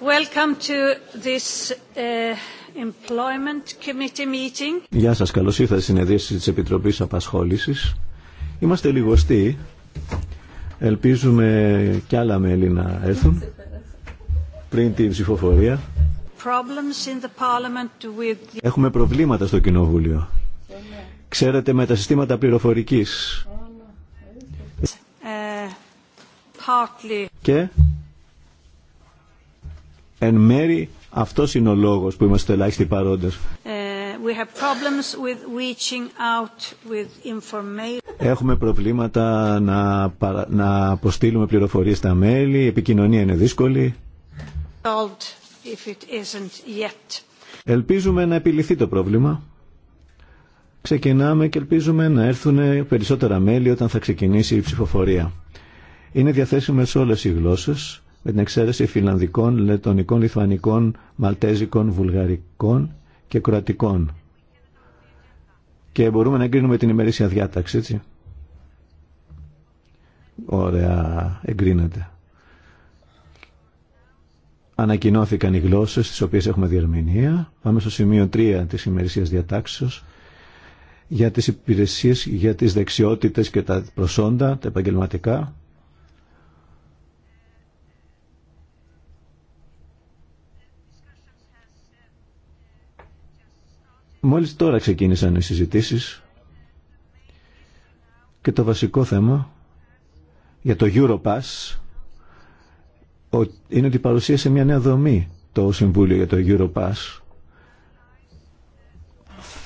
Uh, Γεια σας, καλώς ήρθατε στη συνεδρίαση της Επιτροπής Απασχόλησης. Είμαστε λιγοστοί. Ελπίζουμε κι άλλα μέλη να έρθουν πριν την ψηφοφορία. Έχουμε προβλήματα στο Κοινοβούλιο. Ξέρετε με τα συστήματα πληροφορικής. Uh, Και Εν μέρη αυτό είναι ο λόγο που είμαστε ελάχιστοι παρόντε. Ε, Έχουμε προβλήματα να, να αποστείλουμε πληροφορίες στα μέλη, η επικοινωνία είναι δύσκολη. Ελπίζουμε να επιληθεί το πρόβλημα. Ξεκινάμε και ελπίζουμε να έρθουν περισσότερα μέλη όταν θα ξεκινήσει η ψηφοφορία. Είναι διαθέσιμες όλες οι γλώσσες με την εξαίρεση φιλανδικών, Λετωνικών, λιθουανικών, μαλτέζικων, βουλγαρικών και κροατικών. Και μπορούμε να εγκρίνουμε την ημερήσια διάταξη, έτσι. Ωραία, εγκρίνεται. Ανακοινώθηκαν οι γλώσσες τις οποίες έχουμε διερμηνία. Πάμε στο σημείο 3 της ημερησίας διατάξεως για τις υπηρεσίες, για τις δεξιότητες και τα προσόντα, τα επαγγελματικά. Μόλις τώρα ξεκίνησαν οι συζητήσεις και το βασικό θέμα για το Europass είναι ότι παρουσίασε μια νέα δομή το Συμβούλιο για το Europass.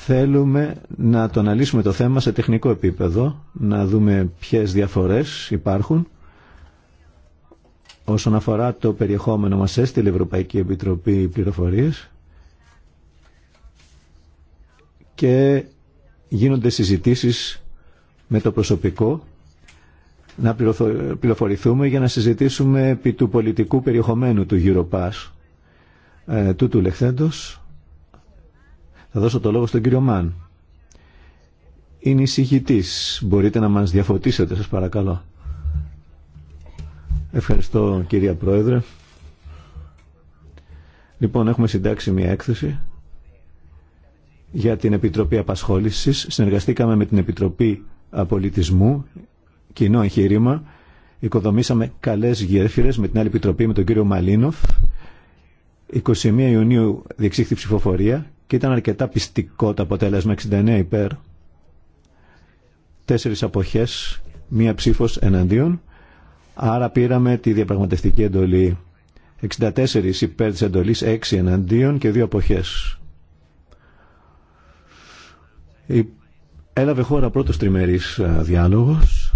Θέλουμε να το αναλύσουμε το θέμα σε τεχνικό επίπεδο, να δούμε ποιες διαφορές υπάρχουν όσον αφορά το περιεχόμενο μας έστειλε η Ευρωπαϊκή Επιτροπή Πληροφορίες και γίνονται συζητήσεις με το προσωπικό να πληροφορηθούμε για να συζητήσουμε επί του πολιτικού περιεχομένου του Europass του ε, τούτου λεχθέντος θα δώσω το λόγο στον κύριο Μαν είναι εισηγητής μπορείτε να μας διαφωτίσετε σας παρακαλώ ευχαριστώ κυρία Πρόεδρε λοιπόν έχουμε συντάξει μια έκθεση για την Επιτροπή απασχόληση. Συνεργαστήκαμε με την Επιτροπή απολιτισμού, κοινό εγχείρημα. Οικοδομήσαμε καλές γέφυρες με την άλλη Επιτροπή, με τον κύριο Μαλίνοφ. 21 Ιουνίου διεξήχθη ψηφοφορία και ήταν αρκετά πιστικό το αποτέλεσμα 69 υπέρ. Τέσσερις αποχές, μία ψήφος εναντίον. Άρα πήραμε τη διαπραγματευτική εντολή. 64 υπέρ τη εντολής, 6 εναντίον και 2 αποχές. Έλαβε χώρα πρώτος τριμερής διάλογος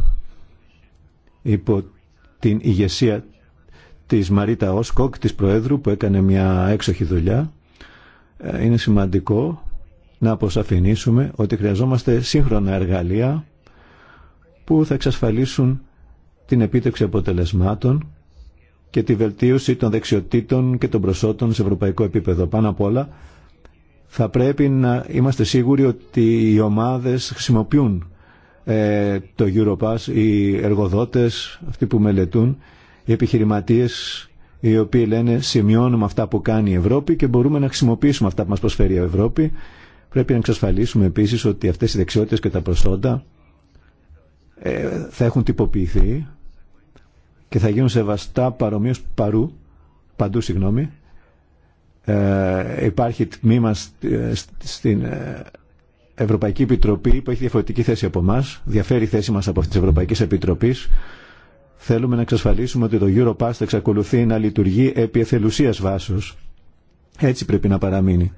υπό την ηγεσία της Μαρίτα Όσκοκ, της Προέδρου, που έκανε μια έξοχη δουλειά. Ε, είναι σημαντικό να αποσαφηνίσουμε ότι χρειαζόμαστε σύγχρονα εργαλεία που θα εξασφαλίσουν την επίτευξη αποτελεσμάτων και τη βελτίωση των δεξιοτήτων και των προσώτων σε ευρωπαϊκό επίπεδο. Πάνω απ' όλα θα πρέπει να είμαστε σίγουροι ότι οι ομάδες χρησιμοποιούν ε, το Europass, οι εργοδότες, αυτοί που μελετούν, οι επιχειρηματίες οι οποίοι λένε σημειώνουμε αυτά που κάνει η Ευρώπη και μπορούμε να χρησιμοποιήσουμε αυτά που μας προσφέρει η Ευρώπη. Πρέπει να εξασφαλίσουμε επίσης ότι αυτές οι δεξιότητες και τα προσόντα ε, θα έχουν τυποποιηθεί και θα γίνουν σεβαστά παρομοίως παρού, παντού συγγνώμη, ε, υπάρχει τμήμα ε, στην ε, Ευρωπαϊκή Επιτροπή που έχει διαφορετική θέση από εμά. Διαφέρει η θέση μα από αυτή τη Ευρωπαϊκή Επιτροπή. Θέλουμε να εξασφαλίσουμε ότι το Europass θα εξακολουθεί να λειτουργεί επί εθελουσία βάσεω. Έτσι πρέπει να παραμείνει.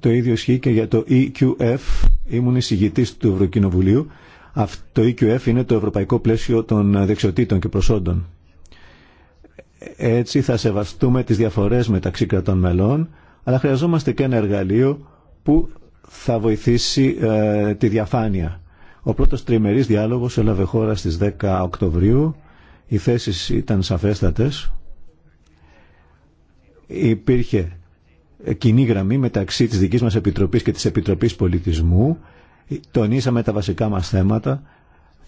Το ίδιο ισχύει και για το EQF. Ήμουν εισηγητή του Ευρωκοινοβουλίου. Αυτό το EQF είναι το Ευρωπαϊκό Πλαίσιο των Δεξιοτήτων και Προσόντων. Έτσι θα σεβαστούμε τις διαφορές μεταξύ κρατών μελών, αλλά χρειαζόμαστε και ένα εργαλείο που θα βοηθήσει ε, τη διαφάνεια. Ο πρώτος τριμερής διάλογος έλαβε χώρα στις 10 Οκτωβρίου. Οι θέσεις ήταν σαφέστατες. Υπήρχε κοινή γραμμή μεταξύ της δικής μας Επιτροπής και της Επιτροπής Πολιτισμού. Τονίσαμε τα βασικά μας θέματα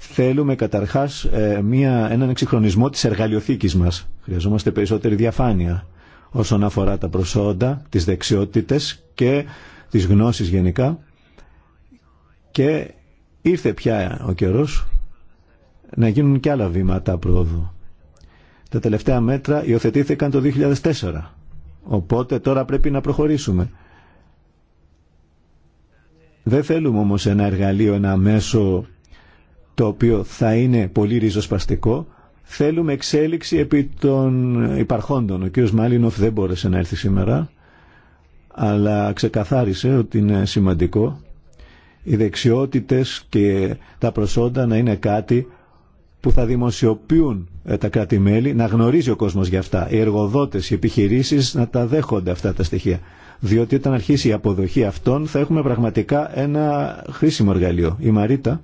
Θέλουμε καταρχάς ε, μια, έναν εξυγχρονισμό της εργαλειοθήκης μας. Χρειαζόμαστε περισσότερη διαφάνεια όσον αφορά τα προσόντα, τις δεξιότητες και τις γνώσεις γενικά. Και ήρθε πια ο καιρός να γίνουν και άλλα βήματα πρόοδου. Τα τελευταία μέτρα υιοθετήθηκαν το 2004. Οπότε τώρα πρέπει να προχωρήσουμε. Δεν θέλουμε όμως ένα εργαλείο, ένα μέσο το οποίο θα είναι πολύ ριζοσπαστικό, θέλουμε εξέλιξη επί των υπαρχόντων. Ο κ. Μάλινοφ δεν μπόρεσε να έρθει σήμερα, αλλά ξεκαθάρισε ότι είναι σημαντικό οι δεξιότητες και τα προσόντα να είναι κάτι που θα δημοσιοποιούν ε, τα κράτη-μέλη, να γνωρίζει ο κόσμος για αυτά. Οι εργοδότες, οι επιχειρήσεις να τα δέχονται αυτά τα στοιχεία. Διότι όταν αρχίσει η αποδοχή αυτών θα έχουμε πραγματικά ένα χρήσιμο εργαλείο. Η Μαρίτα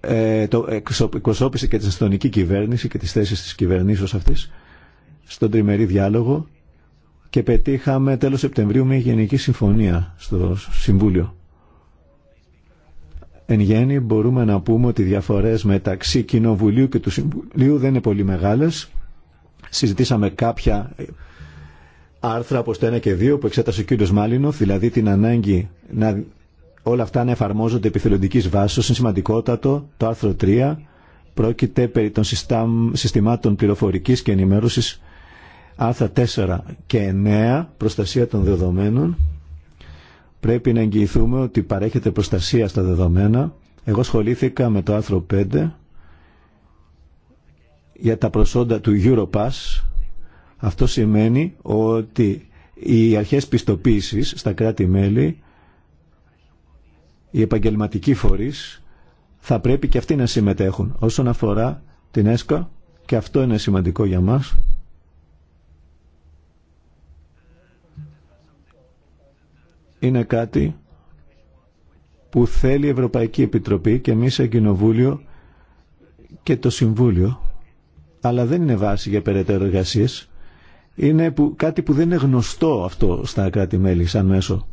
Ε, το εκπροσώπησε και την αστυνομική κυβέρνηση και τις θέσεις της κυβερνήσεως αυτής στον τριμερή διάλογο και πετύχαμε τέλος Σεπτεμβρίου μια γενική συμφωνία στο Συμβούλιο. Εν γέννη μπορούμε να πούμε ότι οι διαφορές μεταξύ Κοινοβουλίου και του Συμβουλίου δεν είναι πολύ μεγάλες. Συζητήσαμε κάποια άρθρα από το 1 και 2 που εξέτασε ο κ. Μάλινοφ, δηλαδή την ανάγκη να όλα αυτά να εφαρμόζονται επί θελοντικής βάσης. Είναι σημαντικότατο το άρθρο 3 πρόκειται περί των συστημάτων πληροφορικής και ενημέρωσης άρθρα 4 και 9 προστασία των δεδομένων πρέπει να εγγυηθούμε ότι παρέχεται προστασία στα δεδομένα εγώ σχολήθηκα με το άρθρο 5 για τα προσόντα του Europass αυτό σημαίνει ότι οι αρχές πιστοποίησης στα κράτη-μέλη οι επαγγελματικοί φορεί θα πρέπει και αυτοί να συμμετέχουν. Όσον αφορά την ΕΣΚΑ, και αυτό είναι σημαντικό για μας, είναι κάτι που θέλει η Ευρωπαϊκή Επιτροπή και εμείς σαν Κοινοβούλιο και το Συμβούλιο, αλλά δεν είναι βάση για περαιτέρω εργασίες. Είναι που, κάτι που δεν είναι γνωστό αυτό στα κράτη-μέλη σαν μέσο.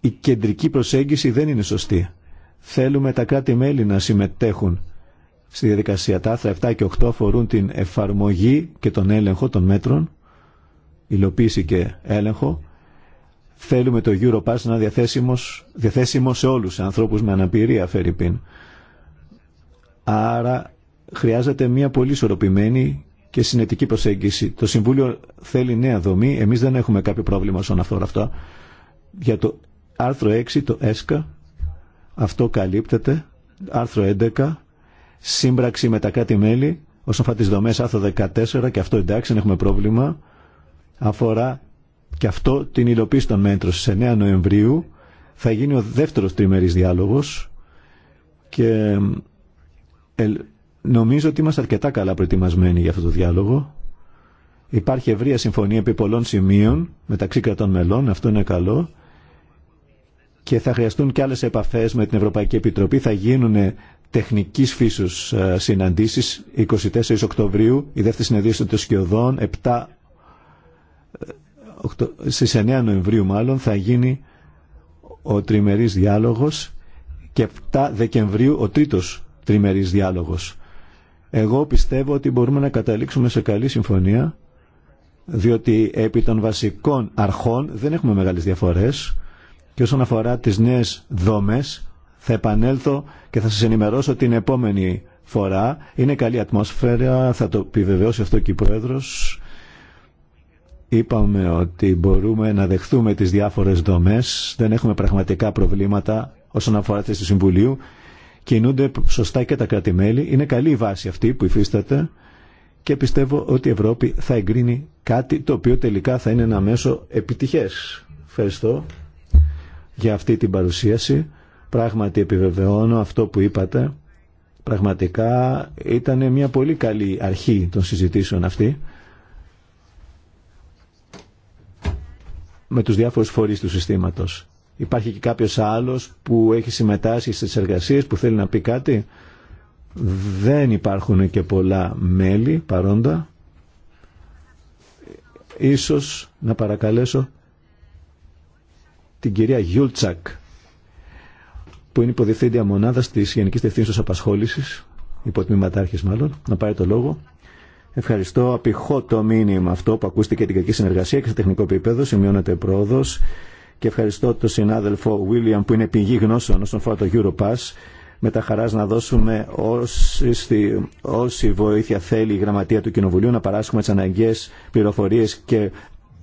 η κεντρική προσέγγιση δεν είναι σωστή. Θέλουμε τα κράτη-μέλη να συμμετέχουν στη διαδικασία. Τα άθρα 7 και 8 αφορούν την εφαρμογή και τον έλεγχο των μέτρων, υλοποίηση και έλεγχο. Θέλουμε το Europass να είναι διαθέσιμος, διαθέσιμο σε όλους, σε ανθρώπους με αναπηρία, Φερρυπίν. Άρα χρειάζεται μια πολύ ισορροπημένη και συνετική προσέγγιση. Το Συμβούλιο θέλει νέα δομή, εμείς δεν έχουμε κάποιο πρόβλημα όσον αφορά αυτό, Για το Άρθρο 6 το ΕΣΚΑ, αυτό καλύπτεται. Άρθρο 11, σύμπραξη με τα κράτη-μέλη, όσον αφορά τις δομές άρθρο 14 και αυτό εντάξει, δεν έχουμε πρόβλημα. Αφορά και αυτό την υλοποίηση των μέτρων. Σε 9 Νοεμβρίου θα γίνει ο δεύτερος τριμερής διάλογος και νομίζω ότι είμαστε αρκετά καλά προετοιμασμένοι για αυτό το διάλογο. Υπάρχει ευρεία συμφωνία επί πολλών σημείων μεταξύ κρατών μελών, αυτό είναι καλό και θα χρειαστούν και άλλες επαφές με την Ευρωπαϊκή Επιτροπή. Θα γίνουν τεχνικής φύσους ε, συναντήσεις 24 Οκτωβρίου, η δεύτερη συνεδρίαση των Σκιωδών, 7 ε, στις 9 Νοεμβρίου μάλλον θα γίνει ο τριμερής διάλογος και 7 Δεκεμβρίου ο τρίτος τριμερής διάλογος. Εγώ πιστεύω ότι μπορούμε να καταλήξουμε σε καλή συμφωνία διότι επί των βασικών αρχών δεν έχουμε μεγάλες διαφορές και όσον αφορά τις νέες δόμες, θα επανέλθω και θα σας ενημερώσω την επόμενη φορά. Είναι καλή ατμόσφαιρα, θα το επιβεβαιώσει αυτό και η Πρόεδρος. Είπαμε ότι μπορούμε να δεχθούμε τις διάφορες δομές, δεν έχουμε πραγματικά προβλήματα όσον αφορά τις του Συμβουλίου. Κινούνται σωστά και τα κρατη Είναι καλή η βάση αυτή που υφίσταται και πιστεύω ότι η Ευρώπη θα εγκρίνει κάτι το οποίο τελικά θα είναι ένα μέσο επιτυχές. Ευχαριστώ για αυτή την παρουσίαση. Πράγματι επιβεβαιώνω αυτό που είπατε. Πραγματικά ήταν μια πολύ καλή αρχή των συζητήσεων αυτή με τους διάφορους φορείς του συστήματος. Υπάρχει και κάποιος άλλος που έχει συμμετάσχει στις εργασίες που θέλει να πει κάτι. Δεν υπάρχουν και πολλά μέλη παρόντα. Ίσως να παρακαλέσω την κυρία Γιούλτσακ, που είναι υποδιευθύντια μονάδα τη Γενική Διευθύνσεω Απασχόληση, υποτμήματάρχη μάλλον, να πάρει το λόγο. Ευχαριστώ. Απηχώ το μήνυμα αυτό που ακούστηκε την κακή συνεργασία και σε τεχνικό επίπεδο. Σημειώνεται πρόοδο. Και ευχαριστώ τον συνάδελφο Βίλιαμ που είναι πηγή γνώσεων όσον αφορά το Europass. Με τα χαρά να δώσουμε όση, όση βοήθεια θέλει η γραμματεία του Κοινοβουλίου να παράσχουμε τι αναγκαίε πληροφορίε και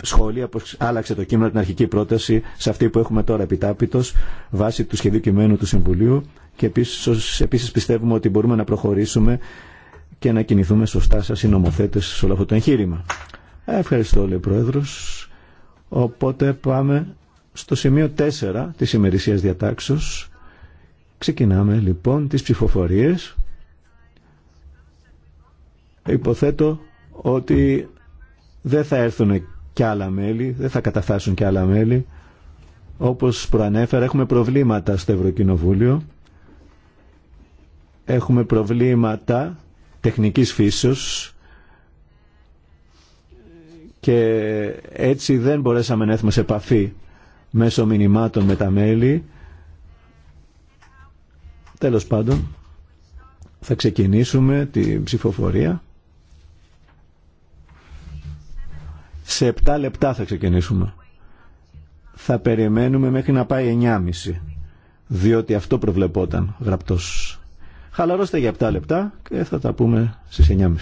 σχόλια πως άλλαξε το κείμενο την αρχική πρόταση σε αυτή που έχουμε τώρα επιτάπητος βάσει του σχεδίου κειμένου του Συμβουλίου και επίσης, πιστεύουμε ότι μπορούμε να προχωρήσουμε και να κινηθούμε σωστά οι συνομοθέτες σε όλο αυτό το εγχείρημα. Ευχαριστώ λέει Πρόεδρος. Οπότε πάμε στο σημείο 4 της ημερησίας διατάξεως. Ξεκινάμε λοιπόν τις ψηφοφορίες. Υποθέτω ότι δεν θα έρθουν και άλλα μέλη, δεν θα καταφτάσουν και άλλα μέλη. Όπως προανέφερα έχουμε προβλήματα στο Ευρωκοινοβούλιο, έχουμε προβλήματα τεχνικής φύσεως και έτσι δεν μπορέσαμε να έρθουμε σε επαφή μέσω μηνυμάτων με τα μέλη. Τέλος πάντων, θα ξεκινήσουμε τη ψηφοφορία. Σε 7 λεπτά θα ξεκινήσουμε. Θα περιμένουμε μέχρι να πάει 9.30. Διότι αυτό προβλεπόταν γραπτός. Χαλαρώστε για 7 λεπτά και θα τα πούμε στις 9.30.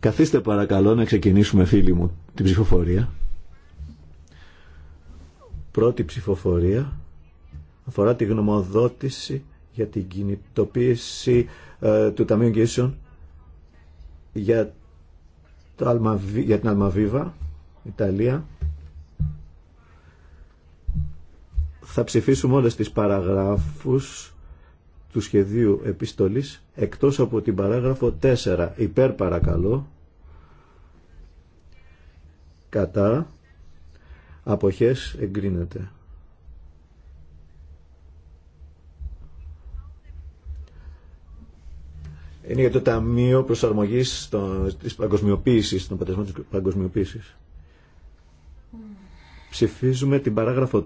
Καθίστε παρακαλώ να ξεκινήσουμε φίλοι μου την ψηφοφορία. Πρώτη ψηφοφορία αφορά τη γνωμοδότηση για την κινητοποίηση ε, του Ταμείου για, το, για την Αλμαβίβα, Ιταλία. Θα ψηφίσουμε όλες τις παραγράφους του σχεδίου επιστολής εκτός από την παράγραφο 4 υπέρ παρακαλώ κατά αποχές εγκρίνεται. Είναι για το Ταμείο Προσαρμογής της Παγκοσμιοποίησης, των Πατασμών της Παγκοσμιοποίησης. Ψηφίζουμε την παράγραφο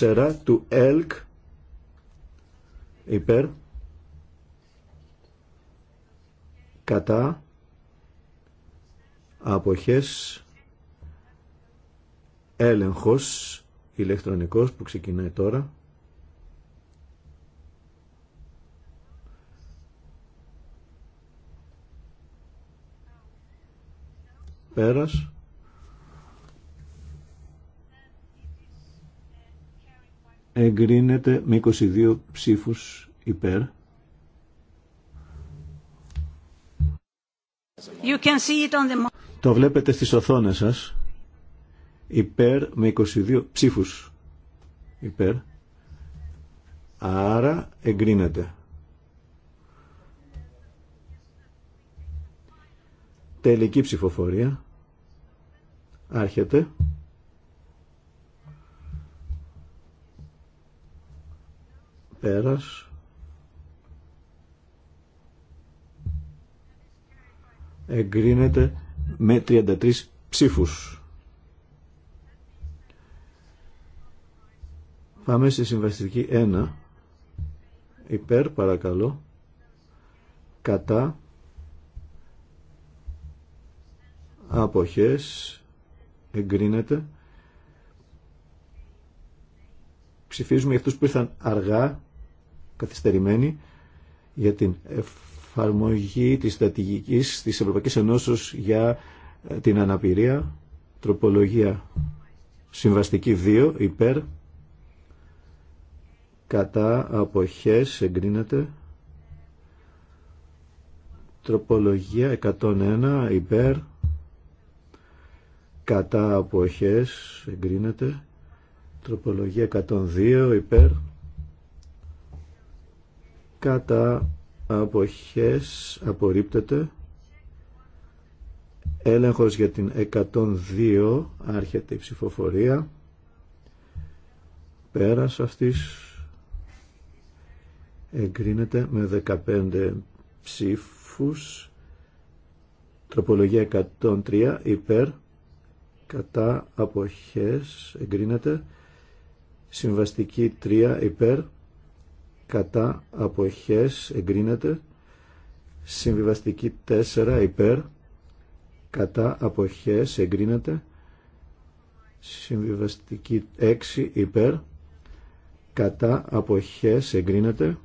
4 του ΕΛΚ υπέρ κατά αποχές έλεγχος ηλεκτρονικός που ξεκινάει τώρα πέρας εγκρίνεται με 22 ψήφους υπέρ Το βλέπετε στις οθόνες σας. Υπέρ με 22 ψήφους. Υπέρ. Άρα εγκρίνεται. Τελική ψηφοφορία. Άρχεται. Πέρας. εγκρίνεται με 33 ψήφους. Πάμε στη συμβαστική 1. Υπέρ παρακαλώ. Κατά. Αποχές. Εγκρίνεται. Ψηφίζουμε για αυτούς που ήρθαν αργά, καθυστερημένοι, για την εφ εφαρμογή της στρατηγικής της Ευρωπαϊκής Ενώσης για ε, την αναπηρία, τροπολογία συμβαστική 2, υπέρ, κατά αποχές εγκρίνεται, τροπολογία 101, υπέρ, κατά αποχές εγκρίνεται, τροπολογία 102, υπέρ, κατά αποχές απορρίπτεται έλεγχος για την 102 άρχεται η ψηφοφορία πέρας αυτής εγκρίνεται με 15 ψήφους τροπολογία 103 υπέρ κατά αποχές εγκρίνεται συμβαστική 3 υπέρ κατά αποχές εγκρίνεται συμβιβαστική 4 υπέρ κατά αποχές εγκρίνεται συμβιβαστική 6 υπέρ κατά αποχές εγκρίνεται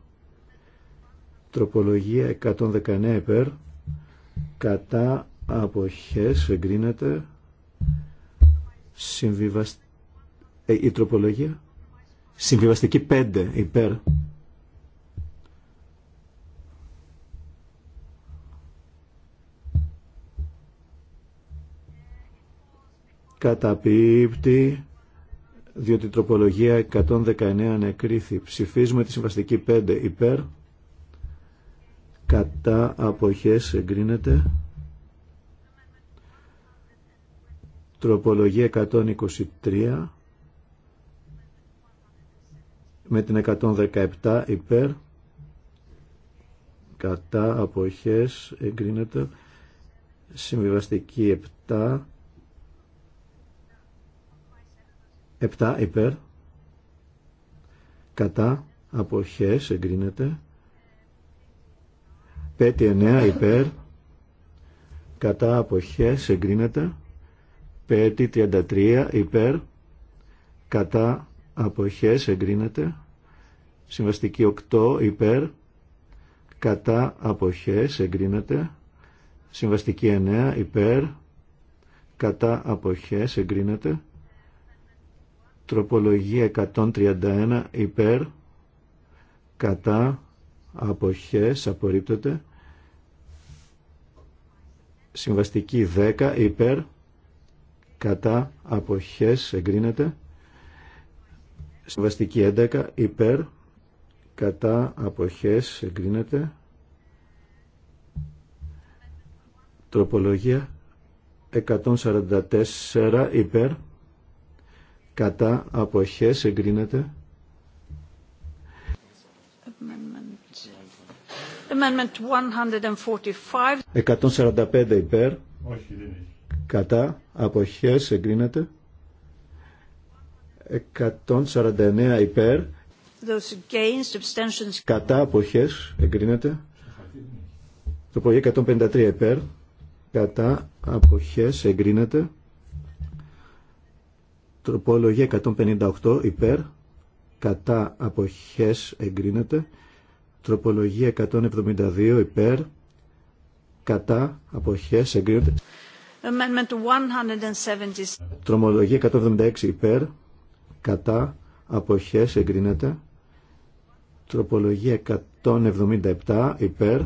τροπολογία 119 υπέρ κατά αποχές εγκρίνεται συμβιβασ... ε, η τροπολογία συμβιβαστική 5 υπέρ Καταπίπτει, διότι τροπολογία 119 νεκρήθη. Ψηφίζουμε τη συμβαστική 5 υπέρ. Κατά αποχές εγκρίνεται. Τροπολογία 123 με την 117 υπέρ κατά αποχές εγκρίνεται συμβιβαστική 7 7 υπέρ κατά αποχές εγκρίνεται 5 9 υπέρ κατά αποχές εγκρίνεται 5 33 υπέρ κατά αποχές εγκρίνεται συμβαστική 8 υπέρ κατά αποχές εγκρίνεται συμβαστική 9 υπέρ κατά αποχές εγκρίνεται Τροπολογία 131 υπέρ κατά αποχές απορρίπτεται. Συμβαστική 10 υπέρ κατά αποχές εγκρίνεται. Συμβαστική 11 υπέρ κατά αποχές εγκρίνεται. Τροπολογία 144 υπέρ κατά αποχές εγκρίνεται. Amendment 145 υπέρ. Όχι, δεν έχει. Κατά αποχές εγκρίνεται. 149 υπέρ. Those against, abstentions... Κατά αποχές εγκρίνεται. το πολύ 153 υπέρ. Κατά αποχές εγκρίνεται. Τροπολογία 158 υπέρ, κατά αποχές εγκρίνεται. Τροπολογία 172 υπέρ, κατά αποχές εγκρίνεται. Amendment Τρομολογία 176 υπέρ, κατά αποχές εγκρίνεται. Τροπολογία 177 υπέρ,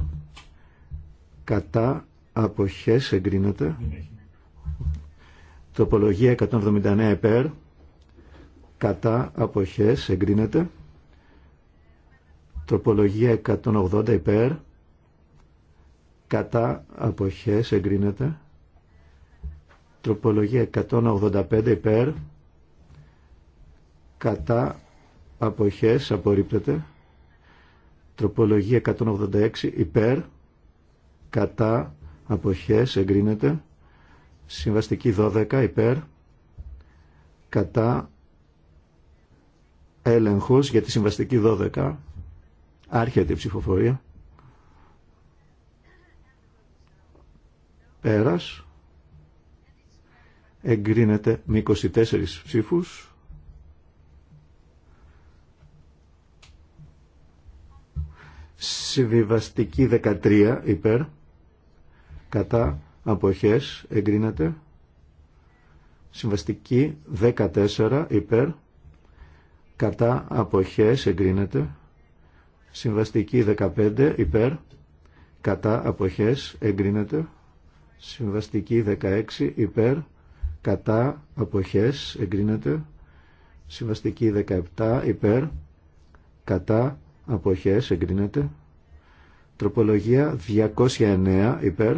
κατά αποχές εγκρίνεται. Τροπολογία 179 υπέρ. Κατά αποχές εγκρίνεται. Τροπολογία 180 υπέρ. Κατά αποχές εγκρίνεται. Τροπολογία 185 υπέρ. Κατά αποχές απορρίπτεται. Τροπολογία 186 υπέρ. Κατά αποχές εγκρίνεται. Συμβαστική 12 υπέρ κατά έλεγχος για τη συμβαστική 12 άρχεται η ψηφοφορία πέρας εγκρίνεται με 24 ψήφους συμβιβαστική 13 υπέρ κατά αποχές εγκρίνεται συμβαστική 14 υπέρ κατά αποχές εγκρίνεται συμβαστική 15 υπέρ κατά αποχές εγκρίνεται συμβαστική 16 υπέρ κατά αποχές εγκρίνεται συμβαστική 17 υπέρ κατά αποχές εγκρίνεται τροπολογία 209 υπέρ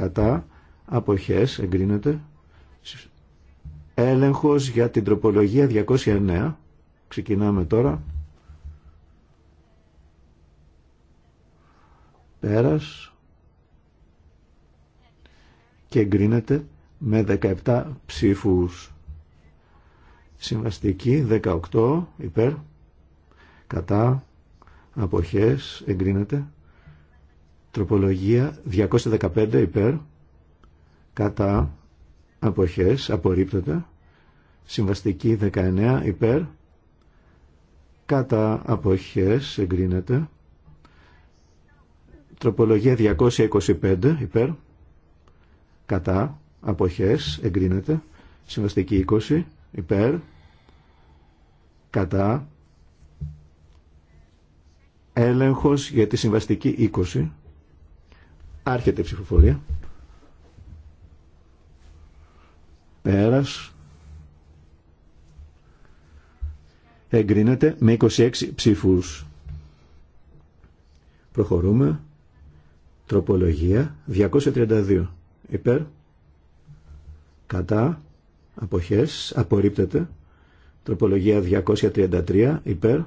κατά αποχές εγκρίνεται έλεγχος για την τροπολογία 209 ξεκινάμε τώρα πέρας και εγκρίνεται με 17 ψήφους συμβαστική 18 υπέρ κατά αποχές εγκρίνεται Τροπολογία 215 υπέρ κατά αποχές απορρίπτονται. Συμβαστική 19 υπέρ κατά αποχές εγκρίνεται. Τροπολογία 225 υπέρ κατά αποχές εγκρίνεται. Συμβαστική 20 υπέρ κατά έλεγχος για τη συμβαστική 20 Άρχεται η ψηφοφορία. Πέρας. Εγκρίνεται με 26 ψήφους. Προχωρούμε. Τροπολογία 232. Υπέρ. Κατά. Αποχές. Απορρίπτεται. Τροπολογία 233. Υπέρ.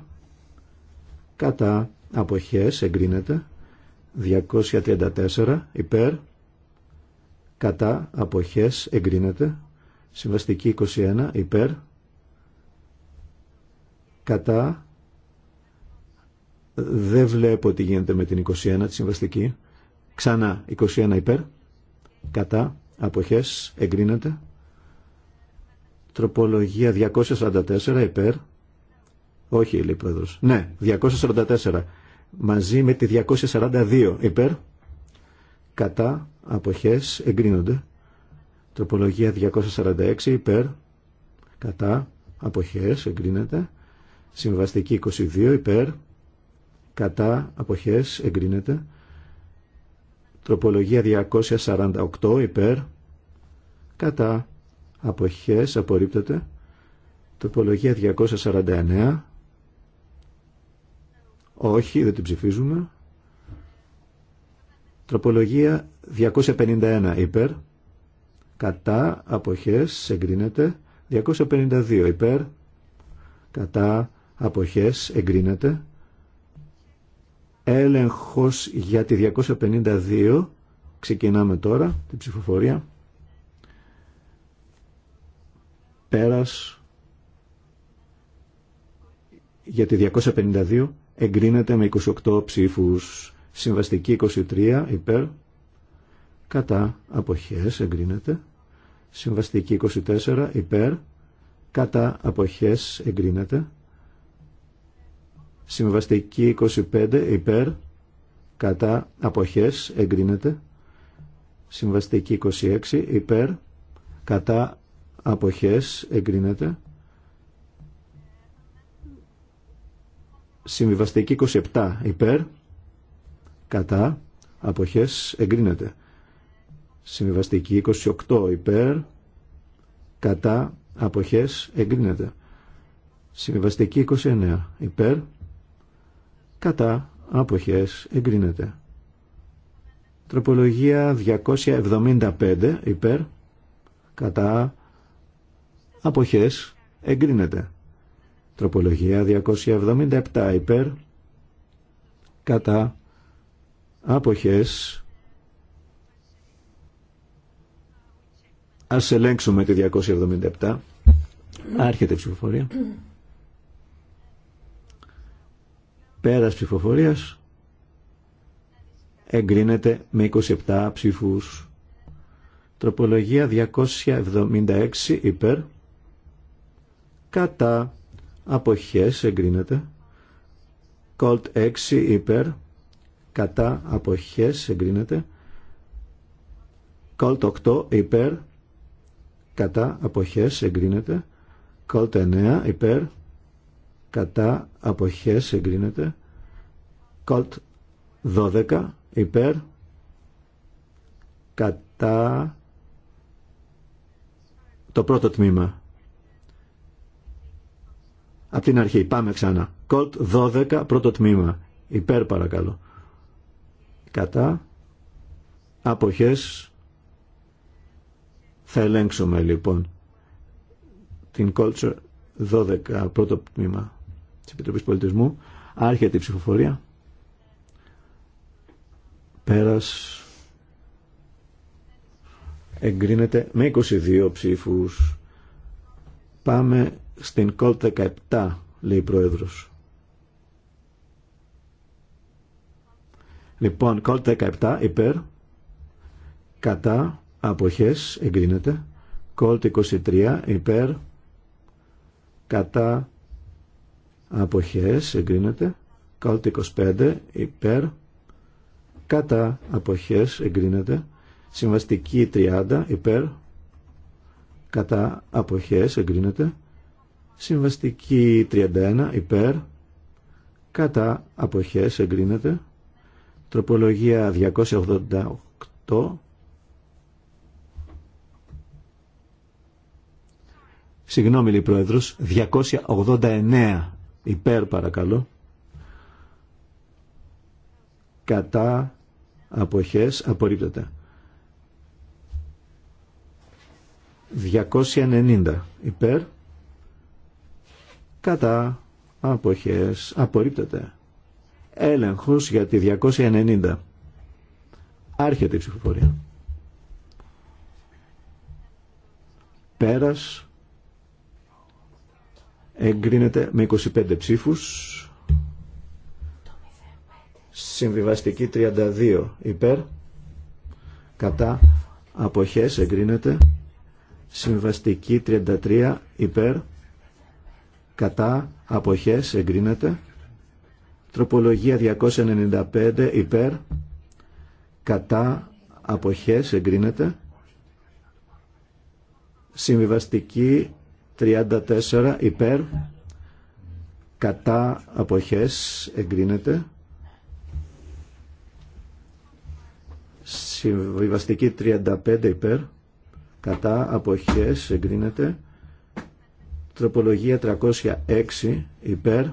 Κατά. Αποχές. Εγκρίνεται. 234 υπέρ κατά αποχές εγκρίνεται συμβαστική 21 υπέρ κατά δεν βλέπω τι γίνεται με την 21 τη συμβαστική ξανά 21 υπέρ κατά αποχές εγκρίνεται τροπολογία 244 υπέρ όχι λέει πρόεδρος ναι 244 μαζί με τη 242 υπέρ κατά αποχές εγκρίνονται τροπολογία 246 υπέρ κατά αποχές εγκρίνεται συμβαστική 22 υπέρ κατά αποχές εγκρίνεται τροπολογία 248 υπέρ κατά αποχές απορρίπτεται τροπολογία 249 όχι, δεν την ψηφίζουμε. Τροπολογία 251 υπέρ. Κατά αποχές εγκρίνεται. 252 υπέρ. Κατά αποχές εγκρίνεται. Έλεγχος για τη 252. Ξεκινάμε τώρα την ψηφοφορία. Πέρας για τη 252 εγκρίνεται με 28 ψήφους. Συμβαστική 23 υπέρ, κατά αποχές εγκρίνεται. Συμβαστική 24 υπέρ, κατά αποχές εγκρίνεται. Συμβαστική 25 υπέρ, κατά αποχές εγκρίνεται. Συμβαστική 26 υπέρ, κατά αποχές εγκρίνεται. Συμβιβαστική 27 υπέρ, κατά, αποχές εγκρίνεται. Συμβιβαστική 28 υπέρ, κατά, αποχές εγκρίνεται. Συμβιβαστική 29 υπέρ, κατά, αποχές εγκρίνεται. Τροπολογία 275 υπέρ, κατά, αποχές εγκρίνεται. Τροπολογία 277 υπέρ κατά άποχες Ας ελέγξουμε τη 277. Άρχεται η ψηφοφορία. Πέρας ψηφοφορίας εγκρίνεται με 27 ψήφους. Τροπολογία 276 υπέρ κατά αποχές εγκρίνεται. Κολτ 6 υπέρ κατά αποχές εγκρίνεται. Κολτ 8 υπέρ κατά αποχές εγκρίνεται. Κολτ 9 υπέρ κατά αποχές εγκρίνεται. Κολτ 12 υπέρ κατά το πρώτο τμήμα Απ' την αρχή, πάμε ξανά. Κολτ 12, πρώτο τμήμα. Υπέρ παρακαλώ. Κατά. Αποχές. Θα ελέγξουμε λοιπόν την Culture 12, πρώτο τμήμα της Επιτροπής Πολιτισμού. Άρχεται η ψηφοφορία. Πέρας. Εγκρίνεται με 22 ψήφους. Πάμε στην κολ 17 λέει η Πρόεδρος. κολ COP17 υπέρ, κατά, αποχές, εγκρινεται κόλ COP23 υπέρ, κατά, αποχές, εγκρίνεται. Κολ 25 υπέρ, κατά, αποχές, εγκρίνεται. Συμβαστική 30 υπέρ, κατά αποχές εγκρίνεται Συμβαστική 31 υπέρ. Κατά αποχές εγκρίνεται. Τροπολογία 288 Συγγνώμη, λέει 289 υπέρ παρακαλώ. Κατά αποχές απορρίπτεται. 290 υπέρ κατά αποχές απορρίπτεται έλεγχος για τη 290 άρχεται η ψηφοφορία πέρας εγκρίνεται με 25 ψήφους συμβιβαστική 32 υπέρ κατά αποχές εγκρίνεται συμβαστική 33 υπέρ κατά αποχές εγκρίνεται τροπολογία 295 υπέρ κατά αποχές εγκρίνεται συμβιβαστική 34 υπέρ κατά αποχές εγκρίνεται συμβιβαστική 35 υπέρ κατά αποχές εγκρίνεται Τροπολογία 306 υπέρ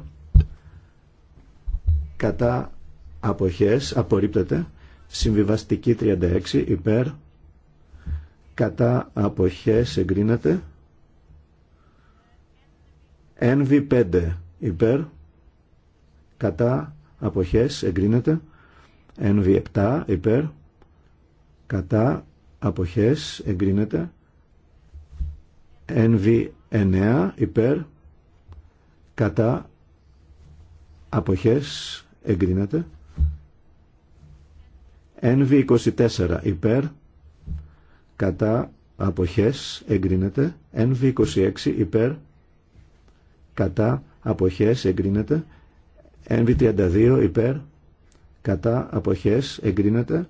κατά αποχές απορρίπτεται. Συμβιβαστική 36 υπέρ κατά αποχές εγκρίνεται. NV5 υπέρ κατά αποχές εγκρίνεται. NV7 υπέρ κατά αποχές εγκρίνεται. NV 9 υπέρ κατά αποχές εγκρίνεται NV24 υπέρ κατά αποχές εγκρίνεται NV26 υπέρ κατά αποχές εγκρίνεται NV32 υπέρ κατά αποχές εγκρίνεται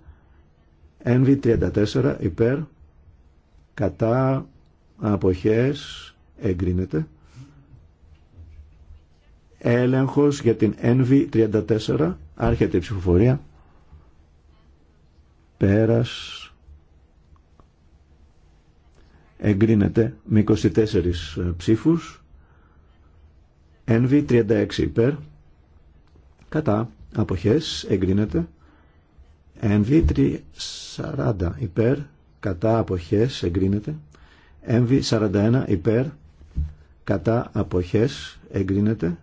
NV34 υπέρ κατά αποχές εγκρίνεται. Έλεγχος για την NV34, άρχεται η ψηφοφορία. Πέρας. Εγκρίνεται με 24 ε, ψήφους. NV36 υπέρ. Κατά. Αποχές. Εγκρίνεται. NV340 υπέρ. Κατά. Αποχές. Εγκρίνεται. NV41 υπέρ κατά αποχές εγκρίνεται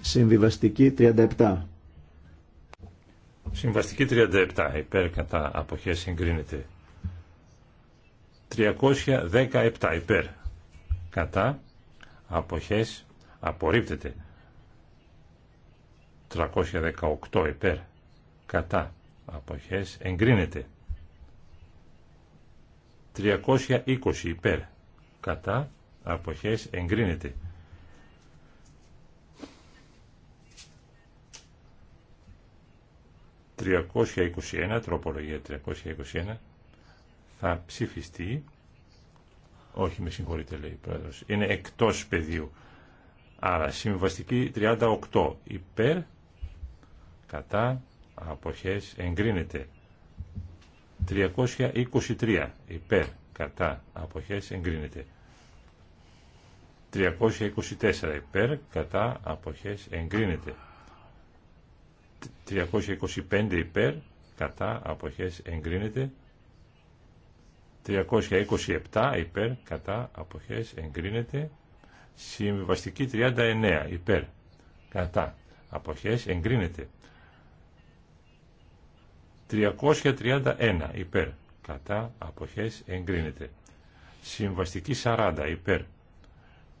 συμβιβαστική 37 Συμβαστική 37 υπέρ κατά αποχές εγκρίνεται 317 υπέρ κατά αποχές απορρίπτεται 318 υπέρ κατά αποχές εγκρίνεται 320 υπέρ κατά αποχές εγκρίνεται. «321», τροπολογία 321, θα ψηφιστεί, όχι με συγχωρείτε λέει η πρόεδρος, είναι εκτός πεδίου. Άρα συμβαστική 38 υπέρ, κατά, αποχές εγκρίνεται. 323 υπέρ, κατά, αποχές εγκρίνεται. 324 υπέρ κατά αποχές εγκρίνεται 325 υπέρ κατά αποχές εγκρίνεται 327 υπέρ κατά αποχές εγκρίνεται συμβιβαστική 39 υπέρ κατά αποχές εγκρίνεται 331 υπέρ κατά αποχές εγκρίνεται συμβαστική 40 υπέρ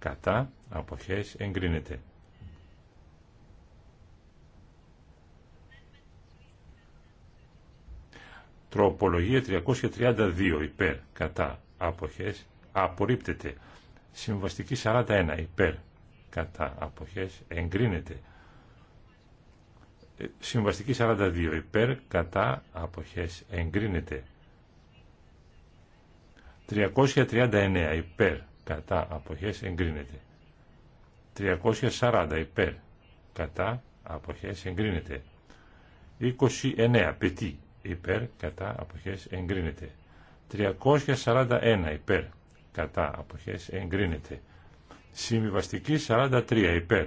κατά αποχές εγκρίνεται. Τροπολογία 332 υπέρ κατά αποχές απορρίπτεται. Συμβαστική 41 υπέρ κατά αποχές εγκρίνεται. Ε, συμβαστική 42 υπέρ κατά αποχές εγκρίνεται. 339 υπέρ κατά αποχές εγκρίνεται. 340 υπέρ κατά αποχές εγκρίνεται. 29 πετή υπέρ κατά αποχές εγκρίνεται. 341 υπέρ κατά αποχές εγκρίνεται. Συμβιβαστική 43 υπέρ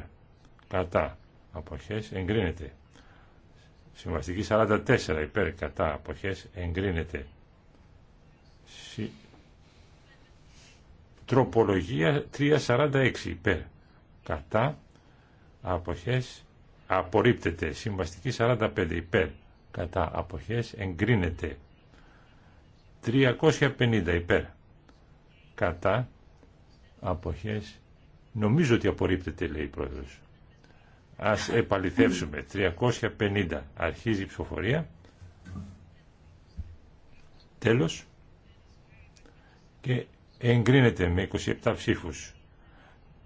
κατά αποχές εγκρίνεται. Συμβαστική 44 υπέρ κατά αποχές εγκρίνεται. Τροπολογία 346 υπέρ. Κατά. Αποχές απορρίπτεται. Συμβαστική 45 υπέρ. Κατά. Αποχές εγκρίνεται. 350 υπέρ. Κατά. Αποχές. Νομίζω ότι απορρίπτεται λέει η πρόεδρος. Ας επαληθεύσουμε. 350 αρχίζει η ψηφοφορία. Τέλος. Και εγκρίνεται με 27 ψήφους.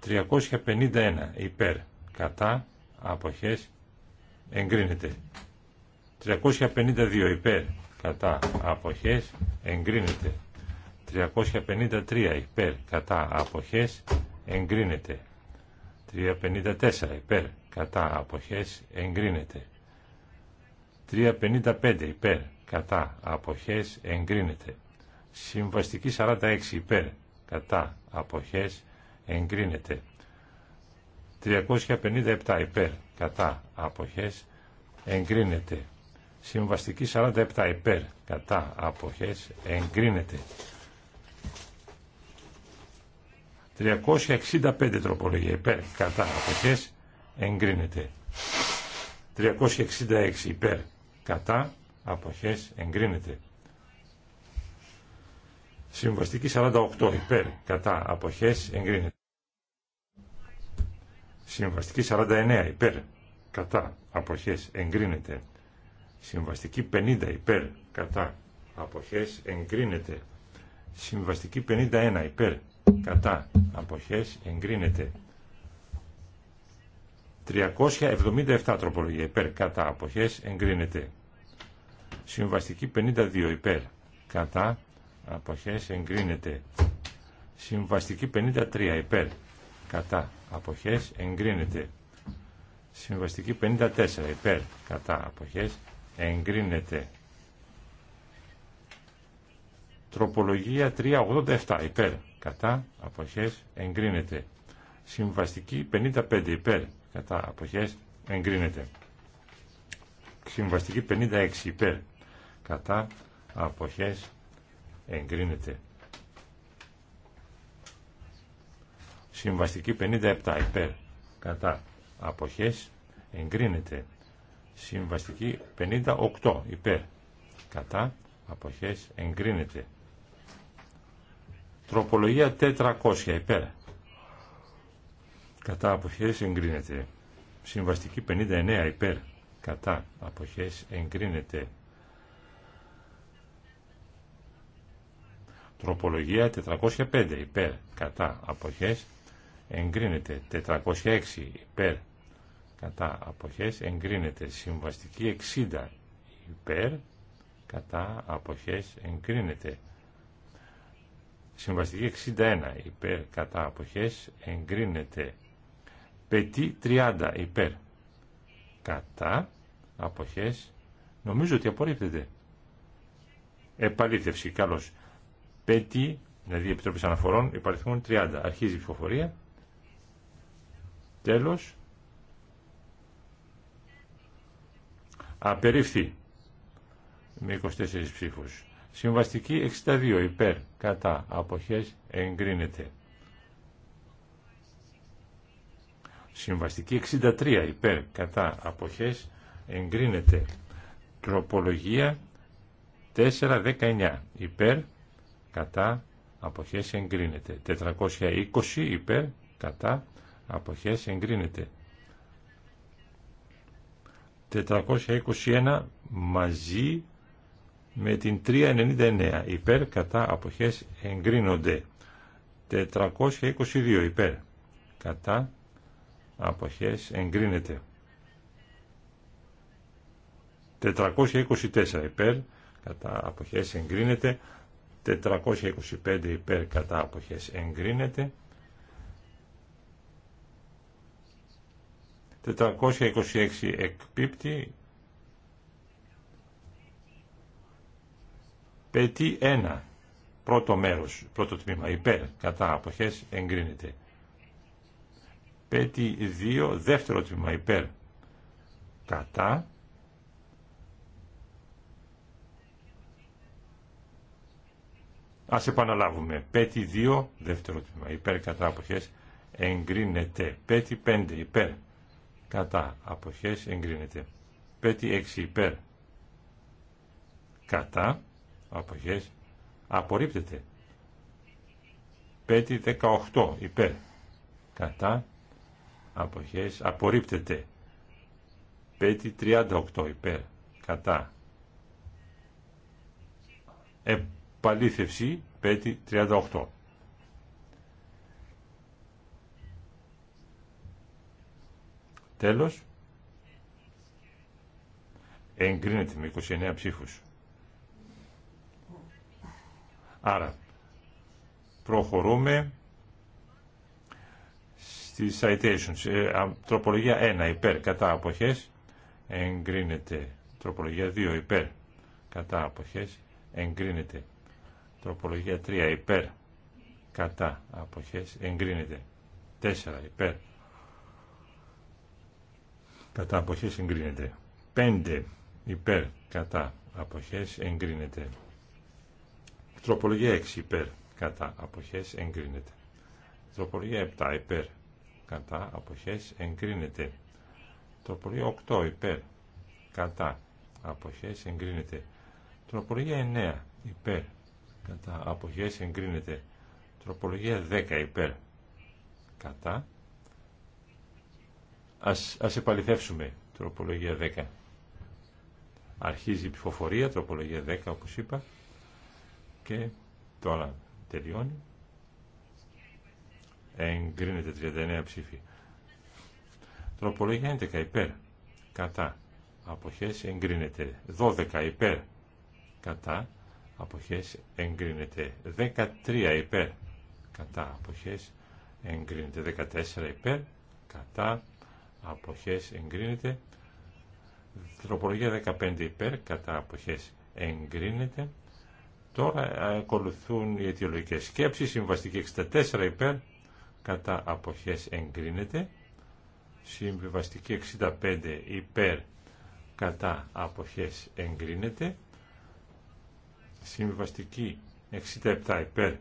351 υπέρ κατά αποχές εγκρίνεται. 352 υπέρ κατά αποχές εγκρίνεται. 353 υπέρ κατά αποχές εγκρίνεται. 354 υπέρ κατά αποχές εγκρίνεται. 355 υπέρ κατά αποχές εγκρίνεται. Συμβαστική 46 υπέρ κατά αποχές εγκρίνεται. 357 υπέρ κατά αποχές εγκρίνεται. Συμβαστική 47 υπέρ κατά αποχές εγκρίνεται. 365 τροπολογία υπέρ κατά αποχές εγκρίνεται. 366 υπέρ κατά αποχές εγκρίνεται. Συμβαστική 48 υπέρ κατά αποχές εγκρίνεται. Συμβαστική 49 υπέρ κατά αποχές εγκρίνεται. Συμβαστική 50 υπέρ κατά αποχές εγκρίνεται. Συμβαστική 51 υπέρ κατά αποχές εγκρίνεται. 377 τροπολογία υπέρ κατά αποχές εγκρίνεται. Συμβαστική 52 υπέρ κατά αποχές εγκρίνεται. Συμβαστική 53 υπέρ κατά αποχές εγκρίνεται. Συμβαστική 54 υπέρ κατά αποχές εγκρίνεται. Τροπολογία 387 υπέρ κατά αποχές εγκρίνεται. Συμβαστική 55 υπέρ κατά αποχές εγκρίνεται. Συμβαστική 56 υπέρ κατά αποχές εγκρίνεται. Συμβαστική 57 υπέρ κατά αποχές εγκρίνεται. Συμβαστική 58 υπέρ κατά αποχές εγκρίνεται. Τροπολογία 400 υπέρ κατά αποχές εγκρίνεται. Συμβαστική 59 υπέρ κατά αποχές εγκρίνεται. Τροπολογία 405 υπέρ κατά αποχές εγκρίνεται. 406 υπέρ κατά αποχές εγκρίνεται. Συμβαστική 60 υπέρ κατά αποχές εγκρίνεται. Συμβαστική 61 υπέρ κατά αποχές εγκρίνεται. Πετή 30 υπέρ κατά αποχές νομίζω ότι απορρίπτεται. Επαλήθευση, καλώς πέτει, δηλαδή επιτροπή Αναφορών, υπαριθμούν 30. Αρχίζει η ψηφοφορία. Τέλος. Απερίφθη με 24 ψήφους. Συμβαστική 62 υπέρ κατά αποχές εγκρίνεται. Συμβαστική 63 υπέρ κατά αποχές εγκρίνεται. Τροπολογία 419 υπέρ κατά αποχές εγκρίνεται. 420 υπέρ κατά αποχές εγκρίνεται. 421 μαζί με την 399 υπέρ κατά αποχές εγκρίνονται. 422 υπέρ κατά αποχές εγκρίνεται. 424 υπέρ κατά αποχές εγκρίνεται. 425 υπέρ κατά αποχές εγκρίνεται. 426 εκπίπτει. Πετή 1. Πρώτο μέρος, πρώτο τμήμα υπέρ κατά αποχές εγκρίνεται. ΠΕΤΗ 2, δεύτερο τμήμα υπέρ κατά Ας επαναλάβουμε. Πέτη 2, δεύτερο τμήμα, υπέρ κατά αποχές, εγκρίνεται. Πέτη 5, υπέρ κατά αποχές, εγκρίνεται. Πέτη 6, υπέρ κατά αποχές, απορρίπτεται. Πέτη 18, υπέρ κατά αποχές, απορρίπτεται. Πέτη 38, υπέρ κατά. Ε, παλήθευση 38. Τέλος, εγκρίνεται με 29 ψήφους. Άρα, προχωρούμε στη citations. Ε, τροπολογία 1 υπέρ κατά αποχές εγκρίνεται. Τροπολογία 2 υπέρ κατά αποχές εγκρίνεται. Τροπολογία 3 υπέρ κατά αποχές εγκρίνεται. 4 υπέρ κατά αποχές εγκρίνεται. 5 υπέρ κατά αποχές εγκρίνεται. Τροπολογία 6 υπέρ κατά αποχές εγκρίνεται. Τροπολογία 7 υπέρ κατά αποχές εγκρίνεται. Τροπολογία 8 υπέρ κατά αποχές εγκρίνεται. Τροπολογία 9 υπέρ κατά αποχές εγκρίνεται τροπολογία 10 υπέρ κατά ας, επαληθεύσουμε τροπολογία 10 αρχίζει η ψηφοφορία τροπολογία 10 όπως είπα και τώρα τελειώνει εγκρίνεται 39 ψήφι τροπολογία 11 υπέρ κατά αποχές εγκρίνεται 12 υπέρ κατά αποχές εγκρίνεται 13 υπέρ κατά αποχές εγκρίνεται 14 υπέρ κατά αποχές εγκρίνεται τροπολογία 15 υπέρ κατά αποχές εγκρίνεται τώρα ακολουθούν οι αιτιολογικές σκέψεις συμβαστική 64 υπέρ κατά αποχές εγκρίνεται συμβιβαστική 65 υπέρ κατά αποχές εγκρίνεται Συμβαστική 67 υπέρ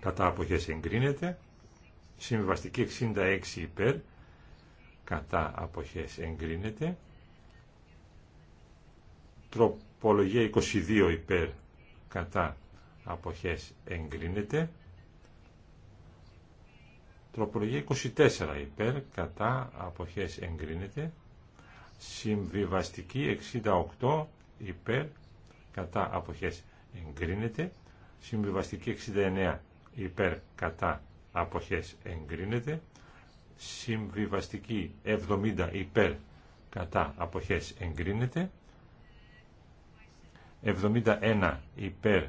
κατά αποχές εγκρίνεται. Συμβαστική 66 υπέρ κατά αποχές εγκρίνεται. Τροπολογία 22 υπέρ κατά αποχές εγκρίνεται. Τροπολογία 24 υπέρ κατά αποχές εγκρίνεται. Συμβιβαστική 68 υπέρ κατά αποχές εγκρίνεται. Συμβιβαστική 69 υπέρ κατά αποχές εγκρίνεται. Συμβιβαστική 70 υπέρ κατά αποχές εγκρίνεται. 71 υπέρ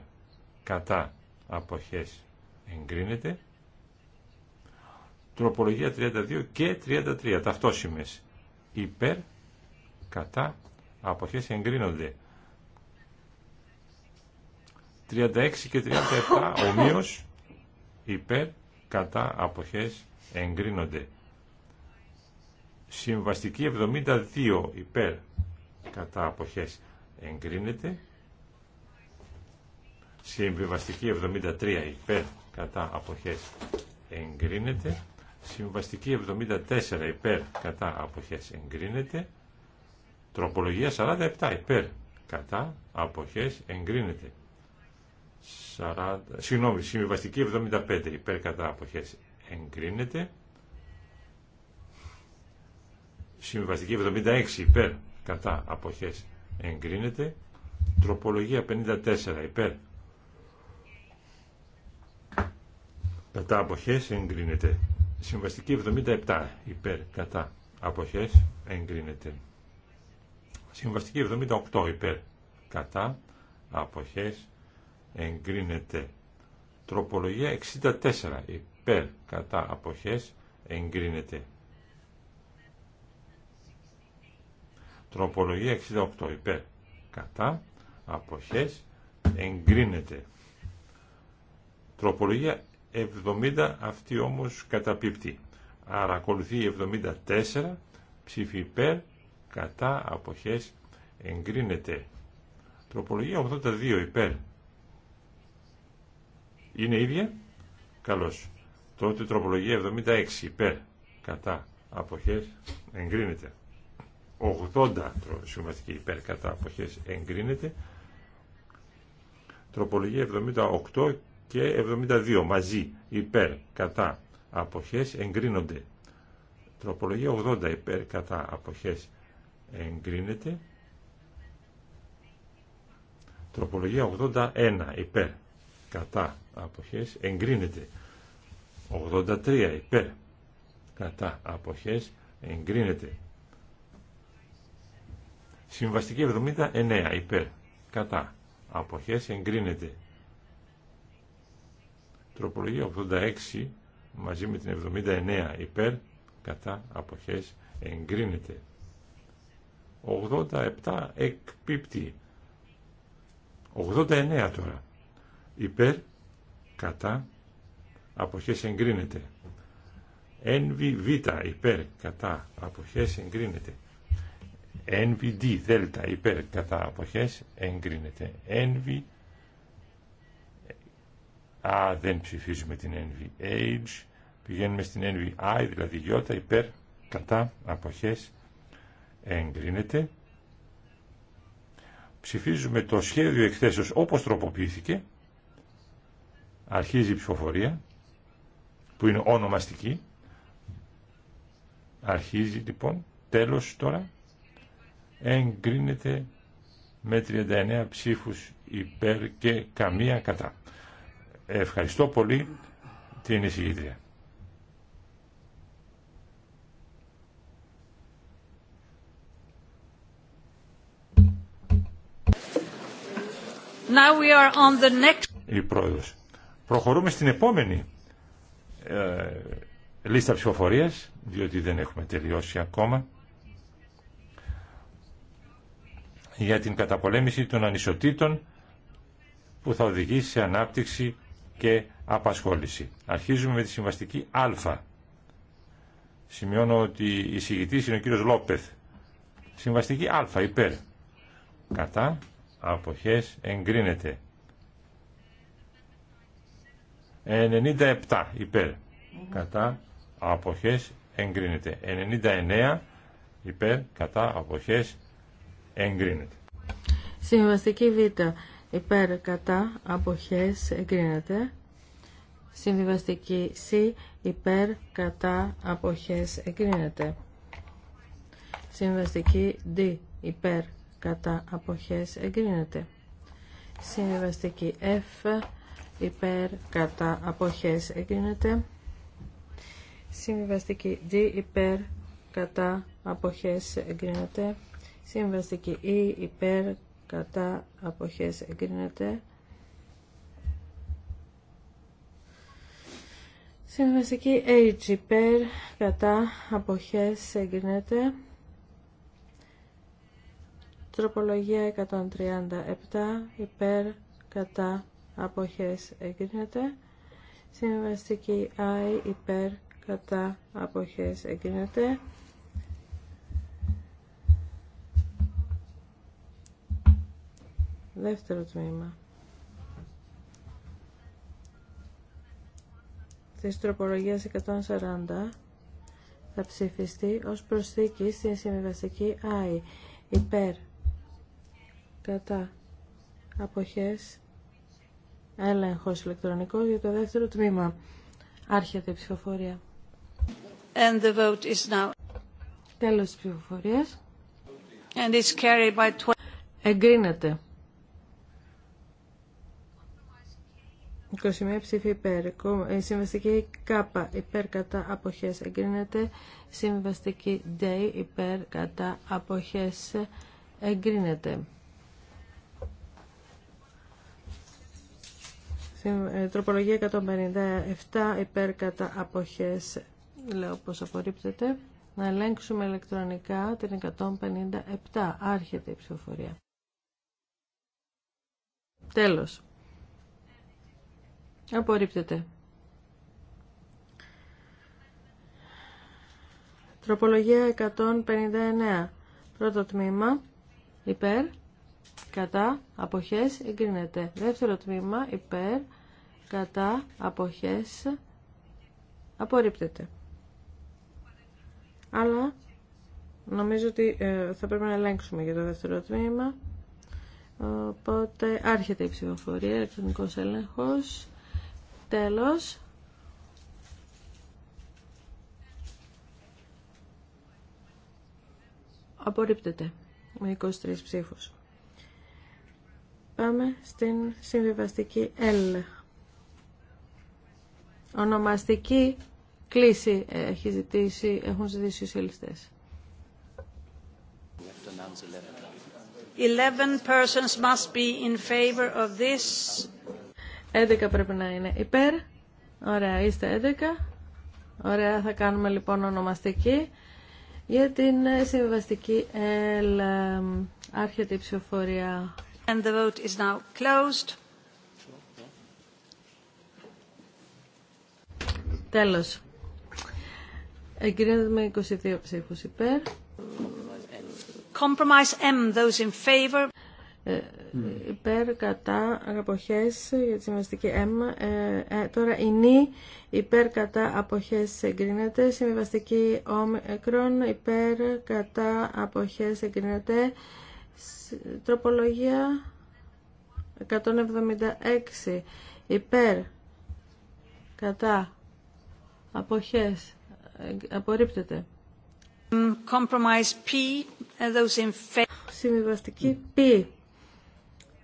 κατά αποχές εγκρίνεται. Τροπολογία 32 και 33 ταυτόσημες υπέρ κατά αποχές εγκρίνονται. 36 και 37 ομοίως υπέρ κατά αποχές εγκρίνονται. Συμβαστική 72 υπέρ κατά αποχές εγκρίνεται. Συμβαστική 73 υπέρ κατά αποχές εγκρίνεται. Συμβαστική 74 υπέρ κατά αποχές εγκρίνεται. Τροπολογία 47 υπέρ κατά αποχές εγκρίνεται. 40, συγγνώμη, συμβιβαστική 75 υπέρ κατά αποχές εγκρίνεται. Συμβιβαστική 76 υπέρ κατά αποχές εγκρίνεται. Τροπολογία 54 υπέρ κατά αποχές εγκρίνεται. Συμβαστική 77 υπέρ κατά αποχές εγκρίνεται. Συμβαστική 78 υπέρ κατά αποχές εγκρίνεται. Τροπολογία 64 υπέρ κατά αποχές εγκρίνεται. Τροπολογία 68 υπέρ κατά αποχές εγκρίνεται. Τροπολογία 70 αυτή όμως καταπίπτει. Άρα ακολουθεί 74 ψήφι υπέρ κατά αποχές εγκρίνεται. Τροπολογία 82 υπέρ είναι ίδια. Καλώ. Τότε τροπολογία 76 υπέρ κατά αποχές εγκρίνεται. 80 σημαντική υπέρ κατά αποχές εγκρίνεται. Τροπολογία 78 και 72 μαζί υπέρ κατά αποχές εγκρίνονται. Τροπολογία 80 υπέρ κατά αποχές εγκρίνεται. Τροπολογία 81 υπέρ κατά αποχές εγκρίνεται 83 υπέρ κατά αποχές εγκρίνεται συμβαστική 79 υπέρ κατά αποχές εγκρίνεται τροπολογία 86 μαζί με την 79 υπέρ κατά αποχές εγκρίνεται 87 εκπίπτει 89 τώρα υπέρ, κατά, αποχές εγκρίνεται. NVV υπέρ, κατά, αποχές εγκρίνεται. NVD δέλτα υπέρ, κατά, αποχές εγκρίνεται. NV, α, δεν ψηφίζουμε την Age. πηγαίνουμε στην NVI, δηλαδή γιώτα, υπέρ, κατά, αποχές εγκρίνεται. Ψηφίζουμε το σχέδιο εκθέσεως όπως τροποποιήθηκε Αρχίζει η ψηφοφορία που είναι ονομαστική. Αρχίζει λοιπόν. Τέλος τώρα. Εγκρίνεται με 39 ψήφους υπέρ και καμία κατά. Ευχαριστώ πολύ την εισηγήτρια. Now we are on the next... Η πρόεδρος. Προχωρούμε στην επόμενη ε, λίστα ψηφοφορίας, διότι δεν έχουμε τελειώσει ακόμα, για την καταπολέμηση των ανισοτήτων που θα οδηγήσει σε ανάπτυξη και απασχόληση. Αρχίζουμε με τη συμβαστική Α. Σημειώνω ότι η συγητής είναι ο κύριος Λόπεθ. Συμβαστική Α, υπέρ. Κατά, αποχές, εγκρίνεται. 97 υπέρ κατά αποχές εγκρίνεται 99 υπέρ κατά αποχές εγκρίνεται Συμβιβαστική Β υπέρ κατά αποχές εγκρίνεται Συμβιβαστική Σ υπέρ κατά αποχές εγκρίνεται Συμβιβαστική Δ υπέρ κατά αποχές εγκρίνεται Συμβιβαστική F υπέρ κατά αποχές εγκρίνεται. Συμβιβαστική D υπέρ κατά αποχές εγκρίνεται. Συμβιβαστική E υπέρ κατά αποχές εγκρίνεται. Συμβαστική H υπέρ κατά αποχές εγκρίνεται. Τροπολογία 137 υπέρ κατά αποχές εγκρίνεται. Συμβαστική I υπέρ κατά αποχές εγκρίνεται. Δεύτερο τμήμα. Της τροπολογίας 140 θα ψηφιστεί ως προσθήκη στην συμβιβαστική I υπέρ κατά αποχές έλεγχος ηλεκτρονικός για το δεύτερο τμήμα. Άρχεται η ψηφοφορία. And the vote is now. Τέλος της ψηφοφορίας. And it's carried by Εγκρίνεται. 21 ψήφοι υπέρ. Η ε, συμβαστική ΚΑΠΑ υπέρ κατά αποχές εγκρίνεται. Συμβαστική ΔΕΗ υπέρ κατά αποχές εγκρίνεται. Ε, τροπολογία 157 υπέρ κατά αποχές λέω πως απορρίπτεται. Να ελέγξουμε ηλεκτρονικά την 157. Άρχεται η ψηφοφορία. Τέλος. Απορρίπτεται. Τροπολογία 159. Πρώτο τμήμα. Υπέρ κατά αποχές εγκρίνεται. Δεύτερο τμήμα υπέρ κατά αποχές απορρίπτεται. Αλλά νομίζω ότι ε, θα πρέπει να ελέγξουμε για το δεύτερο τμήμα. Οπότε άρχεται η ψηφοφορία, ηλεκτρονικός έλεγχος. Τέλος. Απορρίπτεται με 23 ψήφους. Πάμε στην συμβιβαστική L. Ονομαστική κλίση ε, έχει ζητήσει, έχουν ζητήσει οι 11 persons must be in favor of this. 11 πρέπει να είναι υπέρ. Ωραία, είστε 11. Ωραία, θα κάνουμε λοιπόν ονομαστική για την ε, συμβιβαστική L. Άρχεται η ψηφοφορία. And the vote is now closed. Τέλος. Εγκρίνεται με 22 ψήφους υπέρ. Compromise M, those in favor. Ε, υπέρ, κατά, αποχές για τη συμβαστική M. Ε, ε τώρα η νη, υπέρ, κατά, αποχές εγκρίνεται. Συμβαστική όμικρον, υπέρ, κατά, αποχές εγκρίνεται. Τροπολογία 176 υπέρ κατά αποχές απορρίπτεται. Compromise P, Συμβιβαστική P.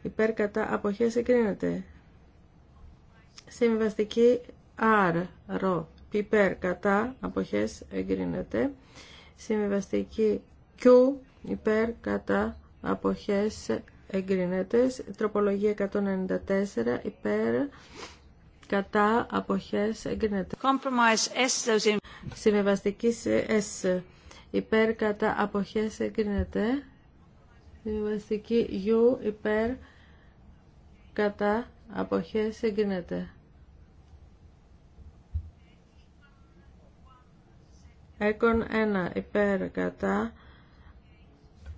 Υπέρ κατά αποχές εγκρίνεται. Συμβιβαστική R, ρο. Υπέρ κατά αποχές εγκρίνεται. Συμβιβαστική Q, υπέρ κατά αποχές εγκρίνεται. Τροπολογία 194 υπέρ κατά αποχές εγκρίνεται. Compromise Συμβεβαστική S υπέρ κατά αποχές εγκρίνεται. Συμβεβαστική U υπέρ κατά αποχές εγκρίνεται. 1 υπέρ κατά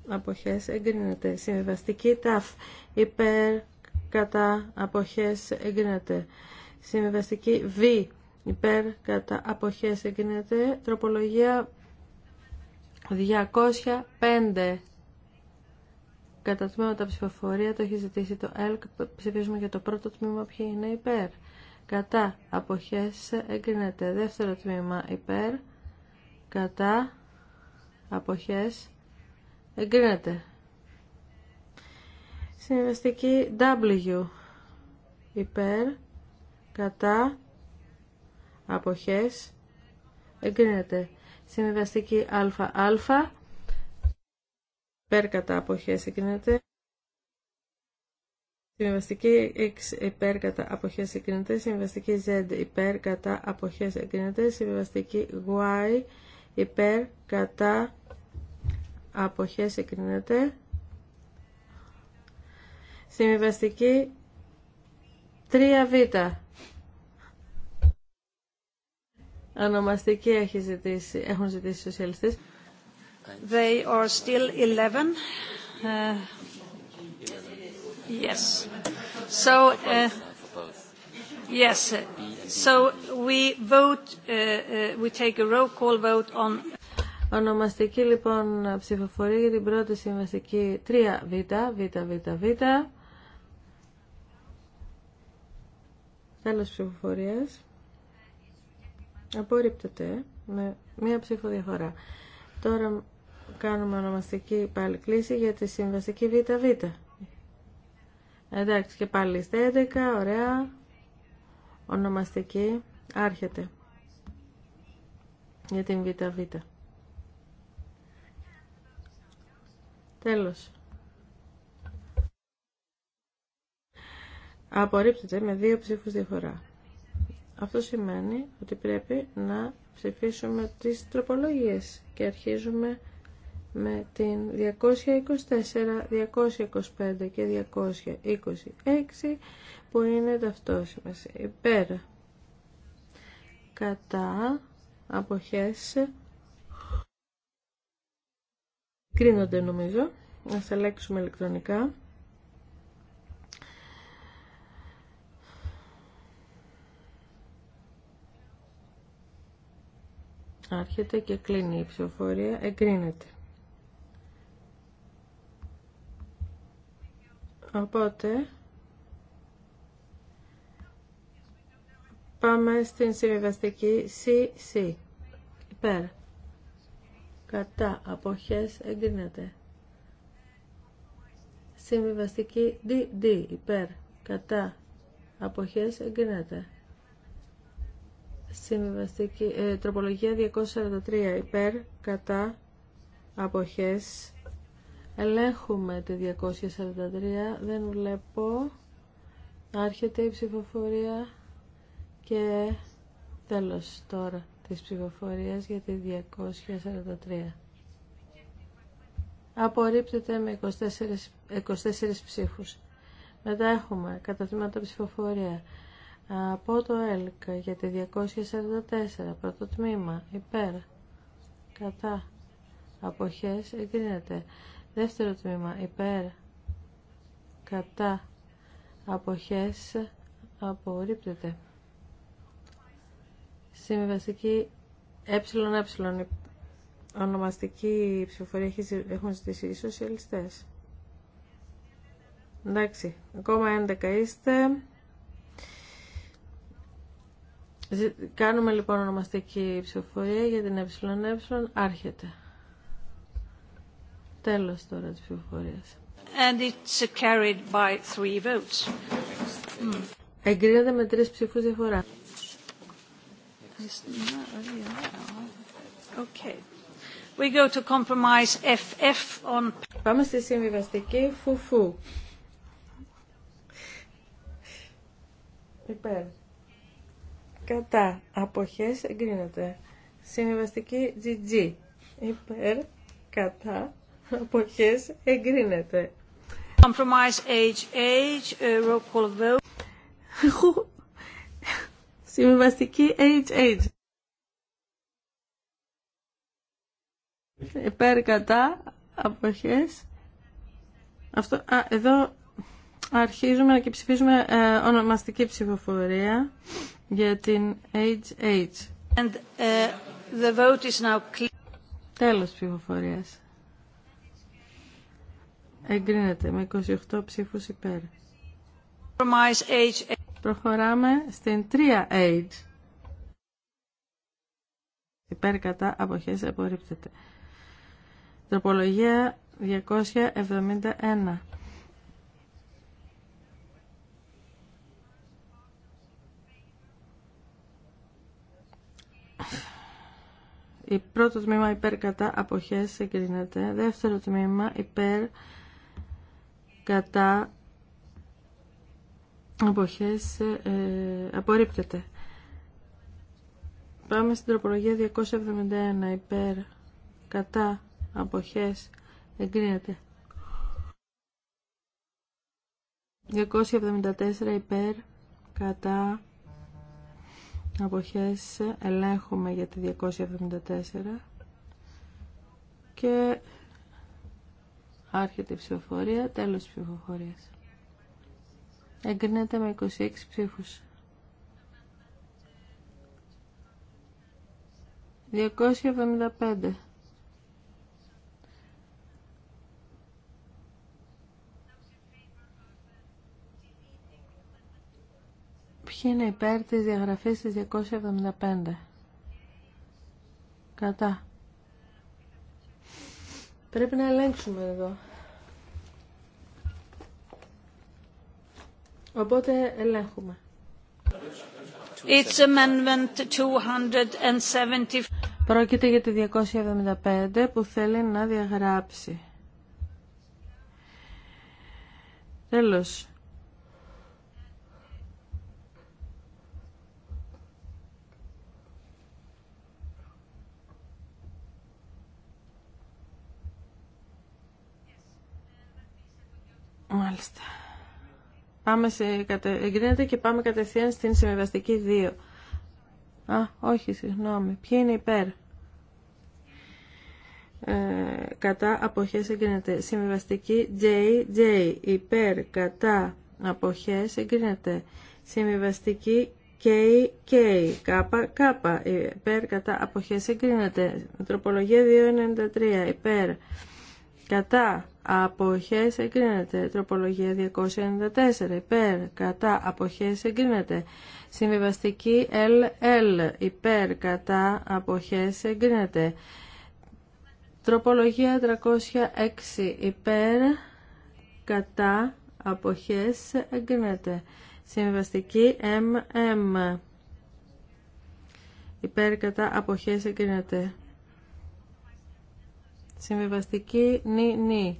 αποχές εγκρίνεται. Συμβιβαστική ταφ υπέρ κατά αποχές εγκρίνεται. Συμβιβαστική β υπέρ κατά αποχές εγκρίνεται. Τροπολογία 205 κατά τμήματα ψηφοφορία το έχει ζητήσει το ΕΛΚ. Ψηφίζουμε για το πρώτο τμήμα ποιοι είναι υπέρ. Κατά αποχές εγκρίνεται. Δεύτερο τμήμα υπέρ. Κατά αποχές Εγκρίνεται. Συμβαστική W. Υπέρ. Κατά. Αποχές. Εγκρίνεται. α, ΑΑ. Υπέρ κατά αποχές εγκρίνεται. Συμβαστική X υπέρ κατά αποχές εγκρίνεται. Συμβαστική Z υπέρ κατά αποχές εγκρίνεται. Συμβαστική Y υπέρ κατά αποχές εγκρίνεται. Συμβιβαστική 3β. Ονομαστική έχει ζητήσει, έχουν ζητήσει οι σοσιαλιστές. They are still 11. Uh, ε, yes. So, uh, yes. So we vote, uh, we take a roll call vote on Ονομαστική λοιπόν ψηφοφορία για την πρώτη συμβαστική 3 β, ΒΒΒ. β, β. Τέλος ψηφοφορίας. Απορρίπτεται με μία ψήφο Τώρα κάνουμε ονομαστική πάλι κλίση για τη συμβαστική β, β. Εντάξει και πάλι στα 11, ωραία. Ονομαστική άρχεται για την ΒΒ. Τέλος. Απορρίπτεται με δύο ψήφους διαφορά. Αυτό σημαίνει ότι πρέπει να ψηφίσουμε τις τροπολογίες και αρχίζουμε με την 224, 225 και 226 που είναι ταυτόσημες. Υπέρ, κατά, αποχές, Κρίνονται νομίζω. Να ελέγξουμε ηλεκτρονικά. Άρχεται και κλείνει η ψηφοφορία. Εγκρίνεται. Οπότε πάμε στην συμβιβαστική CC. Υπέρα κατά αποχές εγκρίνεται. Συμβιβαστική DD υπέρ κατά αποχές εγκρίνεται. Συμβιβαστική ε, τροπολογία 243 υπέρ κατά αποχές ελέγχουμε τη 243 δεν βλέπω άρχεται η ψηφοφορία και τέλος τώρα της ψηφοφορίας για τη 243. Απορρίπτεται με 24, 24 ψήφους. Μετά έχουμε κατά τμήματα ψηφοφορία από το ΕΛΚ για τη 244, πρώτο τμήμα, υπέρ, κατά, αποχές, εγκρίνεται. Δεύτερο τμήμα, υπέρ, κατά, αποχές, απορρίπτεται. Συμβιβαστική ΕΕ. Ονομαστική ψηφοφορία έχουν ζητήσει οι σοσιαλιστέ. Εντάξει, ακόμα 11 είστε. Κάνουμε λοιπόν ονομαστική ψηφοφορία για την ΕΕ. Άρχεται. Τέλος τώρα της ψηφοφορίας. And it's carried by three votes. Εγκρίνεται με τρεις ψήφους διαφορά. Okay. We go to compromise FF on... Πάμε στη συμβιβαστική φουφού. Υπέρ. Κατά. Αποχές εγκρίνεται. Συμβιβαστική GG. Υπέρ. Κατά. Αποχές εγκρίνεται. Compromise HH. Uh, roll call vote. Συμβιβαστική HH. Υπέρ κατά αποχές. Αυτό, εδώ αρχίζουμε και ψηφίζουμε ε, ονομαστική ψηφοφορία για την HH. And, uh, the vote is now clear. Τέλος ψηφοφορίας. Εγκρίνεται με 28 ψήφους υπέρ. Προχωράμε στην 3H. Υπέρ κατά αποχές απορρίπτεται. Τροπολογία 271. Η πρώτο τμήμα υπέρ κατά αποχές εγκρίνεται. Δεύτερο τμήμα υπέρ κατά αποχές ε, απορρίπτεται. Πάμε στην τροπολογία 271 υπέρ κατά αποχές εγκρίνεται. 274 υπέρ κατά αποχές ελέγχουμε για τη 274 και άρχεται η ψηφοφορία, τέλος της ψηφοφορίας εγκρίνεται με 26 ψήφους. 275 Ποιοι είναι υπέρ της διαγραφής της 275 Κατά Πρέπει να ελέγξουμε εδώ Οπότε ελέγχουμε. Πρόκειται για τη 275 που θέλει να διαγράψει. Τέλος. Μάλιστα. Πάμε σε, εγκρίνεται και πάμε κατευθείαν στην συμβιβαστική 2. Α, όχι, συγγνώμη. Ποιοι είναι υπέρ. Ε, κατά αποχές εγκρίνεται. Συμβιβαστική J, J. Υπέρ, κατά αποχές εγκρίνεται. Συμβιβαστική K, K. κάπα κάπα Υπέρ, κατά αποχές εγκρίνεται. Τροπολογία 293. Υπέρ, κατά αποχές εγκρίνεται. Τροπολογία 294 υπέρ κατά αποχές εγκρίνεται. Συμβιβαστική LL υπέρ κατά αποχές εγκρίνεται. Τροπολογία 306 υπέρ κατά αποχές εγκρίνεται. Συμβιβαστική MM υπέρ κατά αποχές εγκρίνεται. Συμβιβαστική νι νι.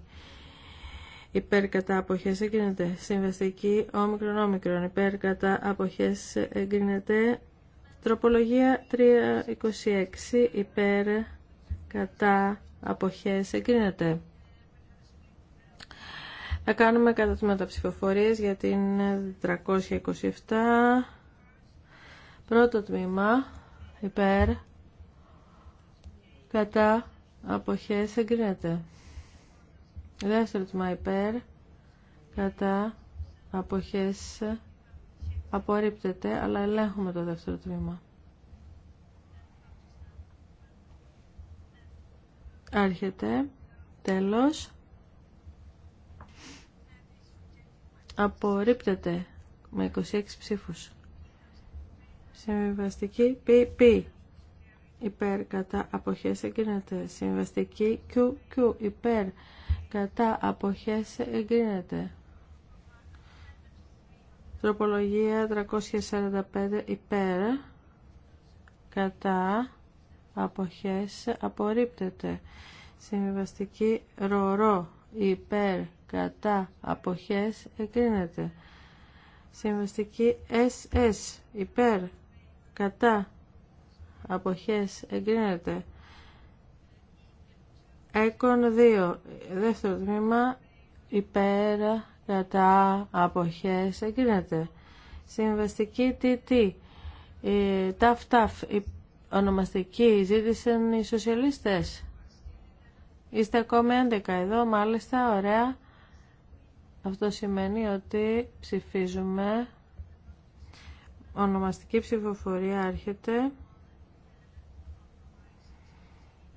Υπέρ κατά αποχές εγκρίνεται. Συμβαστική όμικρον όμικρον. Υπέρ κατά αποχές εγκρίνεται. Τροπολογία 326. Υπέρ κατά αποχές εγκρίνεται. Θα κάνουμε κατά τμήματα ψηφοφορίες για την 327. Πρώτο τμήμα. Υπέρ κατά αποχές εγκρίνεται. Δεύτερο τμήμα υπέρ, κατά, αποχές απορρίπτεται, αλλά ελέγχουμε το δεύτερο τμήμα. Άρχεται, τέλος, απορρίπτεται με 26 ψήφους. Συμβιβαστική πι υπέρ κατά αποχές εγκρίνεται. Συμβαστική QQ υπέρ κατά αποχές εγκρίνεται. Τροπολογία 345 υπέρ κατά αποχές απορρίπτεται. Συμβαστική ρορό υπέρ κατά αποχές εγκρίνεται. Συμβαστική SS υπέρ κατά αποχές εγκρίνεται. Έκον 2, δεύτερο τμήμα, υπέρ, κατά, αποχές, εγκρίνεται. Συμβαστική τι; Τι; ε, ταφ ονομαστική, ζήτησαν οι σοσιαλιστές. Είστε ακόμη 11 εδώ, μάλιστα, ωραία. Αυτό σημαίνει ότι ψηφίζουμε. Ονομαστική ψηφοφορία άρχεται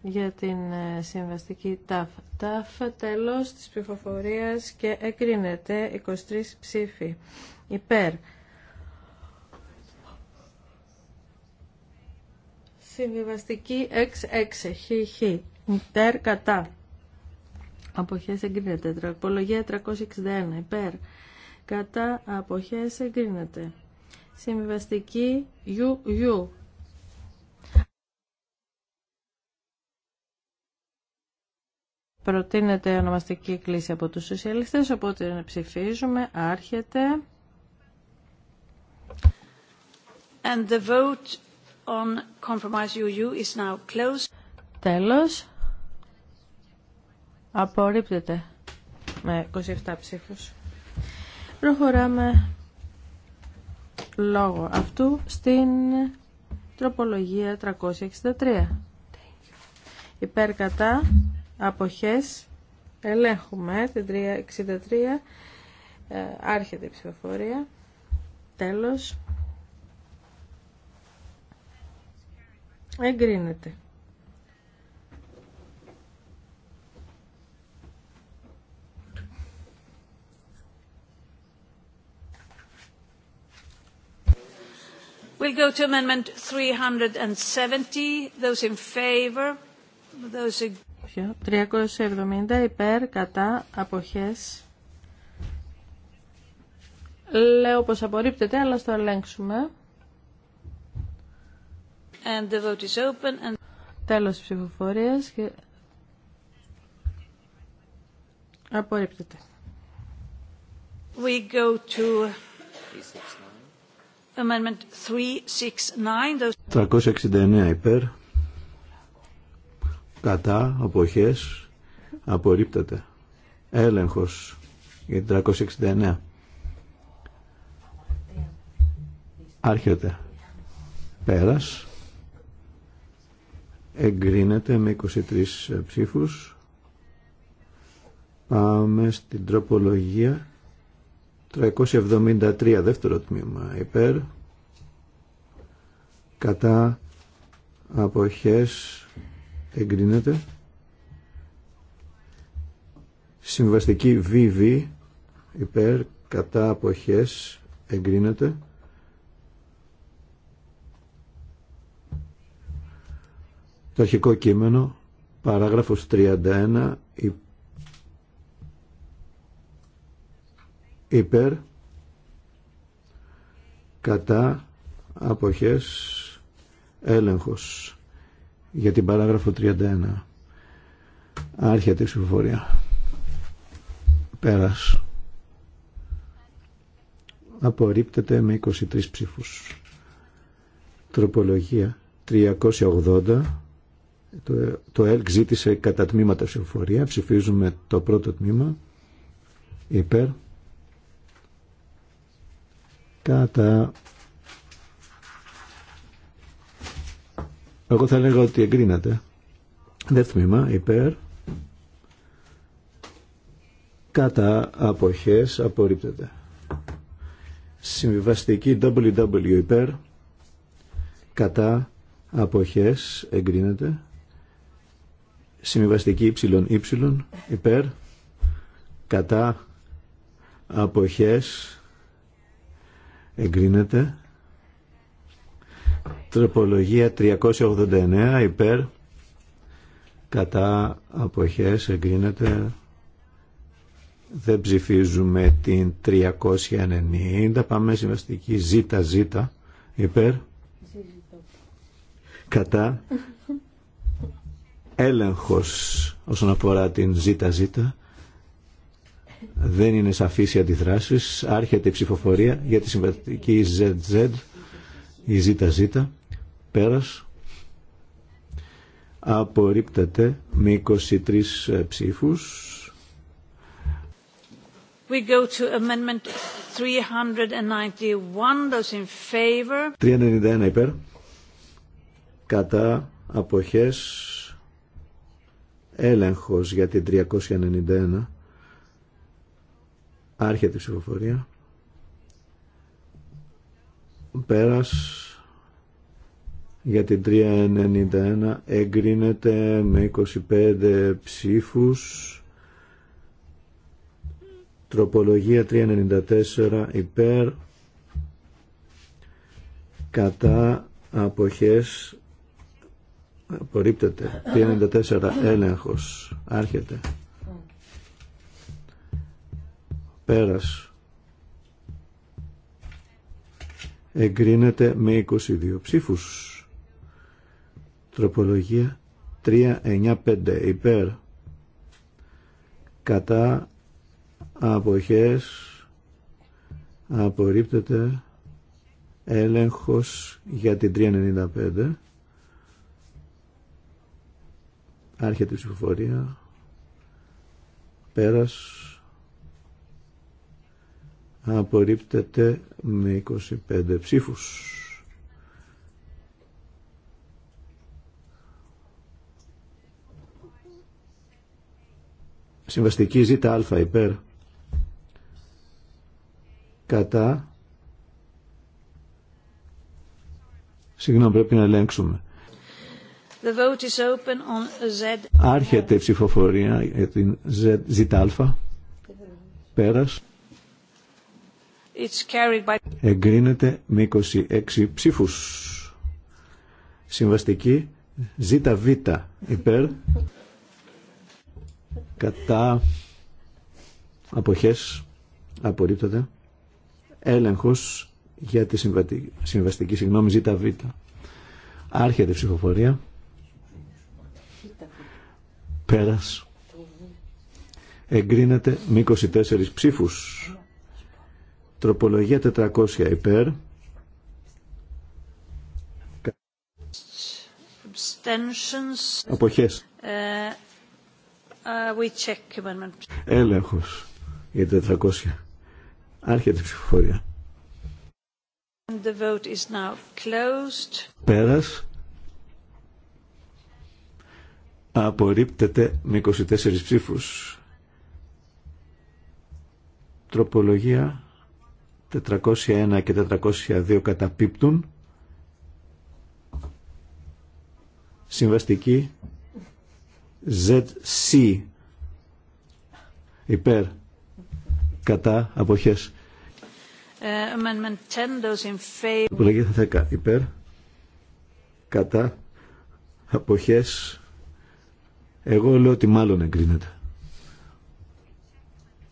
για την ε, συμβαστική ΤΑΦ. ΤΑΦ τέλος της ψηφοφορίας και εκρίνεται 23 ψήφοι υπέρ. Συμβιβαστική 6-6, χ, χ, υπέρ, κατά. Αποχές εγκρίνεται. Τραπολογία 361, υπέρ. Κατά, αποχές εγκρίνεται. Συμβιβαστική U, Προτείνεται ονομαστική κλίση από τους σοσιαλιστές, οπότε ψηφίζουμε, άρχεται. And the vote on compromise UU is now closed. Τέλος. Απορρίπτεται με 27 ψήφους. Προχωράμε λόγω αυτού στην τροπολογία 363. Υπέρ κατά αποχές ελέγχουμε την 363 ε, άρχεται η ψηφοφορία τέλος εγκρίνεται We'll go to amendment 370. Those in favor, those 370 υπέρ κατά αποχές λέω πως απορρίπτεται αλλά στο ελέγξουμε and the vote is open and... τέλος ψηφοφορίας και... απορρίπτεται we go to amendment 369 369 υπέρ κατά αποχές απορρίπτεται έλεγχος για την 369 άρχεται πέρας εγκρίνεται με 23 ψήφους πάμε στην τροπολογία 373 δεύτερο τμήμα υπέρ κατά αποχές εγκρίνεται συμβαστική VV υπέρ κατά αποχές εγκρίνεται το αρχικό κείμενο παράγραφος 31 υπέρ κατά αποχές έλεγχος για την παράγραφο 31. Άρχεται η ψηφοφορία. Πέρας. Απορρίπτεται με 23 ψήφους. Τροπολογία 380. Το, το ΕΛΚ ζήτησε κατά τμήματα ψηφοφορία. Ψηφίζουμε το πρώτο τμήμα. Υπέρ. Κατά Εγώ θα έλεγα ότι εγκρίνεται. Δεύτερο τμήμα, υπέρ. Κατά αποχές απορρίπτεται. Συμβιβαστική WW υπέρ. Κατά αποχές εγκρίνεται. Συμβιβαστική YY υπέρ. Κατά αποχές εγκρίνεται Τροπολογία 389 υπέρ κατά αποχές εγκρίνεται δεν ψηφίζουμε την 390 πάμε συμβαστική ζήτα ζήτα υπέρ κατά έλεγχος όσον αφορά την ζήτα δεν είναι σαφής η αντιδράσεις άρχεται η ψηφοφορία για τη συμβατική ZZ η ζήτα ζήτα πέρας απορρίπτεται με 23 ε, ψήφους. We go to amendment 391, those in 391 υπέρ, κατά αποχές έλεγχος για την 391 άρχεται η ψηφοφορία πέρας για την 391 εγκρίνεται με 25 ψήφους τροπολογία 394 υπέρ κατά αποχές απορρίπτεται 394 έλεγχος άρχεται πέρας εγκρίνεται με 22 ψήφους. Τροπολογία 395 υπέρ κατά αποχές απορρίπτεται έλεγχος για την 395 άρχεται η ψηφοφορία πέρας απορρίπτεται με 25 ψήφους. Συμβαστική ζήτα α υπέρ κατά Συγγνώμη, πρέπει να ελέγξουμε. Άρχεται η ψηφοφορία για την Ζ ZA. Πέρας. Εγκρίνεται με 26 ψήφους. Συμβαστική ΖΒ υπέρ κατά αποχές απορρίπτονται έλεγχος για τη συμβατική, συμβαστική συγγνώμη ΖΒ. Άρχεται ψηφοφορία. Πέρας. Εγκρίνεται με 24 ψήφους. Τροπολογία 400 υπέρ. Αποχές. Uh, uh, Έλεγχος για 400. Άρχεται η ψηφοφορία. Πέρας. Απορρίπτεται με 24 ψήφους. Τροπολογία 401 και 402 καταπίπτουν. Συμβαστική ZC υπέρ κατά αποχές. Ε, που 10 υπέρ κατά αποχές. Εγώ λέω ότι μάλλον εγκρίνεται.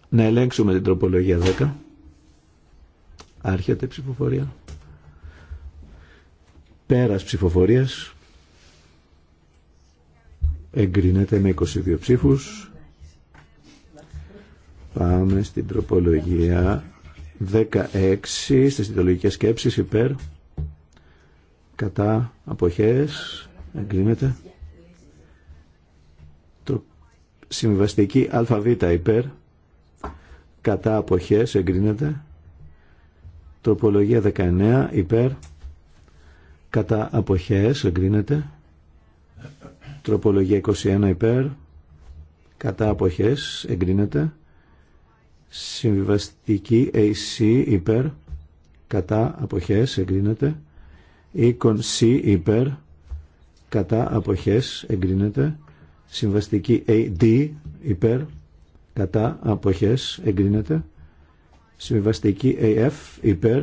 Να ελέγξουμε την τροπολογία 10. Άρχεται ψηφοφορία. Πέρας ψηφοφορίας. Εγκρινέται με 22 ψήφους. Πάμε στην τροπολογία 16 στις ιδεολογικές σκέψεις υπέρ κατά αποχές εγκρίνεται το συμβαστική Αλφαβήτα υπέρ κατά αποχές εγκρίνεται Τροπολογία 19 υπέρ κατά αποχές εγκρίνεται. Τροπολογία 21 υπέρ κατά αποχές εγκρίνεται. Συμβιβαστική AC υπέρ κατά αποχές εγκρίνεται. Οίκον C υπέρ κατά αποχές εγκρίνεται. Συμβαστική AD υπέρ κατά αποχές εγκρίνεται. Συμβιβαστική AF υπέρ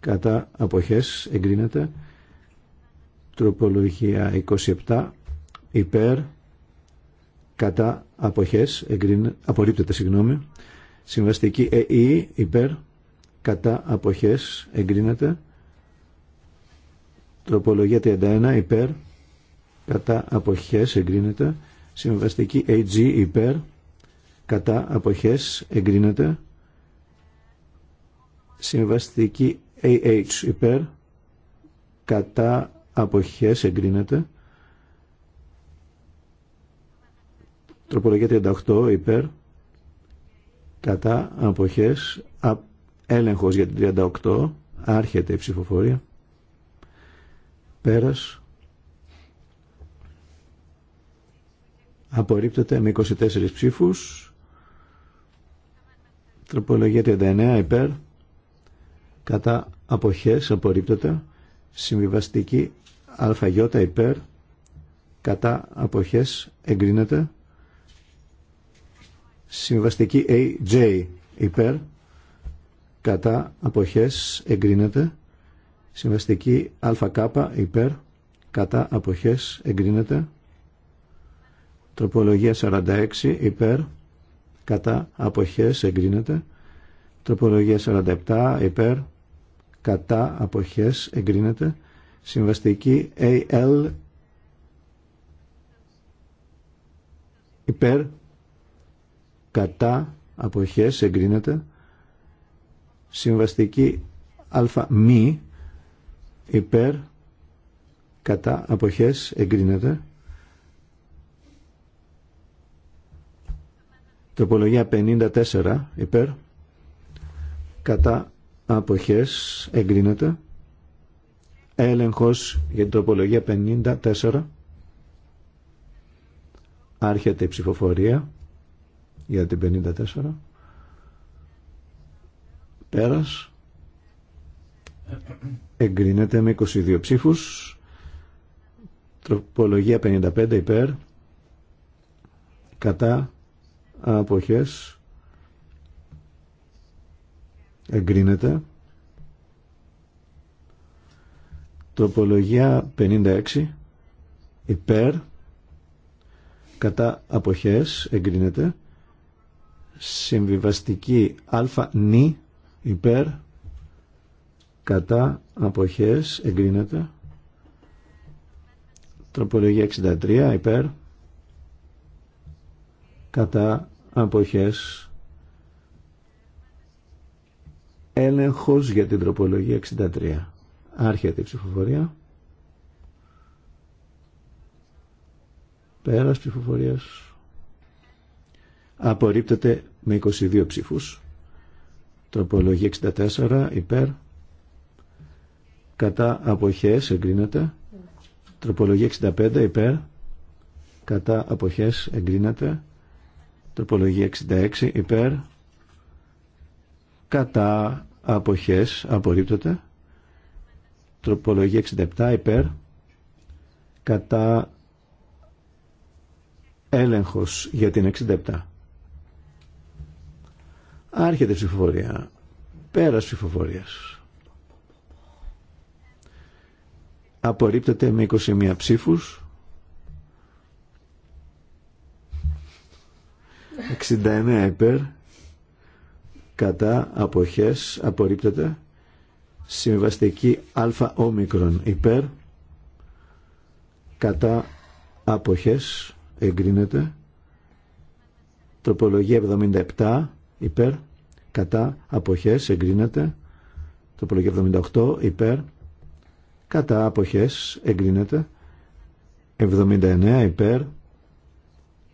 κατά αποχές εγκρίνεται. Τροπολογία 27 υπέρ κατά αποχές εγκρίνεται, απορρίπτεται συγγνώμη. Συμβαστική ΕΗ e, υπέρ κατά αποχές εγκρίνεται. Τροπολογία 31 υπέρ κατά αποχές εγκρίνεται. Συμβαστική AG υπέρ κατά αποχές εγκρίνεται. Συμβαστική AH υπέρ κατά αποχές εγκρίνεται. Τροπολογία 38 υπέρ κατά αποχές α, έλεγχος για την 38 άρχεται η ψηφοφορία πέρας απορρίπτεται με 24 ψήφους τροπολογία 39 υπέρ κατά αποχές απορρίπτεται συμβιβαστική αι υπέρ κατά αποχές εγκρίνεται συμβαστική AJ υπέρ κατά αποχές εγκρίνεται συμβαστική ΑΚ υπέρ κατά αποχές εγκρίνεται τροπολογία 46 υπέρ κατά αποχές εγκρίνεται τροπολογία 47 υπέρ κατά αποχές εγκρίνεται συμβαστική AL υπέρ κατά αποχές εγκρίνεται συμβαστική αλφα μη υπέρ κατά αποχές εγκρίνεται Τοπολογία 54 υπέρ κατά αποχές εγκρίνεται έλεγχος για την τροπολογία 54 άρχεται η ψηφοφορία για την 54 πέρας εγκρίνεται με 22 ψήφους τροπολογία 55 υπέρ κατά αποχές εγκρίνεται. Τροπολογία 56 υπέρ κατά αποχές εγκρίνεται. Συμβιβαστική α νη υπέρ κατά αποχές εγκρίνεται. Τροπολογία 63 υπέρ κατά αποχές έλεγχος για την τροπολογία 63. Άρχεται η ψηφοφορία. Πέρας ψηφοφορίας. Απορρίπτεται με 22 ψήφους. Τροπολογία 64 υπέρ. Κατά αποχές εγκρίνεται. Τροπολογία 65 υπέρ. Κατά αποχές εγκρίνεται. Τροπολογία 66 υπέρ. Κατά αποχές απορρίπτεται τροπολογία 67 υπέρ κατά έλεγχος για την 67 άρχεται ψηφοφορία πέρας ψηφοφορίας απορρίπτεται με 21 ψήφους 69 υπέρ κατά αποχές απορρίπτεται συμβαστική α όμικρον υπέρ κατά αποχές εγκρίνεται τροπολογία 77 υπέρ κατά αποχές εγκρίνεται τροπολογία 78 υπέρ κατά αποχές εγκρίνεται 79 υπέρ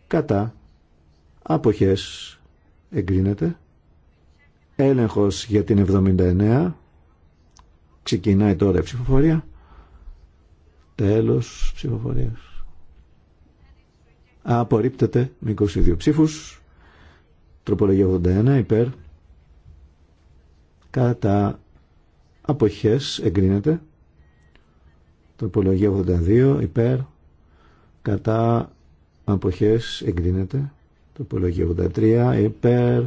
κατά αποχές εγκρίνεται Έλεγχος για την 79. Ξεκινάει τώρα η ψηφοφορία. Τέλος ψηφοφορίας. Απορρίπτεται με 22 ψήφους. Τροπολογία 81 υπέρ. Κατά αποχές εγκρίνεται. Τροπολογία 82 υπέρ. Κατά αποχές εγκρίνεται. Τροπολογία 83 υπέρ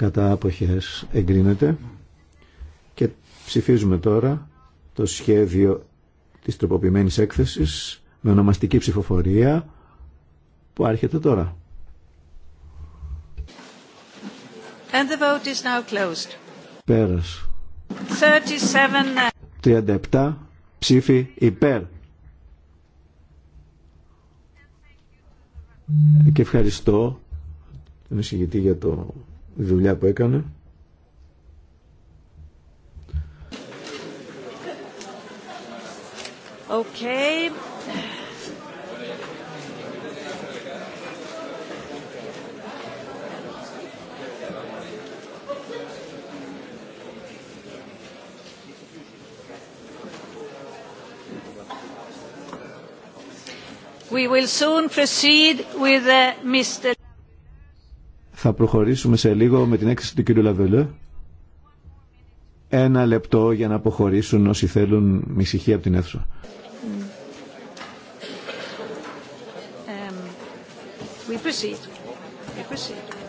κατά αποχές εγκρίνεται και ψηφίζουμε τώρα το σχέδιο της τροποποιημένης έκθεσης με ονομαστική ψηφοφορία που άρχεται τώρα. And the vote is now closed. Πέρας. 37... 37 ψήφοι υπέρ. Και ευχαριστώ τον εισηγητή για το δουλειά που έκανα. Okay. We will soon proceed with Mr. Θα προχωρήσουμε σε λίγο με την έκθεση του κύριου Λαβελέ. Ένα λεπτό για να αποχωρήσουν όσοι θέλουν με ησυχία από την αίθουσα. We proceed. We proceed.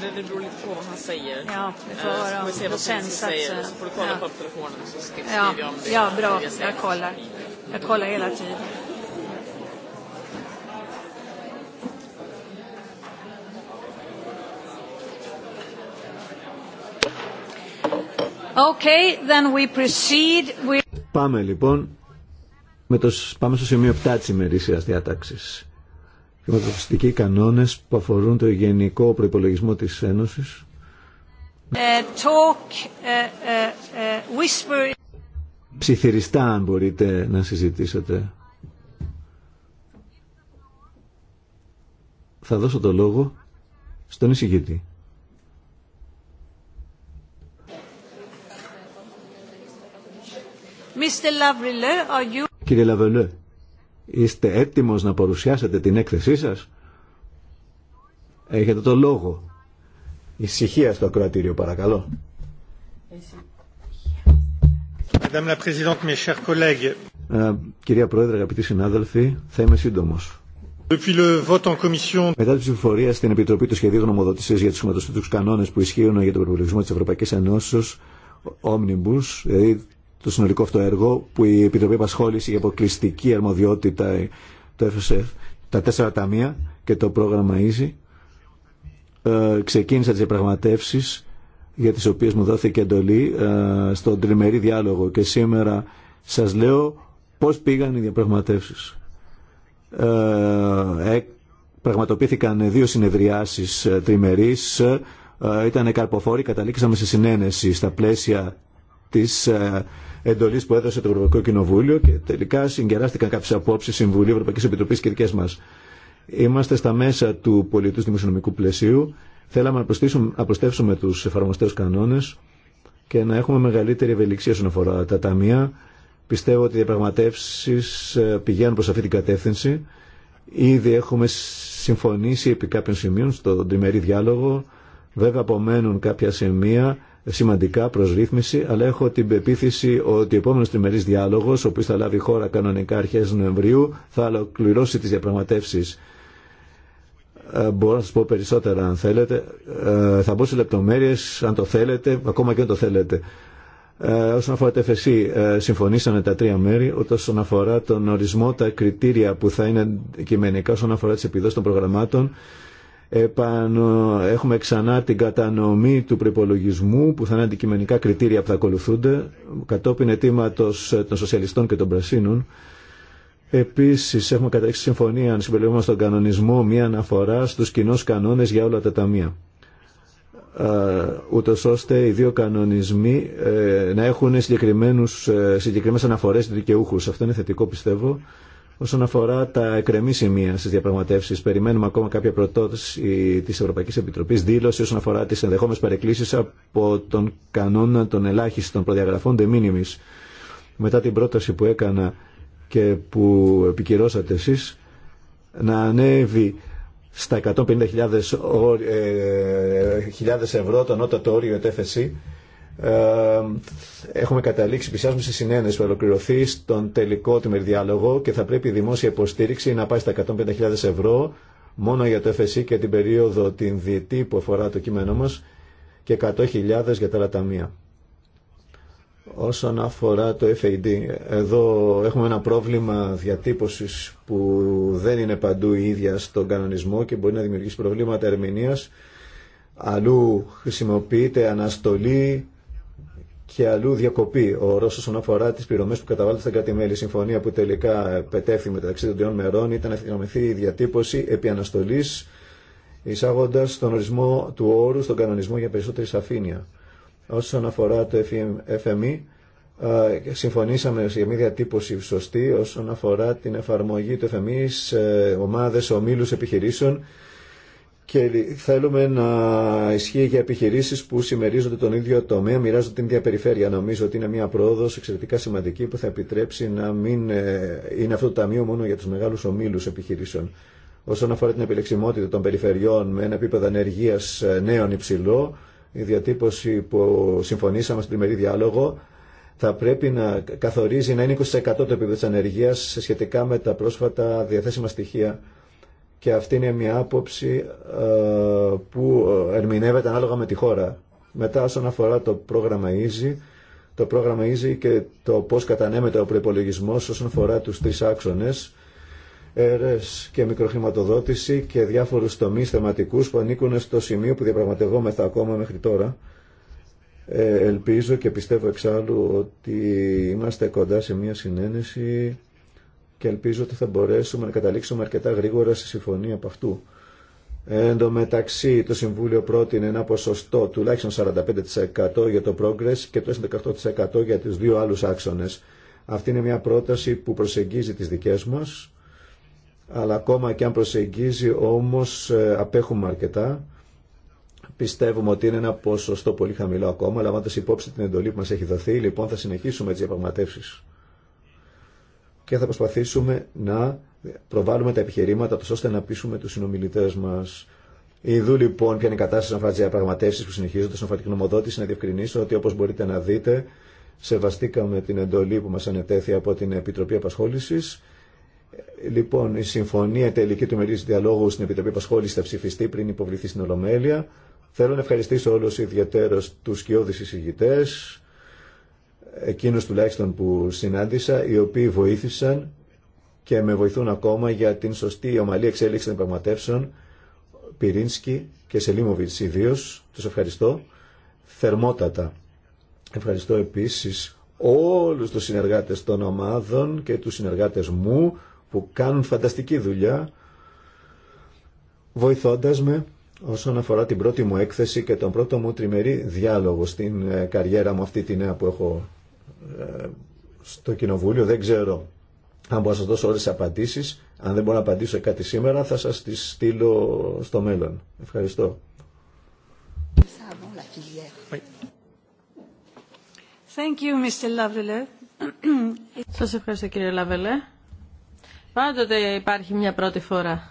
det är roligt på vad han säger. Ja, vi får höra om procentsatser. Så får du kolla på telefonen så skriver jag om det. Ja, bra. Jag kollar. Jag kollar hela tiden. Okay, then we proceed with... Πάμε λοιπόν, με το, πάμε στο σημείο 7 της ημερήσιας διάταξης χρηματοδοτιστικοί κανόνες που αφορούν το γενικό προϋπολογισμό της Ένωσης. Ε, ε, ε, Ψιθυριστά αν μπορείτε να συζητήσετε. Θα δώσω το λόγο στον εισηγητή. Mr. Lavrille, are you... Κύριε Λαβελέ, Είστε έτοιμος να παρουσιάσετε την έκθεσή σας. Έχετε το λόγο. Ησυχία στο ακροατήριο παρακαλώ. Ε, κυρία Πρόεδρε, αγαπητοί συνάδελφοι, θα είμαι σύντομο. Μετά τη ψηφοφορία στην Επιτροπή του Σχεδίου Γνωμοδότηση για του του κανόνε που ισχύουν για τον προπολογισμό τη Ευρωπαϊκή Ενώσεω, Omnibus, δηλαδή το συνολικό αυτό έργο που η Επιτροπή επασχόληση η αποκλειστική αρμοδιότητα, το FSF, τα τέσσερα ταμεία και το πρόγραμμα EASY ε, ξεκίνησα τις διαπραγματεύσει για τις οποίες μου δόθηκε εντολή ε, στον τριμερή διάλογο και σήμερα σας λέω πώς πήγαν οι διαπραγματεύσει. Ε, ε, πραγματοποιήθηκαν δύο συνεδριάσεις ε, τριμερής ήταν καρποφόροι, καταλήξαμε σε συνένεση στα πλαίσια της εντολή που έδωσε το Ευρωπαϊκό Κοινοβούλιο και τελικά συγκεράστηκαν κάποιε απόψει Συμβουλίου Ευρωπαϊκή Επιτροπή και δικέ μα. Είμαστε στα μέσα του πολιτού δημοσιονομικού πλαισίου. Θέλαμε να προστεύσουμε του εφαρμοστέ κανόνε και να έχουμε μεγαλύτερη ευελιξία όσον αφορά τα ταμεία. Πιστεύω ότι οι διαπραγματεύσει ε, πηγαίνουν προ αυτή την κατεύθυνση. Ήδη έχουμε συμφωνήσει επί κάποιων σημείων στον τριμερή διάλογο. Βέβαια απομένουν κάποια σημεία σημαντικά προ ρύθμιση, αλλά έχω την πεποίθηση ότι ο επόμενο τριμερή διάλογο, ο οποίος θα λάβει χώρα κανονικά αρχέ Νοεμβρίου, θα ολοκληρώσει τις διαπραγματεύσεις. Ε, μπορώ να σα πω περισσότερα αν θέλετε. Ε, θα μπω σε λεπτομέρειε αν το θέλετε, ακόμα και αν το θέλετε. Ε, όσον αφορά το FSC, συμφωνήσαμε τα τρία μέρη. Όσον αφορά τον ορισμό, τα κριτήρια που θα είναι κειμενικά όσον αφορά τι επιδόσεις των προγραμμάτων, επάνω Έχουμε ξανά την κατανομή του προπολογισμού που θα είναι αντικειμενικά κριτήρια που θα ακολουθούνται κατόπιν αιτήματο των Σοσιαλιστών και των Πρασίνων. Επίση, έχουμε καταλήξει συμφωνία, αν συμπεριλαμβάνουμε στον κανονισμό, μία αναφορά στου κοινού κανόνε για όλα τα ταμεία. Ούτω ώστε οι δύο κανονισμοί ε, να έχουν ε, συγκεκριμένε αναφορέ δικαιούχου. Αυτό είναι θετικό, πιστεύω. Όσον αφορά τα εκρεμή σημεία στι διαπραγματεύσει, περιμένουμε ακόμα κάποια προτότηση τη Ευρωπαϊκή Επιτροπή, δήλωση όσον αφορά τι ενδεχόμενε παρεκκλήσει από τον κανόνα των ελάχιστων προδιαγραφών de minimis. Μετά την πρόταση που έκανα και που επικυρώσατε εσεί, να ανέβει στα 150.000 ε, ευρώ το ανώτατο όριο ετέφεση ε, έχουμε καταλήξει, πλησιάζουμε σε συνένεση που ολοκληρωθεί στον τελικό του διάλογο και θα πρέπει η δημόσια υποστήριξη να πάει στα 150.000 ευρώ μόνο για το FSE και την περίοδο την διετή που αφορά το κείμενό μας και 100.000 για τα άλλα ταμεία. Όσον αφορά το FAD, εδώ έχουμε ένα πρόβλημα διατύπωσης που δεν είναι παντού η ίδια στον κανονισμό και μπορεί να δημιουργήσει προβλήματα ερμηνείας. Αλλού χρησιμοποιείται αναστολή και αλλού διακοπή. Ο Ρώσο όσον αφορά τι πληρωμέ που καταβάλλονται στα κρατη Η συμφωνία που τελικά πετέφθη μεταξύ των τριών μερών ήταν να θυμηθεί η διατύπωση επί αναστολή, εισάγοντα τον ορισμό του όρου στον κανονισμό για περισσότερη σαφήνεια. Όσον αφορά το FME, συμφωνήσαμε για μια διατύπωση σωστή όσον αφορά την εφαρμογή του FME σε ομάδε ομίλου επιχειρήσεων και θέλουμε να ισχύει για επιχειρήσει που συμμερίζονται τον ίδιο τομέα, μοιράζονται την ίδια περιφέρεια. Νομίζω ότι είναι μια πρόοδο εξαιρετικά σημαντική που θα επιτρέψει να μην ε, είναι αυτό το ταμείο μόνο για του μεγάλου ομίλου επιχειρήσεων. Όσον αφορά την επιλεξιμότητα των περιφερειών με ένα επίπεδο ανεργία ε, νέων υψηλό, η διατύπωση που συμφωνήσαμε στην τριμερή διάλογο θα πρέπει να καθορίζει να είναι 20% το επίπεδο τη ανεργία σε σχετικά με τα πρόσφατα διαθέσιμα στοιχεία και αυτή είναι μια άποψη ε, που ε, ερμηνεύεται ανάλογα με τη χώρα. Μετά όσον αφορά το πρόγραμμα EASY, το πρόγραμμα EASY και το πώς κατανέμεται ο προπολογισμό όσον αφορά τους τρεις άξονες, ΕΡΕΣ και μικροχρηματοδότηση και διάφορους τομείς θεματικούς που ανήκουν στο σημείο που διαπραγματευόμεθα ακόμα μέχρι τώρα. Ε, ελπίζω και πιστεύω εξάλλου ότι είμαστε κοντά σε μια συνένεση και ελπίζω ότι θα μπορέσουμε να καταλήξουμε αρκετά γρήγορα στη συμφωνία από αυτού. Εν τω μεταξύ, το Συμβούλιο πρότεινε ένα ποσοστό τουλάχιστον 45% για το Progress και το 18% για τους δύο άλλους άξονες. Αυτή είναι μια πρόταση που προσεγγίζει τις δικές μας, αλλά ακόμα και αν προσεγγίζει όμως ε, απέχουμε αρκετά. Πιστεύουμε ότι είναι ένα ποσοστό πολύ χαμηλό ακόμα, αλλά λαμβάνοντα υπόψη την εντολή που μας έχει δοθεί. Λοιπόν, θα συνεχίσουμε τις διαπραγματεύσει και θα προσπαθήσουμε να προβάλλουμε τα επιχειρήματα τους ώστε να πείσουμε τους συνομιλητές μας. Ιδού λοιπόν ποια είναι η κατάσταση των διαπραγματεύσει που συνεχίζονται στον φατική νομοδότηση να διευκρινίσω ότι όπως μπορείτε να δείτε σεβαστήκαμε την εντολή που μας ανετέθη από την Επιτροπή Απασχόλησης. Λοιπόν, η συμφωνία τελική του μερίου διαλόγου στην Επιτροπή Απασχόληση θα ψηφιστεί πριν υποβληθεί στην Ολομέλεια. Θέλω να ευχαριστήσω όλου ιδιαίτερω του σκιώδεις εισηγητέ, εκείνους τουλάχιστον που συνάντησα, οι οποίοι βοήθησαν και με βοηθούν ακόμα για την σωστή ομαλή εξέλιξη των πραγματεύσεων, Πυρίνσκι και Σελίμοβιτς ιδίω. Τους ευχαριστώ θερμότατα. Ευχαριστώ επίσης όλους τους συνεργάτες των ομάδων και τους συνεργάτες μου που κάνουν φανταστική δουλειά βοηθώντας με όσον αφορά την πρώτη μου έκθεση και τον πρώτο μου τριμερή διάλογο στην ε, καριέρα μου αυτή τη νέα που έχω ε, στο Κοινοβούλιο. Δεν ξέρω αν μπορώ να σας δώσω όλες τις απαντήσεις. Αν δεν μπορώ να απαντήσω κάτι σήμερα θα σας τις στείλω στο μέλλον. Ευχαριστώ. Thank you, Mr. Σας ευχαριστώ κύριε Λαβελέ. Πάντοτε υπάρχει μια πρώτη φορά.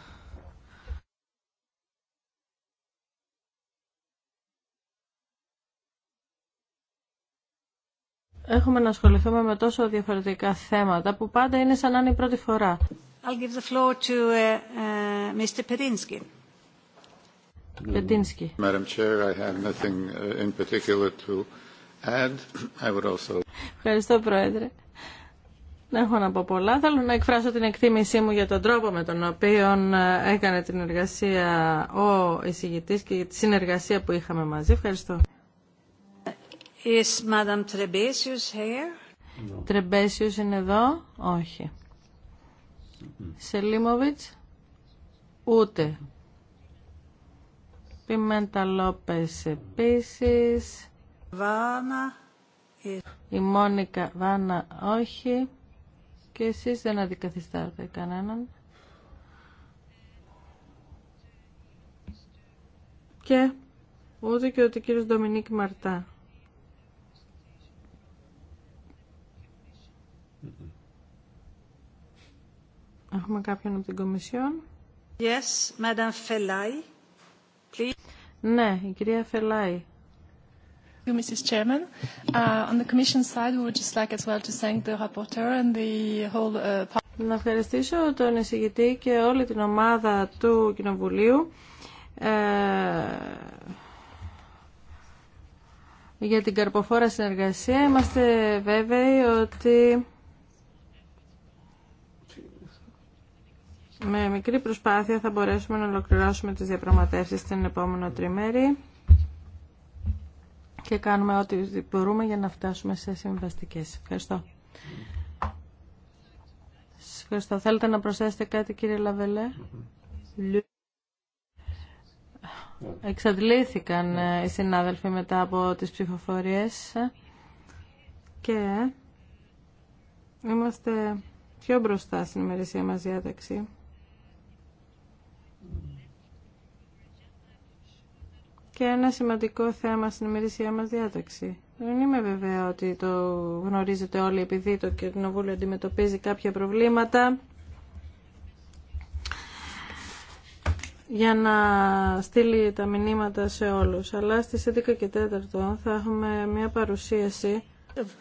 έχουμε να ασχοληθούμε με τόσο διαφορετικά θέματα που πάντα είναι σαν να είναι η πρώτη φορά. I'll give the floor to uh, uh, Mr. Madam Chair, I have nothing uh, in particular to add. I would also... Ευχαριστώ, Πρόεδρε. Δεν έχω να πω πολλά. Θέλω να εκφράσω την εκτίμησή μου για τον τρόπο με τον οποίο ε, έκανε την εργασία ο εισηγητής και τη συνεργασία που είχαμε μαζί. Ευχαριστώ. Is Madame Trebesius here? No. Trebesius είναι εδώ. Όχι. Mm. Σελίμοβιτς. Ούτε. Πιμέντα Λόπες επίσης. Βάνα. Η Μόνικα Βάνα όχι. Και εσείς δεν αντικαθιστάτε κανέναν. Και ούτε και ο κύριος Ντομινίκ Μαρτά. Έχουμε κάποιον από την Κομισιόν. Yes, Madam Fellay, Please. Ναι, η κυρία Fellay. Thank you, Mrs. Chairman. Uh, on the Commission side, we would just like as well to thank the rapporteur and the whole uh, να ευχαριστήσω τον εισηγητή και όλη την ομάδα του Κοινοβουλίου ε, για την καρποφόρα συνεργασία. Είμαστε βέβαιοι ότι με μικρή προσπάθεια θα μπορέσουμε να ολοκληρώσουμε τις διαπραγματεύσεις την επόμενο τριμέρι και κάνουμε ό,τι μπορούμε για να φτάσουμε σε συμβαστικές. Ευχαριστώ. ευχαριστώ. Θέλετε να προσθέσετε κάτι κύριε Λαβελέ. Εξαντλήθηκαν ε, οι συνάδελφοι μετά από τις ψηφοφορίες και είμαστε πιο μπροστά στην ημερησία μας διάταξη. και ένα σημαντικό θέμα στην ημερήσια μας διάταξη. Δεν είμαι βέβαια ότι το γνωρίζετε όλοι επειδή το Κοινοβούλιο αντιμετωπίζει κάποια προβλήματα. για να στείλει τα μηνύματα σε όλους. Αλλά στις 11 και 4 θα έχουμε μια παρουσίαση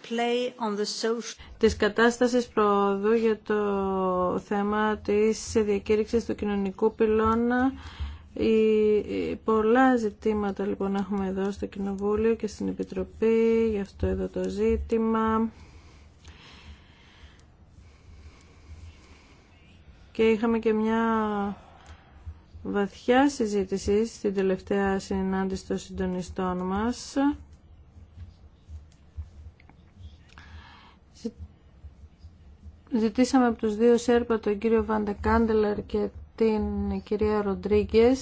play on social... της κατάστασης προοδού για το θέμα της διακήρυξης του κοινωνικού πυλώνα Πολλά ζητήματα λοιπόν έχουμε εδώ στο Κοινοβούλιο και στην Επιτροπή για αυτό εδώ το ζήτημα. Και είχαμε και μια βαθιά συζήτηση στην τελευταία συνάντηση των συντονιστών μας. Ζητήσαμε από τους δύο Σέρπα, τον κύριο Βαντεκάντελερ και την κυρία Ροντρίγκε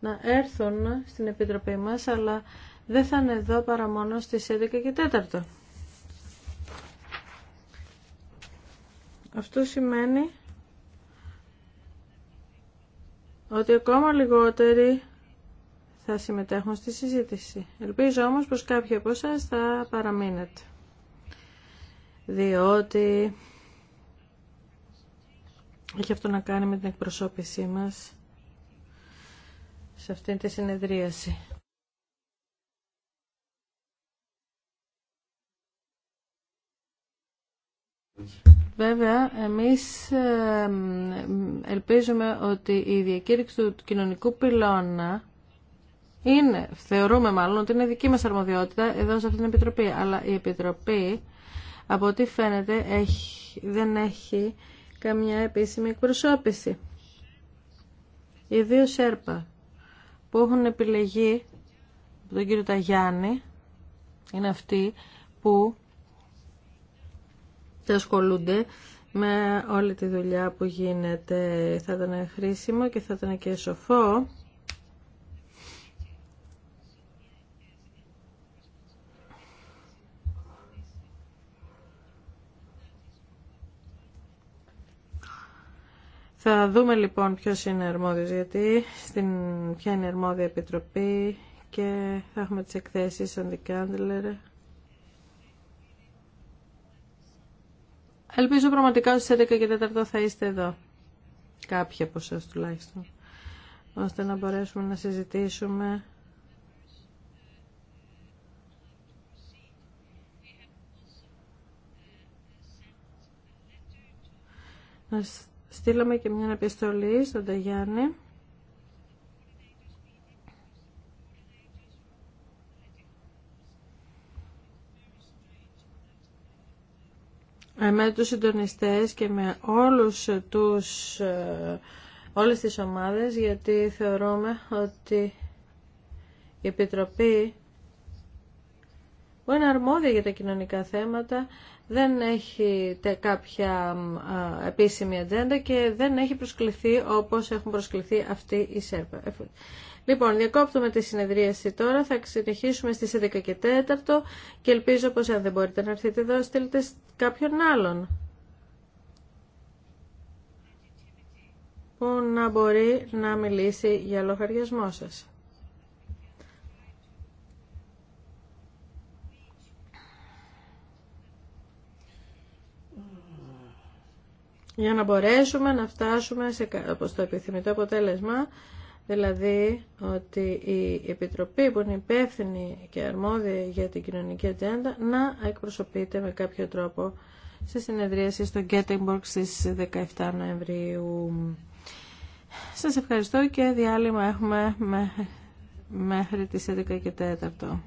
να έρθουν στην Επιτροπή μας, αλλά δεν θα είναι εδώ παρά μόνο στι 11 και 4. Αυτό σημαίνει ότι ακόμα λιγότεροι θα συμμετέχουν στη συζήτηση. Ελπίζω όμως πως κάποιοι από εσάς θα παραμείνετε. Διότι έχει αυτό να κάνει με την εκπροσώπησή μας σε αυτήν τη συνεδρίαση. Βέβαια, εμείς ελπίζουμε ότι η διακήρυξη του κοινωνικού πυλώνα είναι, θεωρούμε μάλλον ότι είναι δική μας αρμοδιότητα εδώ σε αυτήν την Επιτροπή, αλλά η Επιτροπή από ό,τι φαίνεται έχει, δεν έχει καμιά επίσημη εκπροσώπηση. Οι δύο Σέρπα που έχουν επιλεγεί από τον κύριο Ταγιάννη είναι αυτοί που ασχολούνται με όλη τη δουλειά που γίνεται. Θα ήταν χρήσιμο και θα ήταν και σοφό Θα δούμε λοιπόν ποιος είναι αρμόδιος γιατί, στην, ποια είναι η αρμόδια επιτροπή και θα έχουμε τις εκθέσεις αντικάντλερ. Ελπίζω πραγματικά στις 11 και 4 θα είστε εδώ. Κάποιοι από εσά τουλάχιστον. Ώστε να μπορέσουμε να συζητήσουμε να στείλαμε και μια επιστολή στον Ταγιάννη με τους συντονιστές και με όλους τους, ε, όλες τις ομάδες γιατί θεωρούμε ότι η Επιτροπή που είναι αρμόδια για τα κοινωνικά θέματα, δεν έχει κάποια επίσημη ατζέντα και δεν έχει προσκληθεί όπως έχουν προσκληθεί αυτοί οι ΣΕΡΠΑ. Ε, λοιπόν, διακόπτουμε τη συνεδρίαση τώρα. Θα συνεχίσουμε στις 11 και 4 και ελπίζω πως αν δεν μπορείτε να έρθετε εδώ, στείλετε κάποιον άλλον που να μπορεί να μιλήσει για λογαριασμό σας. για να μπορέσουμε να φτάσουμε σε, όπως το επιθυμητό αποτέλεσμα, δηλαδή ότι η Επιτροπή που είναι υπεύθυνη και αρμόδια για την κοινωνική ατζέντα να εκπροσωπείται με κάποιο τρόπο στη συνεδρίαση στο Γκέτεμπορκ στις 17 Νοεμβρίου. Σας ευχαριστώ και διάλειμμα έχουμε μέχρι τις 11 και 4.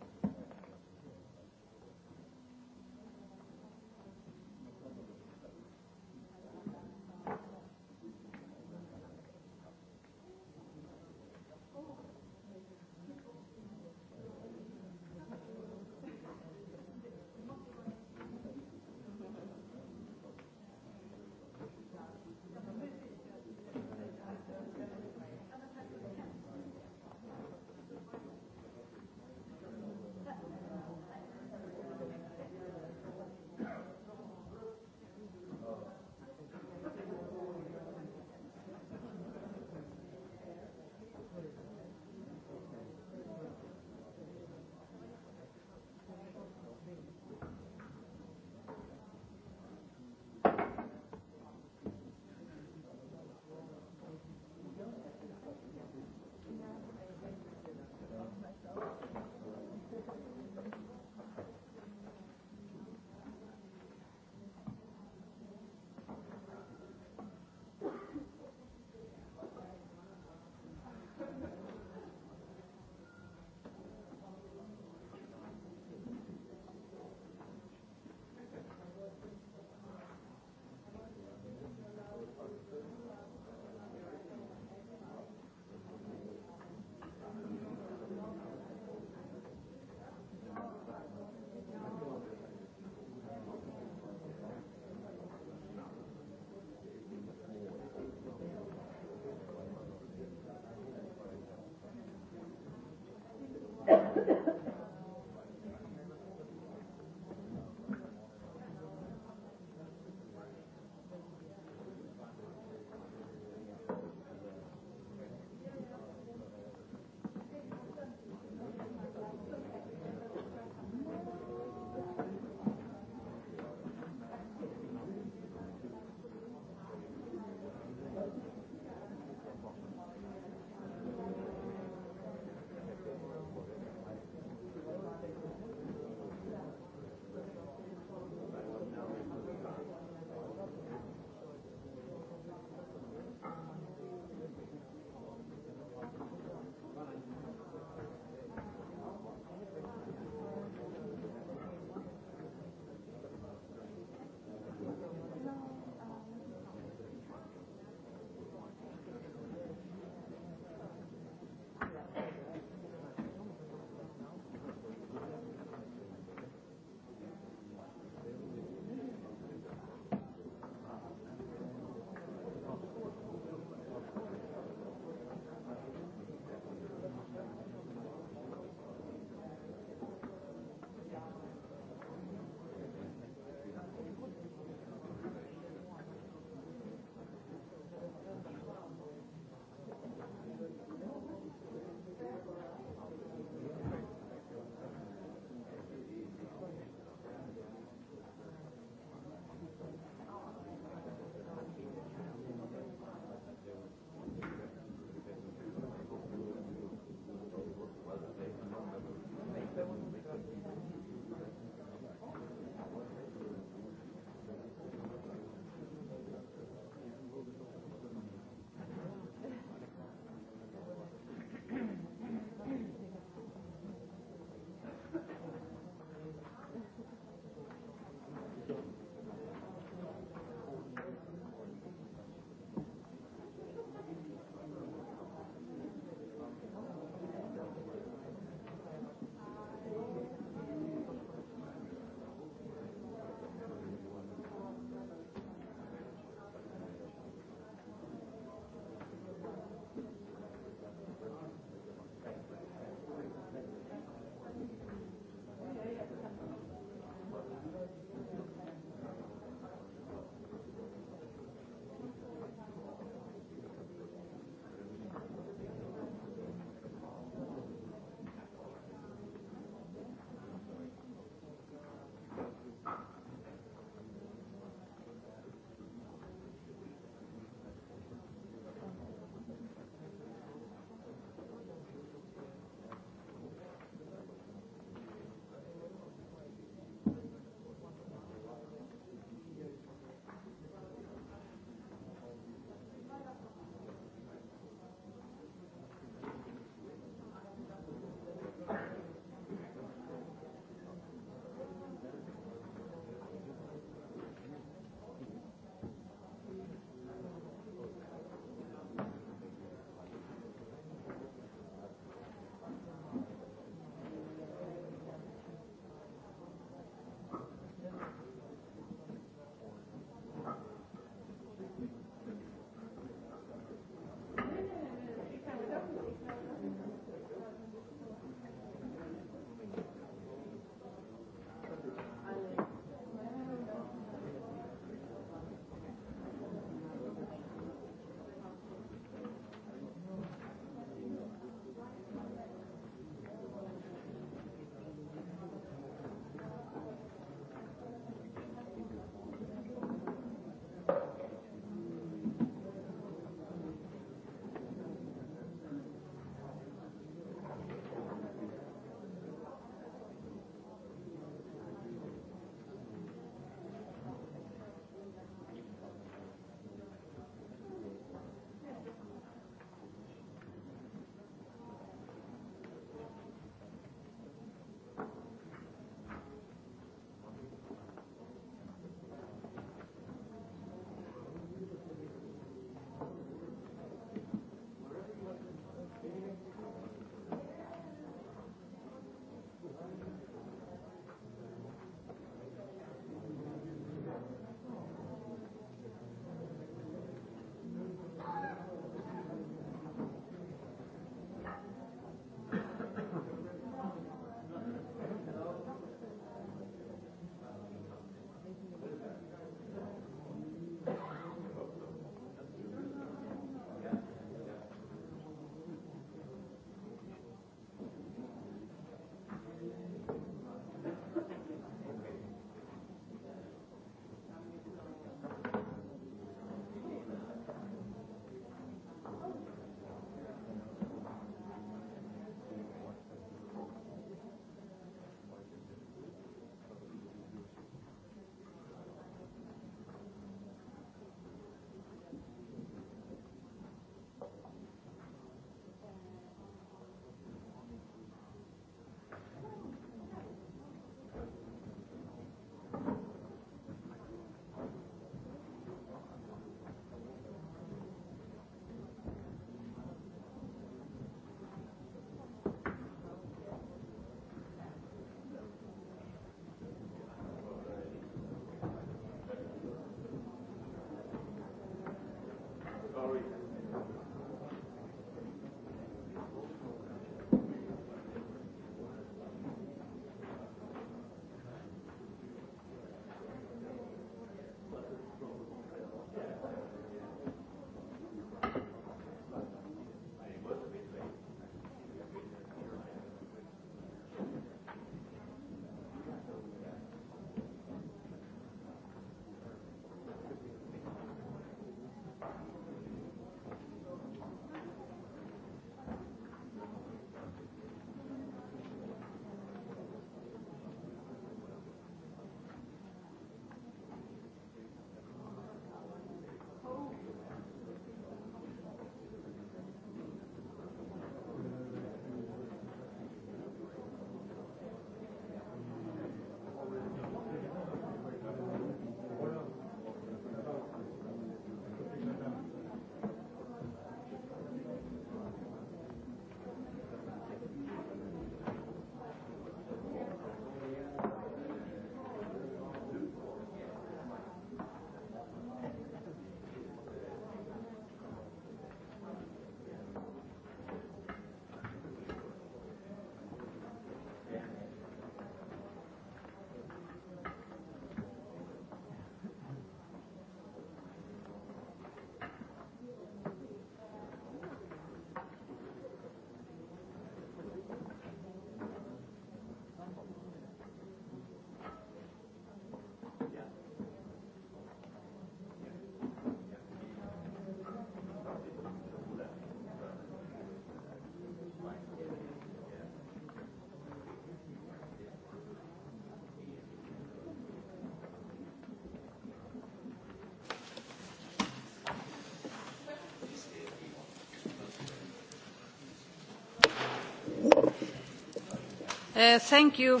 Ε, thank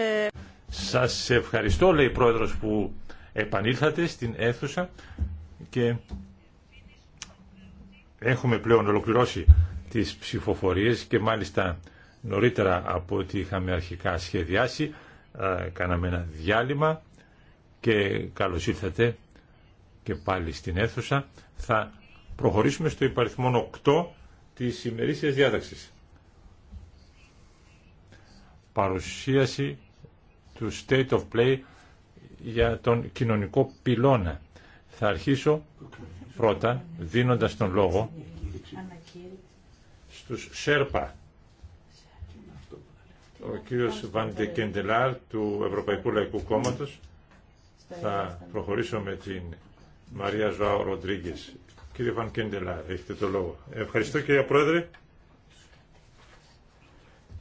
ε, Σας ευχαριστώ, λέει η Πρόεδρος, που επανήλθατε στην αίθουσα και έχουμε πλέον ολοκληρώσει τις ψηφοφορίες και μάλιστα νωρίτερα από ό,τι είχαμε αρχικά σχεδιάσει. Ε, κάναμε ένα διάλειμμα και καλώς ήρθατε και πάλι στην αίθουσα. Θα προχωρήσουμε στο υπαριθμό 8 της ημερήσιας διάταξης παρουσίαση του State of Play για τον κοινωνικό πυλώνα. Θα αρχίσω πρώτα δίνοντας τον λόγο στους Σέρπα. Ο κύριος Βαντεκεντελάρ του Ευρωπαϊκού Λαϊκού Κόμματος θα προχωρήσω με την Μαρία Ζωάου Ροντρίγκες. Κύριε Βαν Κέντελα, έχετε το λόγο. Ευχαριστώ κύριε Πρόεδρε.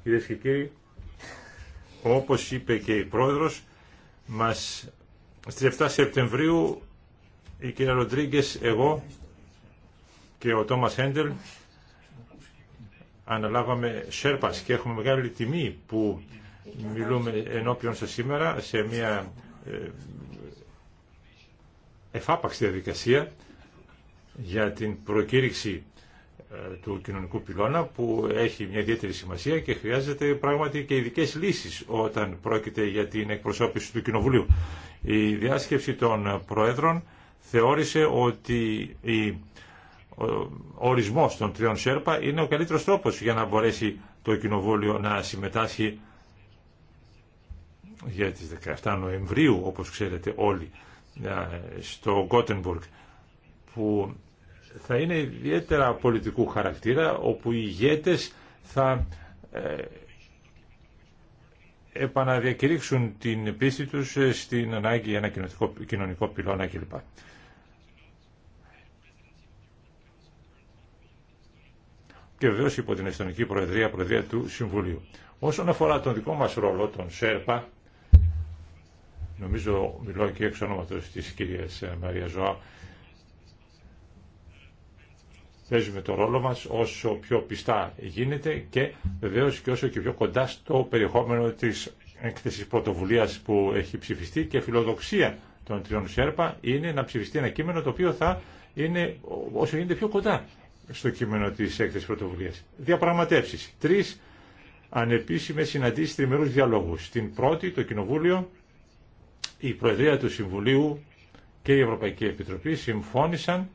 Κυρίε και κύριοι, όπως είπε και η πρόεδρος, μας στις 7 Σεπτεμβρίου η κυρία Ροντρίγκε, εγώ και ο Τόμας Χέντελ αναλάβαμε Σέρπας και έχουμε μεγάλη τιμή που μιλούμε ενώπιον σας σήμερα σε μια ε, εφάπαξη διαδικασία για την προκήρυξη ε, του κοινωνικού πυλώνα που έχει μια ιδιαίτερη σημασία και χρειάζεται πράγματι και ειδικέ λύσεις όταν πρόκειται για την εκπροσώπηση του Κοινοβουλίου. Η διάσκεψη των Προέδρων θεώρησε ότι ο ορισμός των τριών ΣΕΡΠΑ είναι ο καλύτερος τρόπος για να μπορέσει το Κοινοβούλιο να συμμετάσχει για τις 17 Νοεμβρίου, όπως ξέρετε όλοι, ε, στο Γκότενμπουργκ, που θα είναι ιδιαίτερα πολιτικού χαρακτήρα όπου οι ηγέτες θα ε, επαναδιακηρύξουν την πίστη τους ε, στην ανάγκη για ένα κοινωνικό, κοινωνικό πυλώνα κλπ. Και βεβαίω υπό την Εστονική Προεδρία, Προεδρία του Συμβουλίου. Όσον αφορά τον δικό μας ρόλο, τον ΣΕΡΠΑ, νομίζω μιλώ και εξ ονόματος της κυρίας ε, Μαρία Ζωά, παίζουμε το ρόλο μας όσο πιο πιστά γίνεται και βεβαίως και όσο και πιο κοντά στο περιεχόμενο της έκθεσης πρωτοβουλίας που έχει ψηφιστεί και φιλοδοξία των τριών ΣΕΡΠΑ είναι να ψηφιστεί ένα κείμενο το οποίο θα είναι όσο γίνεται πιο κοντά στο κείμενο της έκθεσης πρωτοβουλίας. Διαπραγματεύσεις. Τρεις ανεπίσημες συναντήσεις τριμερούς διαλόγους. Στην πρώτη το Κοινοβούλιο, η Προεδρία του Συμβουλίου και η Ευρωπαϊκή Επιτροπή συμφώνησαν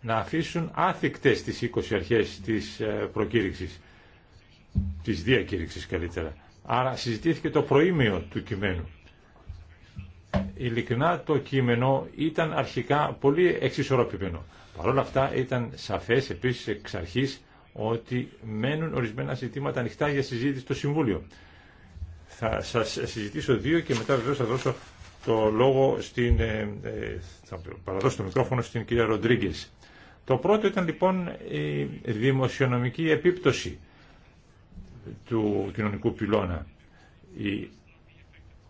να αφήσουν άθικτες τις 20 αρχές της ε, προκήρυξης, της διακήρυξης καλύτερα. Άρα συζητήθηκε το προήμιο του κειμένου. Ειλικρινά το κείμενο ήταν αρχικά πολύ εξισορροπημένο. Παρ' όλα αυτά ήταν σαφές επίσης εξ αρχής ότι μένουν ορισμένα ζητήματα ανοιχτά για συζήτηση στο Συμβούλιο. Θα σας συζητήσω δύο και μετά βεβαίως θα δώσω το λόγο στην, ε, ε, θα παραδώσω το μικρόφωνο στην κυρία Ροντρίγκε. Το πρώτο ήταν λοιπόν η δημοσιονομική επίπτωση του κοινωνικού πυλώνα. Η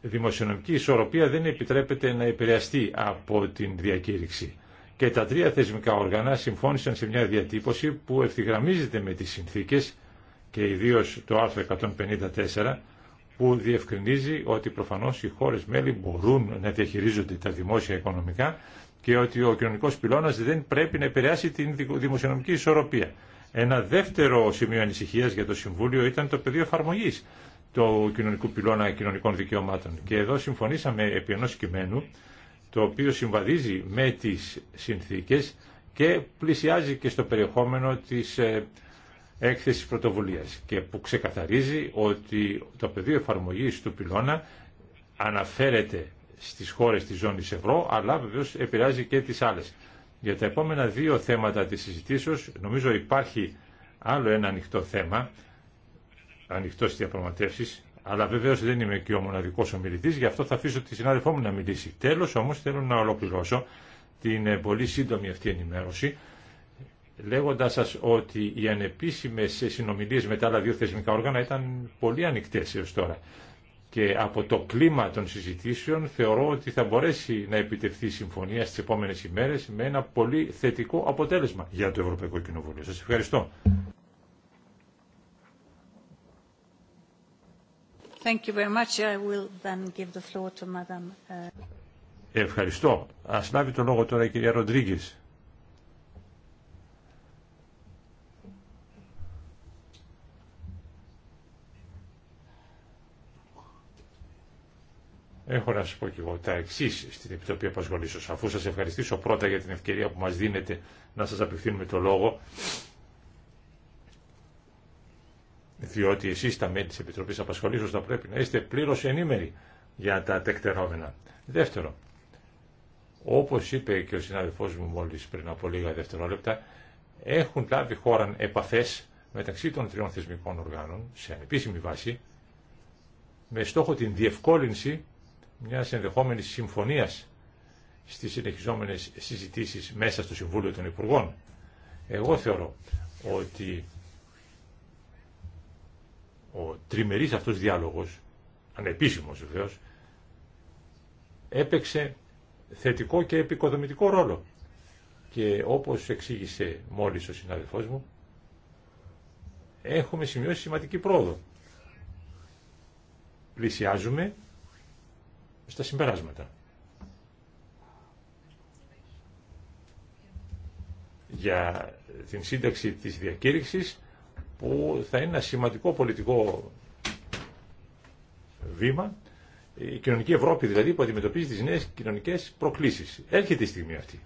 δημοσιονομική ισορροπία δεν επιτρέπεται να επηρεαστεί από την διακήρυξη. Και τα τρία θεσμικά όργανα συμφώνησαν σε μια διατύπωση που ευθυγραμμίζεται με τις συνθήκες και ιδίως το άρθρο 154 που διευκρινίζει ότι προφανώς οι χώρες μέλη μπορούν να διαχειρίζονται τα δημόσια οικονομικά και ότι ο κοινωνικός πυλώνας δεν πρέπει να επηρεάσει την δημοσιονομική ισορροπία. Ένα δεύτερο σημείο ανησυχίας για το Συμβούλιο ήταν το πεδίο εφαρμογή του κοινωνικού πυλώνα κοινωνικών δικαιωμάτων. Και εδώ συμφωνήσαμε επί ενός κειμένου, το οποίο συμβαδίζει με τις συνθήκες και πλησιάζει και στο περιεχόμενο της ε, έκθεσης πρωτοβουλίας και που ξεκαθαρίζει ότι το πεδίο εφαρμογής του πυλώνα αναφέρεται στις χώρες της ζώνης ευρώ, αλλά βεβαίως επηρεάζει και τις άλλες. Για τα επόμενα δύο θέματα της συζητήσεως, νομίζω υπάρχει άλλο ένα ανοιχτό θέμα, ανοιχτό στι διαπραγματεύσεις, αλλά βεβαίω δεν είμαι και ο μοναδικό ομιλητή, γι' αυτό θα αφήσω τη συνάδελφό μου να μιλήσει. Τέλο όμω θέλω να ολοκληρώσω την ε, πολύ σύντομη αυτή ενημέρωση, λέγοντα σα ότι οι ανεπίσημε συνομιλίε με τα άλλα δύο θεσμικά όργανα ήταν πολύ ανοιχτέ έω τώρα και από το κλίμα των συζητήσεων θεωρώ ότι θα μπορέσει να επιτευχθεί η συμφωνία στις επόμενες ημέρες με ένα πολύ θετικό αποτέλεσμα για το Ευρωπαϊκό Κοινοβούλιο. Σας ευχαριστώ. Thank you very much. I will then give the floor to Madam... Uh, ευχαριστώ. Ας λάβει το λόγο τώρα η κυρία Ροντρίγκης. Έχω να σα πω και εγώ τα εξή στην Επιτροπή Απασχολήσεως. Αφού σας ευχαριστήσω πρώτα για την ευκαιρία που μας δίνετε να σας απευθύνουμε το λόγο, διότι εσεί τα μέλη τη Επιτροπής Απασχολήσεως θα πρέπει να είστε πλήρως ενήμεροι για τα τεκτερόμενα. Δεύτερο, όπως είπε και ο συναδελφό μου μόλις πριν από λίγα δευτερόλεπτα, έχουν λάβει χώρα επαφέ μεταξύ των τριών θεσμικών οργάνων σε ανεπίσημη βάση με στόχο την διευκόλυνση μια ενδεχόμενη συμφωνίας στις συνεχιζόμενες συζητήσεις μέσα στο Συμβούλιο των Υπουργών. Εγώ θεωρώ ότι ο τριμερής αυτός διάλογος, ανεπίσημος βεβαίως, έπαιξε θετικό και επικοδομητικό ρόλο. Και όπως εξήγησε μόλις ο συναδελφός μου, έχουμε σημειώσει σημαντική πρόοδο. Πλησιάζουμε στα συμπεράσματα. Για την σύνταξη της διακήρυξης που θα είναι ένα σημαντικό πολιτικό βήμα η κοινωνική Ευρώπη δηλαδή που αντιμετωπίζει τις νέες κοινωνικές προκλήσεις. Έρχεται η στιγμή αυτή.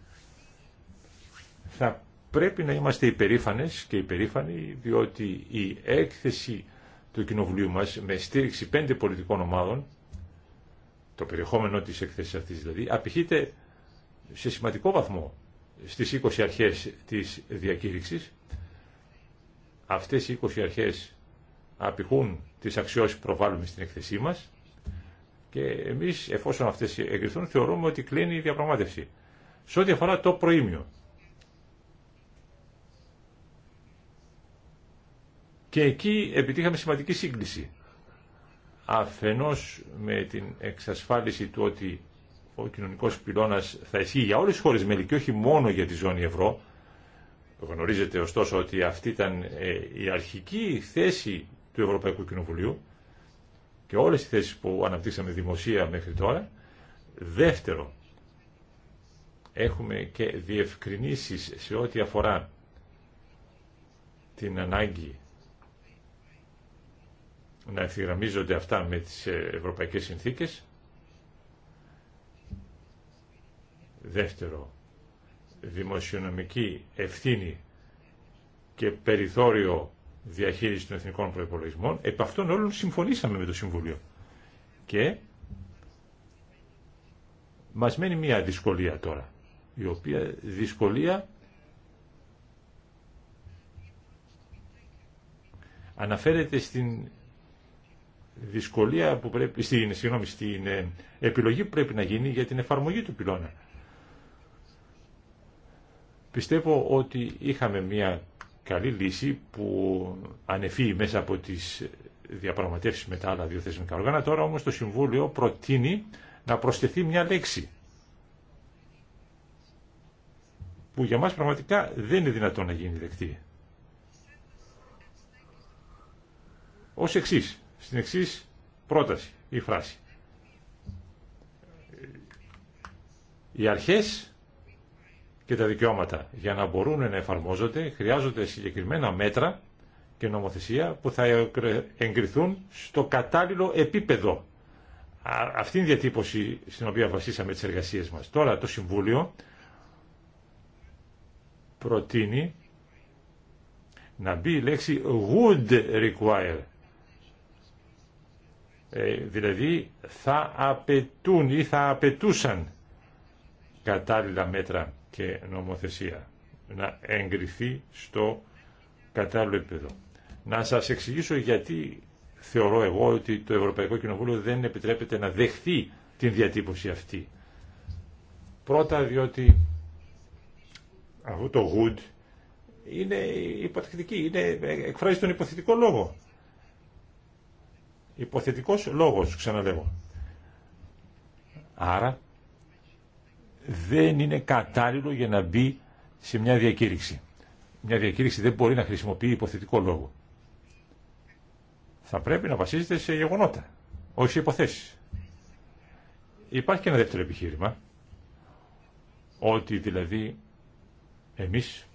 Θα πρέπει να είμαστε υπερήφανες και υπερήφανοι διότι η έκθεση του Κοινοβουλίου μας με στήριξη πέντε πολιτικών ομάδων το περιεχόμενο της εκθέσης αυτής δηλαδή, απηχείται σε σημαντικό βαθμό στις 20 αρχές της διακήρυξης. Αυτές οι 20 αρχές απηχούν τις αξιώσεις που προβάλλουμε στην εκθεσή μας και εμείς εφόσον αυτές εγκριθούν θεωρούμε ότι κλείνει η διαπραγμάτευση. Σε ό,τι αφορά το προήμιο. Και εκεί επιτύχαμε σημαντική σύγκληση αφενός με την εξασφάλιση του ότι ο κοινωνικός πυλώνας θα ισχύει για όλες τις χώρες μέλη και όχι μόνο για τη ζώνη ευρώ. Γνωρίζετε ωστόσο ότι αυτή ήταν ε, η αρχική θέση του Ευρωπαϊκού Κοινοβουλίου και όλες οι θέσεις που αναπτύξαμε δημοσία μέχρι τώρα. Δεύτερο, έχουμε και διευκρινήσεις σε ό,τι αφορά την ανάγκη να ευθυγραμμίζονται αυτά με τις ε, ευρωπαϊκές συνθήκες. Δεύτερο, δημοσιονομική ευθύνη και περιθώριο διαχείριση των εθνικών προϋπολογισμών. Επ' αυτών όλων συμφωνήσαμε με το Συμβούλιο. Και μας μένει μια δυσκολία τώρα, η οποία δυσκολία αναφέρεται στην δυσκολία που πρέπει, στην, συγγνώμη, στην ε, επιλογή που πρέπει να γίνει για την εφαρμογή του πυλώνα. Πιστεύω ότι είχαμε μια καλή λύση που ανεφεί μέσα από τις διαπραγματεύσεις με τα άλλα δύο θεσμικά οργάνα. Τώρα όμως το Συμβούλιο προτείνει να προσθεθεί μια λέξη που για μας πραγματικά δεν είναι δυνατόν να γίνει δεκτή. Ως εξής, στην εξή πρόταση ή φράση. Οι αρχές και τα δικαιώματα για να μπορούν να εφαρμόζονται χρειάζονται συγκεκριμένα μέτρα και νομοθεσία που θα εγκριθούν στο κατάλληλο επίπεδο. Αυτή είναι η διατύπωση στην οποία βασίσαμε τις εργασίες μας. Τώρα το Συμβούλιο προτείνει να μπει η λέξη would require ε, δηλαδή θα απαιτούν ή θα απαιτούσαν κατάλληλα μέτρα και νομοθεσία να εγκριθεί στο κατάλληλο επίπεδο. Να σας εξηγήσω γιατί θεωρώ εγώ ότι το Ευρωπαϊκό Κοινοβούλιο δεν επιτρέπεται να δεχθεί την διατύπωση αυτή. Πρώτα διότι αυτό το good είναι υποθετική, είναι, ε, εκφράζει τον υποθετικό λόγο. Υποθετικός λόγος, ξαναλέγω. Άρα δεν είναι κατάλληλο για να μπει σε μια διακήρυξη. Μια διακήρυξη δεν μπορεί να χρησιμοποιεί υποθετικό λόγο. Θα πρέπει να βασίζεται σε γεγονότα, όχι σε υποθέσεις. Υπάρχει και ένα δεύτερο επιχείρημα, ότι δηλαδή εμείς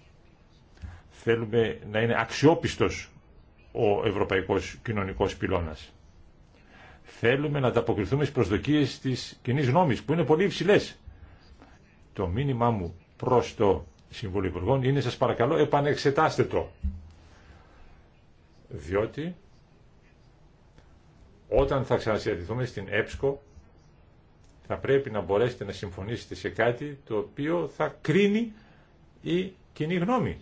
θέλουμε να είναι αξιόπιστος ο ευρωπαϊκός κοινωνικός πυλώνας. Θέλουμε να ανταποκριθούμε στις προσδοκίες της κοινή γνώμης που είναι πολύ υψηλέ. Το μήνυμά μου προ το Συμβούλιο Υπουργών είναι σας παρακαλώ επανεξετάστε το. Διότι όταν θα ξανασυναντηθούμε στην ΕΠΣΚΟ θα πρέπει να μπορέσετε να συμφωνήσετε σε κάτι το οποίο θα κρίνει η κοινή γνώμη.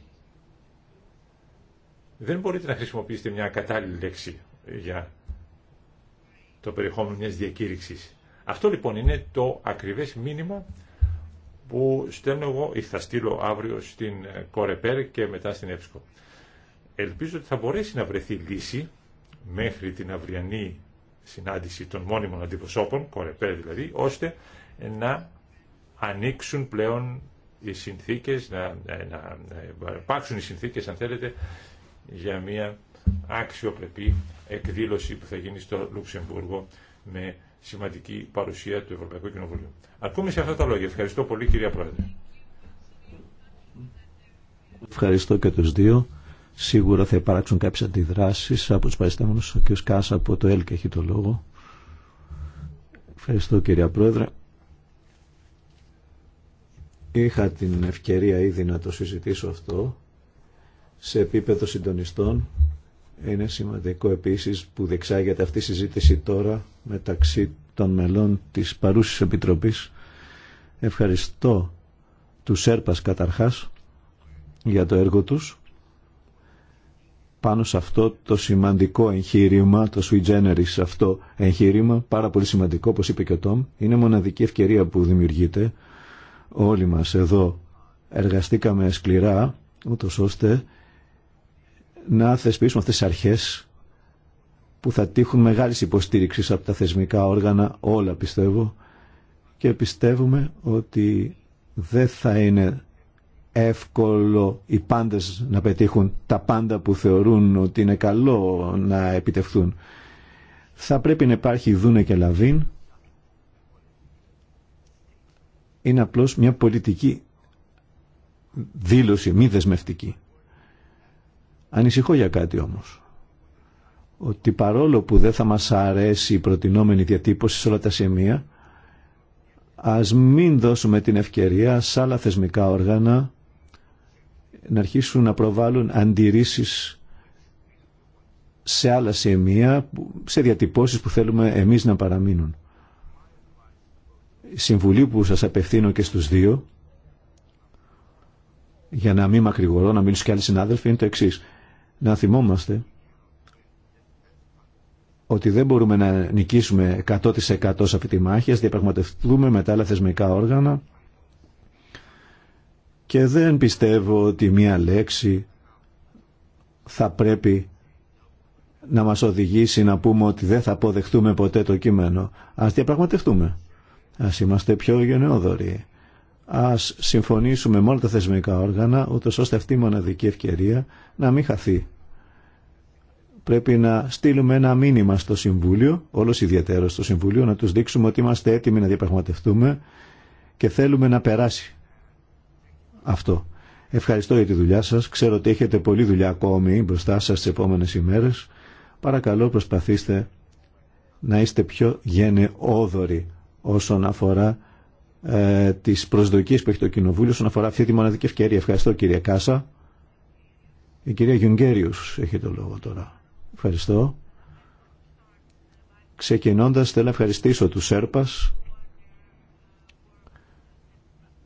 Δεν μπορείτε να χρησιμοποιήσετε μια κατάλληλη λέξη για το περιεχόμενο μιας διακήρυξης. Αυτό λοιπόν είναι το ακριβές μήνυμα που στέλνω εγώ ή θα στείλω αύριο στην Κορεπέρ και μετά στην Εύσκο. Ελπίζω ότι θα μπορέσει να βρεθεί λύση μέχρι την αυριανή συνάντηση των μόνιμων αντιπροσώπων, Κορεπέρ δηλαδή, ώστε να ανοίξουν πλέον οι συνθήκες, να, να, να υπάρξουν οι συνθήκες αν θέλετε για μια αξιοπρεπή εκδήλωση που θα γίνει στο Λουξεμβούργο με σημαντική παρουσία του Ευρωπαϊκού Κοινοβουλίου. Αρκούμε σε αυτά τα λόγια. Ευχαριστώ πολύ κυρία Πρόεδρε. Ευχαριστώ και τους δύο. Σίγουρα θα υπάρξουν κάποιες αντιδράσεις από τους παριστέμενους. Ο κ. Κάσα από το ΕΛΚ έχει το λόγο. Ευχαριστώ κυρία Πρόεδρε. Είχα την ευκαιρία ήδη να το συζητήσω αυτό σε επίπεδο συντονιστών είναι σημαντικό επίσης που διεξάγεται αυτή η συζήτηση τώρα μεταξύ των μελών της παρούσης Επιτροπής. Ευχαριστώ τους ΣΕΡΠΑΣ καταρχάς για το έργο τους πάνω σε αυτό το σημαντικό εγχείρημα, το sui generis αυτό εγχείρημα, πάρα πολύ σημαντικό όπως είπε και ο Τόμ, είναι μοναδική ευκαιρία που δημιουργείται. Όλοι μας εδώ εργαστήκαμε σκληρά, ούτω ώστε να θεσπίσουμε αυτές τις αρχές που θα τύχουν μεγάλης υποστήριξης από τα θεσμικά όργανα, όλα πιστεύω, και πιστεύουμε ότι δεν θα είναι εύκολο οι πάντες να πετύχουν τα πάντα που θεωρούν ότι είναι καλό να επιτευχθούν. Θα πρέπει να υπάρχει δούνε και λαβήν. Είναι απλώς μια πολιτική δήλωση, μη δεσμευτική. Ανησυχώ για κάτι όμως. Ότι παρόλο που δεν θα μας αρέσει η προτινόμενη διατύπωση σε όλα τα σημεία, ας μην δώσουμε την ευκαιρία σε άλλα θεσμικά όργανα να αρχίσουν να προβάλλουν αντιρρήσεις σε άλλα σημεία, σε διατυπώσεις που θέλουμε εμείς να παραμείνουν. Συμβουλή που σας απευθύνω και στους δύο, για να μην μακρηγορώ, να μιλήσω και άλλοι συνάδελφοι, είναι το εξής να θυμόμαστε ότι δεν μπορούμε να νικήσουμε 100% σε αυτή τη μάχη, ας διαπραγματευτούμε με τα άλλα θεσμικά όργανα και δεν πιστεύω ότι μία λέξη θα πρέπει να μας οδηγήσει να πούμε ότι δεν θα αποδεχτούμε ποτέ το κείμενο. Ας διαπραγματευτούμε. Ας είμαστε πιο γενναιόδοροι. Ας συμφωνήσουμε με όλα τα θεσμικά όργανα, ούτω ώστε αυτή η μοναδική ευκαιρία να μην χαθεί. Πρέπει να στείλουμε ένα μήνυμα στο Συμβούλιο, όλο ιδιαίτερο στο Συμβούλιο, να τους δείξουμε ότι είμαστε έτοιμοι να διαπραγματευτούμε και θέλουμε να περάσει αυτό. Ευχαριστώ για τη δουλειά σας. Ξέρω ότι έχετε πολλή δουλειά ακόμη μπροστά σας τι επόμενες ημέρες. Παρακαλώ προσπαθήστε να είστε πιο γενναιόδοροι όσον αφορά ε, τι που έχει το Κοινοβούλιο όσον αφορά αυτή τη μοναδική ευκαιρία. Ευχαριστώ κύριε Κάσα. Η κυρία Γιουγκέριου έχει το λόγο τώρα. Ευχαριστώ. Ξεκινώντα θέλω να ευχαριστήσω του Σέρπας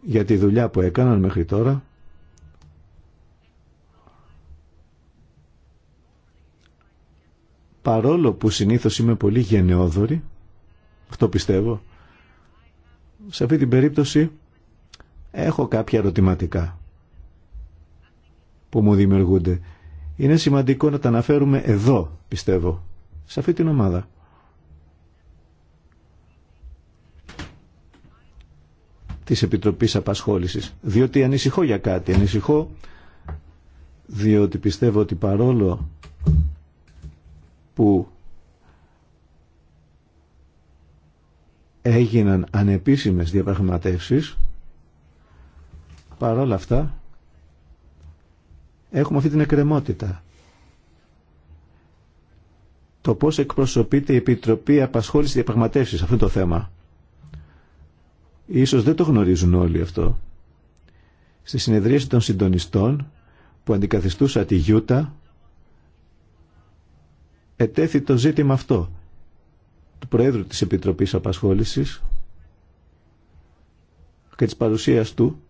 για τη δουλειά που έκαναν μέχρι τώρα. Παρόλο που συνήθως είμαι πολύ γενναιόδορη, αυτό πιστεύω, σε αυτή την περίπτωση έχω κάποια ερωτηματικά που μου δημιουργούνται. Είναι σημαντικό να τα αναφέρουμε εδώ, πιστεύω, σε αυτή την ομάδα. της Επιτροπής Απασχόλησης. Διότι ανησυχώ για κάτι. Ανησυχώ διότι πιστεύω ότι παρόλο που έγιναν ανεπίσημες διαπραγματεύσεις παρόλα αυτά έχουμε αυτή την εκκρεμότητα το πώς εκπροσωπείται η Επιτροπή Απασχόλησης Διαπραγματεύσεις αυτό το θέμα ίσως δεν το γνωρίζουν όλοι αυτό στη συνεδρίαση των συντονιστών που αντικαθιστούσα τη Γιούτα ετέθη το ζήτημα αυτό του Προέδρου της Επιτροπής Απασχόλησης και της παρουσίας του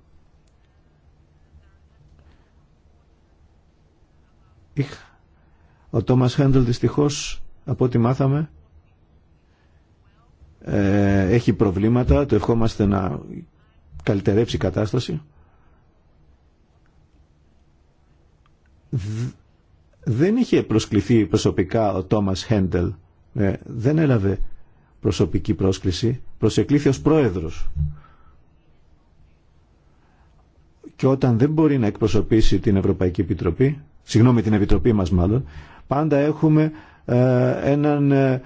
Ο Τόμας Χέντελ δυστυχώς από ό,τι μάθαμε ε, έχει προβλήματα, το ευχόμαστε να καλυτερεύσει η κατάσταση. Δεν είχε προσκληθεί προσωπικά ο Τόμας Χέντελ ε, δεν έλαβε προσωπική πρόσκληση, προσεκλήθη ως πρόεδρος. Και όταν δεν μπορεί να εκπροσωπήσει την Ευρωπαϊκή Επιτροπή, συγγνώμη την Επιτροπή μας μάλλον, πάντα έχουμε ε, έναν ε,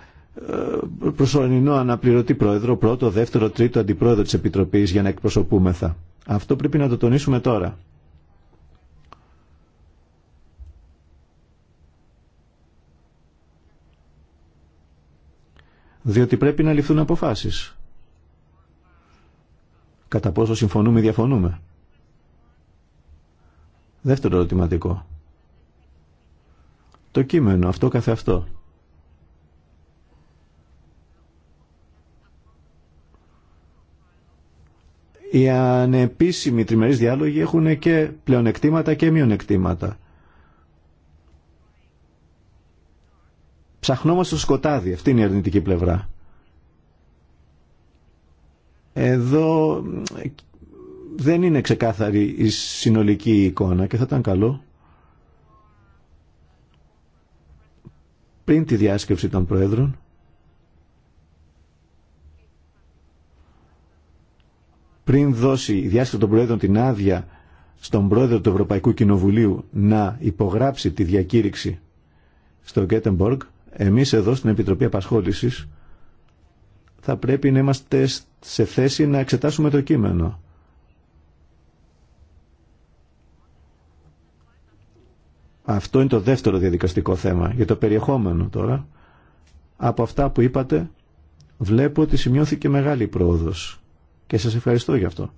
προσωρινό αναπληρωτή πρόεδρο, πρώτο, δεύτερο, τρίτο αντιπρόεδρο της Επιτροπής για να εκπροσωπούμεθα. Αυτό πρέπει να το τονίσουμε τώρα. διότι πρέπει να ληφθούν αποφάσεις. Κατά πόσο συμφωνούμε ή διαφωνούμε. Δεύτερο ερωτηματικό. Το κείμενο, αυτό καθε αυτό. Οι ανεπίσημοι τριμερείς διάλογοι έχουν και πλεονεκτήματα και μειονεκτήματα. Ψαχνόμαστε στο σκοτάδι. Αυτή είναι η αρνητική πλευρά. Εδώ δεν είναι ξεκάθαρη η συνολική εικόνα και θα ήταν καλό πριν τη διάσκεψη των Προέδρων πριν δώσει η διάσκεψη των Προέδρων την άδεια στον Πρόεδρο του Ευρωπαϊκού Κοινοβουλίου να υπογράψει τη διακήρυξη στο Γκέτεμποργκ εμείς εδώ στην Επιτροπή Απασχόλησης θα πρέπει να είμαστε σε θέση να εξετάσουμε το κείμενο. Αυτό είναι το δεύτερο διαδικαστικό θέμα. Για το περιεχόμενο τώρα, από αυτά που είπατε, βλέπω ότι σημειώθηκε μεγάλη πρόοδος και σας ευχαριστώ γι' αυτό.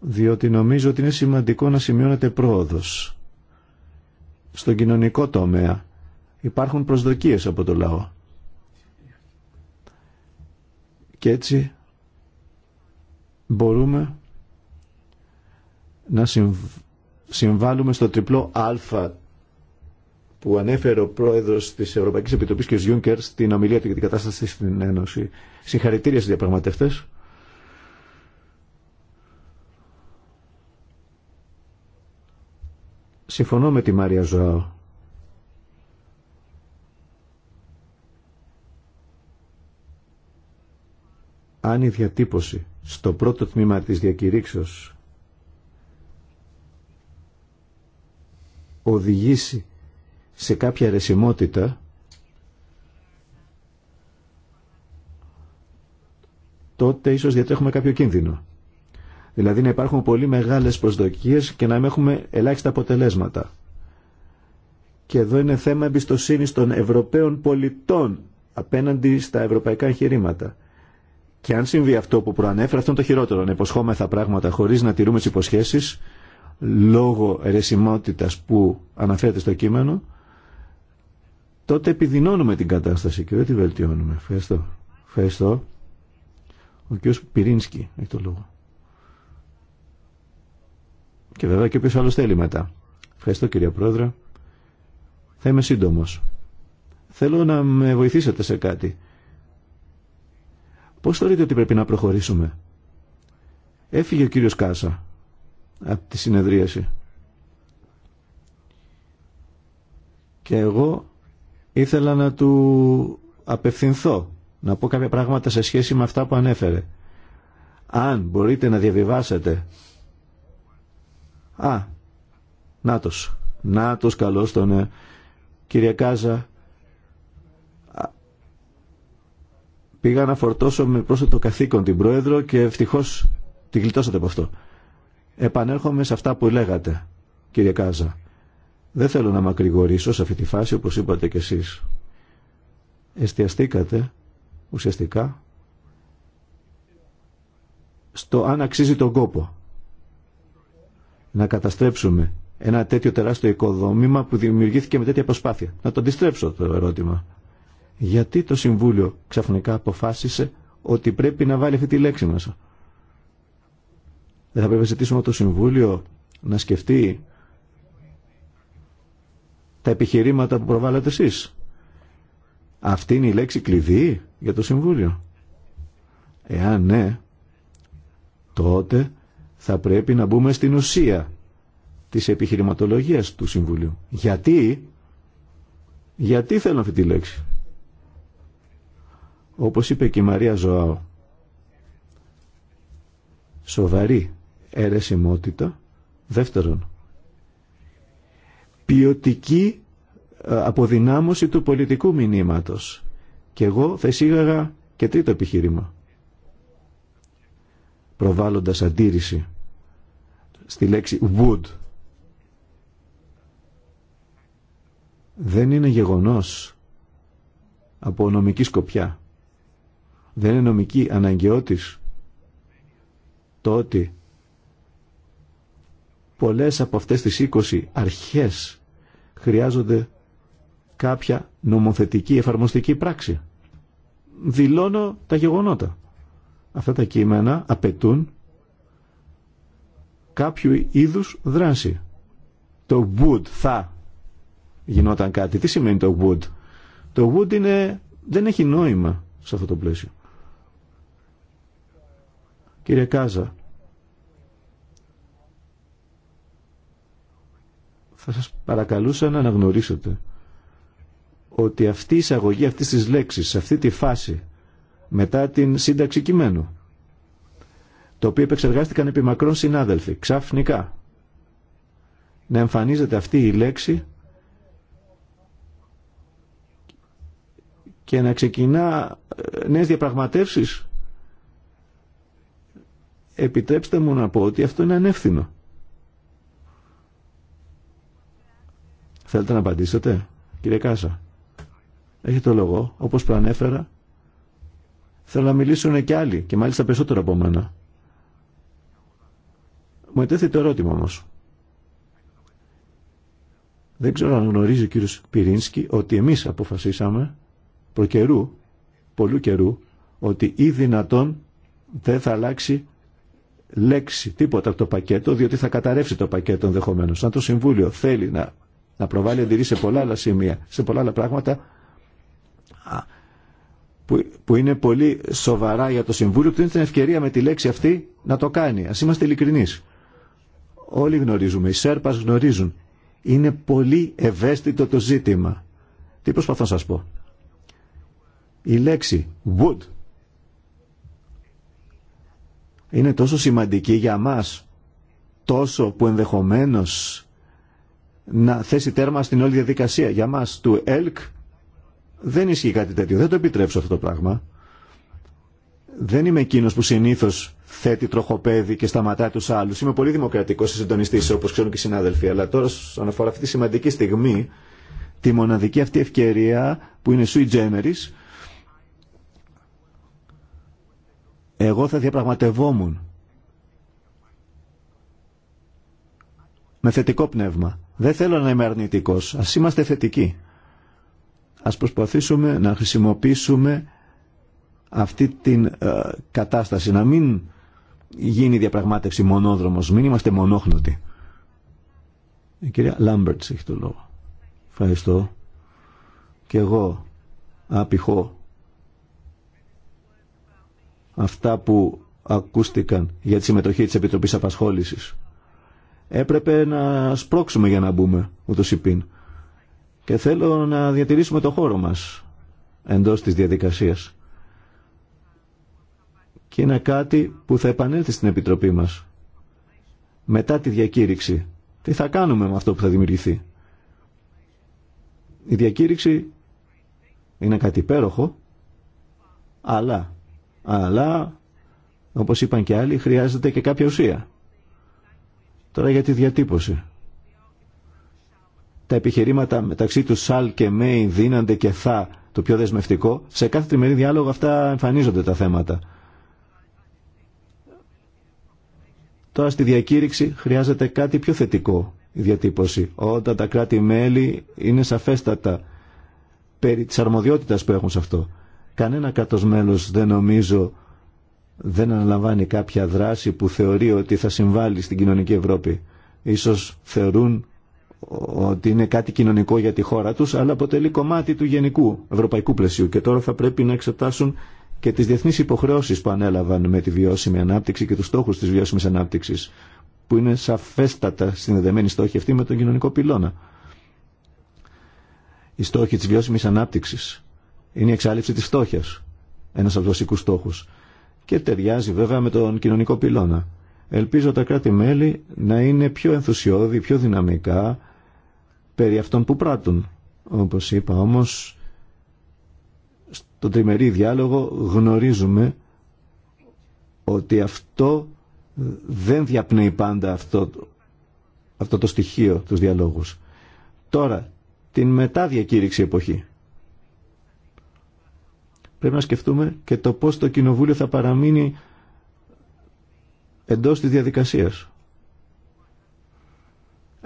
Διότι νομίζω ότι είναι σημαντικό να σημειώνεται πρόοδος στον κοινωνικό τομέα. Υπάρχουν προσδοκίες από το λαό. Και έτσι μπορούμε να συμβάλλουμε στο τριπλό α που ανέφερε ο πρόεδρος της Ευρωπαϊκής Επιτροπής και ο Ζιούνκερ στην ομιλία του για την κατάσταση στην Ένωση. Συγχαρητήρια στους διαπραγματευτές. Συμφωνώ με τη Μάρια Ζωάου. Αν η διατύπωση στο πρώτο τμήμα της διακηρύξεως οδηγήσει σε κάποια ρεσιμότητα τότε ίσως διατρέχουμε κάποιο κίνδυνο. Δηλαδή να υπάρχουν πολύ μεγάλες προσδοκίες και να μην έχουμε ελάχιστα αποτελέσματα. Και εδώ είναι θέμα εμπιστοσύνη των Ευρωπαίων πολιτών απέναντι στα ευρωπαϊκά εγχειρήματα. Και αν συμβεί αυτό που προανέφερα, αυτό είναι το χειρότερο. Να υποσχόμεθα πράγματα χωρί να τηρούμε τι υποσχέσει, λόγω αιρεσιμότητα που αναφέρεται στο κείμενο, τότε επιδεινώνουμε την κατάσταση και δεν τη βελτιώνουμε. Ευχαριστώ. Ευχαριστώ. Ο κ. Πυρίνσκι έχει το λόγο. Και βέβαια και όποιος άλλος θέλει μετά. Ευχαριστώ κύριε Πρόεδρε. Θα είμαι σύντομος. Θέλω να με βοηθήσετε σε κάτι. Πώς θεωρείτε ότι πρέπει να προχωρήσουμε. Έφυγε ο κύριος Κάσα από τη συνεδρίαση. Και εγώ ήθελα να του απευθυνθώ, να πω κάποια πράγματα σε σχέση με αυτά που ανέφερε. Αν μπορείτε να διαβιβάσετε Α, Νάτος. Νάτος καλώς τον ε, κύριε Κάζα. Πήγα να φορτώσω με πρόσθετο καθήκον την πρόεδρο και ευτυχώς τη γλιτώσατε από αυτό. Επανέρχομαι σε αυτά που λέγατε, κύριε Κάζα. Δεν θέλω να μακρηγορήσω σε αυτή τη φάση όπως είπατε κι εσείς. Εστιαστήκατε ουσιαστικά στο αν αξίζει τον κόπο να καταστρέψουμε ένα τέτοιο τεράστιο οικοδόμημα που δημιουργήθηκε με τέτοια προσπάθεια. Να το αντιστρέψω το ερώτημα. Γιατί το Συμβούλιο ξαφνικά αποφάσισε ότι πρέπει να βάλει αυτή τη λέξη μέσα. Δεν θα πρέπει να ζητήσουμε το Συμβούλιο να σκεφτεί τα επιχειρήματα που προβάλλατε εσείς. Αυτή είναι η λέξη κλειδί για το Συμβούλιο. Εάν ναι, τότε θα πρέπει να μπούμε στην ουσία της επιχειρηματολογίας του Συμβουλίου. Γιατί, γιατί θέλω αυτή τη λέξη. Όπως είπε και η Μαρία Ζωάου, σοβαρή αιρεσιμότητα, δεύτερον, ποιοτική ε, αποδυνάμωση του πολιτικού μηνύματος. Και εγώ θα εισήγαγα και τρίτο επιχείρημα προβάλλοντας αντίρρηση στη λέξη would. Δεν είναι γεγονός από νομική σκοπιά. Δεν είναι νομική αναγκαιότης το ότι πολλές από αυτές τις 20 αρχές χρειάζονται κάποια νομοθετική εφαρμοστική πράξη. Δηλώνω τα γεγονότα αυτά τα κείμενα απαιτούν κάποιου είδους δράση. Το would θα γινόταν κάτι. Τι σημαίνει το would. Το would είναι, δεν έχει νόημα σε αυτό το πλαίσιο. Κύριε Κάζα, θα σας παρακαλούσα να αναγνωρίσετε ότι αυτή η εισαγωγή αυτής της λέξης, σε αυτή τη φάση μετά την σύνταξη κειμένου, το οποίο επεξεργάστηκαν επί μακρών συνάδελφοι, ξαφνικά. Να εμφανίζεται αυτή η λέξη και να ξεκινά ε, νέες διαπραγματεύσεις. Επιτρέψτε μου να πω ότι αυτό είναι ανεύθυνο. Θέλετε να απαντήσετε, κύριε Κάσα. Έχει το λόγο, όπως προανέφερα, Θέλω να μιλήσουν και άλλοι και μάλιστα περισσότερο από μένα. Μου ετέθη το ερώτημα όμως. Δεν ξέρω αν γνωρίζει ο κύριος Πυρίνσκι ότι εμείς αποφασίσαμε προκαιρού, πολλού καιρού, ότι ή δυνατόν δεν θα αλλάξει λέξη τίποτα από το πακέτο, διότι θα καταρρεύσει το πακέτο ενδεχομένω. Αν το Συμβούλιο θέλει να, να προβάλλει αντιρρή σε πολλά άλλα σημεία, σε πολλά άλλα πράγματα, που, είναι πολύ σοβαρά για το Συμβούλιο, που δίνει την ευκαιρία με τη λέξη αυτή να το κάνει. Α είμαστε ειλικρινεί. Όλοι γνωρίζουμε, οι σέρπα γνωρίζουν. Είναι πολύ ευαίσθητο το ζήτημα. Τι προσπαθώ να σας πω. Η λέξη would είναι τόσο σημαντική για μας, τόσο που ενδεχομένως να θέσει τέρμα στην όλη διαδικασία. Για μας του ΕΛΚ δεν ισχύει κάτι τέτοιο. Δεν το επιτρέψω αυτό το πράγμα. Δεν είμαι εκείνο που συνήθω θέτει τροχοπέδι και σταματάει του άλλου. Είμαι πολύ δημοκρατικό και συντονιστή, όπω ξέρουν και οι συνάδελφοι. Αλλά τώρα, σαν αφορά αυτή τη σημαντική στιγμή, τη μοναδική αυτή ευκαιρία που είναι sui generis, εγώ θα διαπραγματευόμουν με θετικό πνεύμα. Δεν θέλω να είμαι αρνητικό. Α είμαστε θετικοί. Ας προσπαθήσουμε να χρησιμοποιήσουμε αυτή την ε, κατάσταση, να μην γίνει διαπραγμάτευση μονόδρομος, μην είμαστε μονόχνοτοι. Η κυρία Λάμπερτς έχει το λόγο. Ευχαριστώ. Και εγώ απηχώ αυτά που ακούστηκαν για τη συμμετοχή της Επιτροπής Απασχόλησης. Έπρεπε να σπρώξουμε για να μπούμε, ούτως υπήν και θέλω να διατηρήσουμε το χώρο μας εντός της διαδικασίας. Και είναι κάτι που θα επανέλθει στην Επιτροπή μας. Μετά τη διακήρυξη, τι θα κάνουμε με αυτό που θα δημιουργηθεί. Η διακήρυξη είναι κάτι υπέροχο, αλλά, αλλά, όπως είπαν και άλλοι, χρειάζεται και κάποια ουσία. Τώρα για τη διατύπωση τα επιχειρήματα μεταξύ του Σαλ και Μέι δίνανται και θα το πιο δεσμευτικό. Σε κάθε τριμερή διάλογο αυτά εμφανίζονται τα θέματα. Τώρα στη διακήρυξη χρειάζεται κάτι πιο θετικό η διατύπωση. Όταν τα κράτη-μέλη είναι σαφέστατα περί της αρμοδιότητας που έχουν σε αυτό. Κανένα κράτος μέλος δεν νομίζω δεν αναλαμβάνει κάποια δράση που θεωρεί ότι θα συμβάλλει στην κοινωνική Ευρώπη. Ίσως θεωρούν ότι είναι κάτι κοινωνικό για τη χώρα τους, αλλά αποτελεί κομμάτι του γενικού ευρωπαϊκού πλαισίου και τώρα θα πρέπει να εξετάσουν και τις διεθνείς υποχρεώσεις που ανέλαβαν με τη βιώσιμη ανάπτυξη και τους στόχους της βιώσιμης ανάπτυξης, που είναι σαφέστατα συνδεδεμένοι στόχοι αυτοί με τον κοινωνικό πυλώνα. Οι στόχοι της βιώσιμης ανάπτυξης είναι η εξάλληψη της φτώχειας, ένας από τους βασικούς στόχους, και ταιριάζει βέβαια με τον κοινωνικό πυλώνα. Ελπίζω τα κράτη-μέλη να είναι πιο ενθουσιώδη, πιο δυναμικά περί αυτών που πράττουν. Όπως είπα όμως, στον τριμερή διάλογο γνωρίζουμε ότι αυτό δεν διαπνέει πάντα αυτό, αυτό το στοιχείο του διαλόγου. Τώρα, την μετά διακήρυξη εποχή. Πρέπει να σκεφτούμε και το πώς το Κοινοβούλιο θα παραμείνει εντός της διαδικασίας.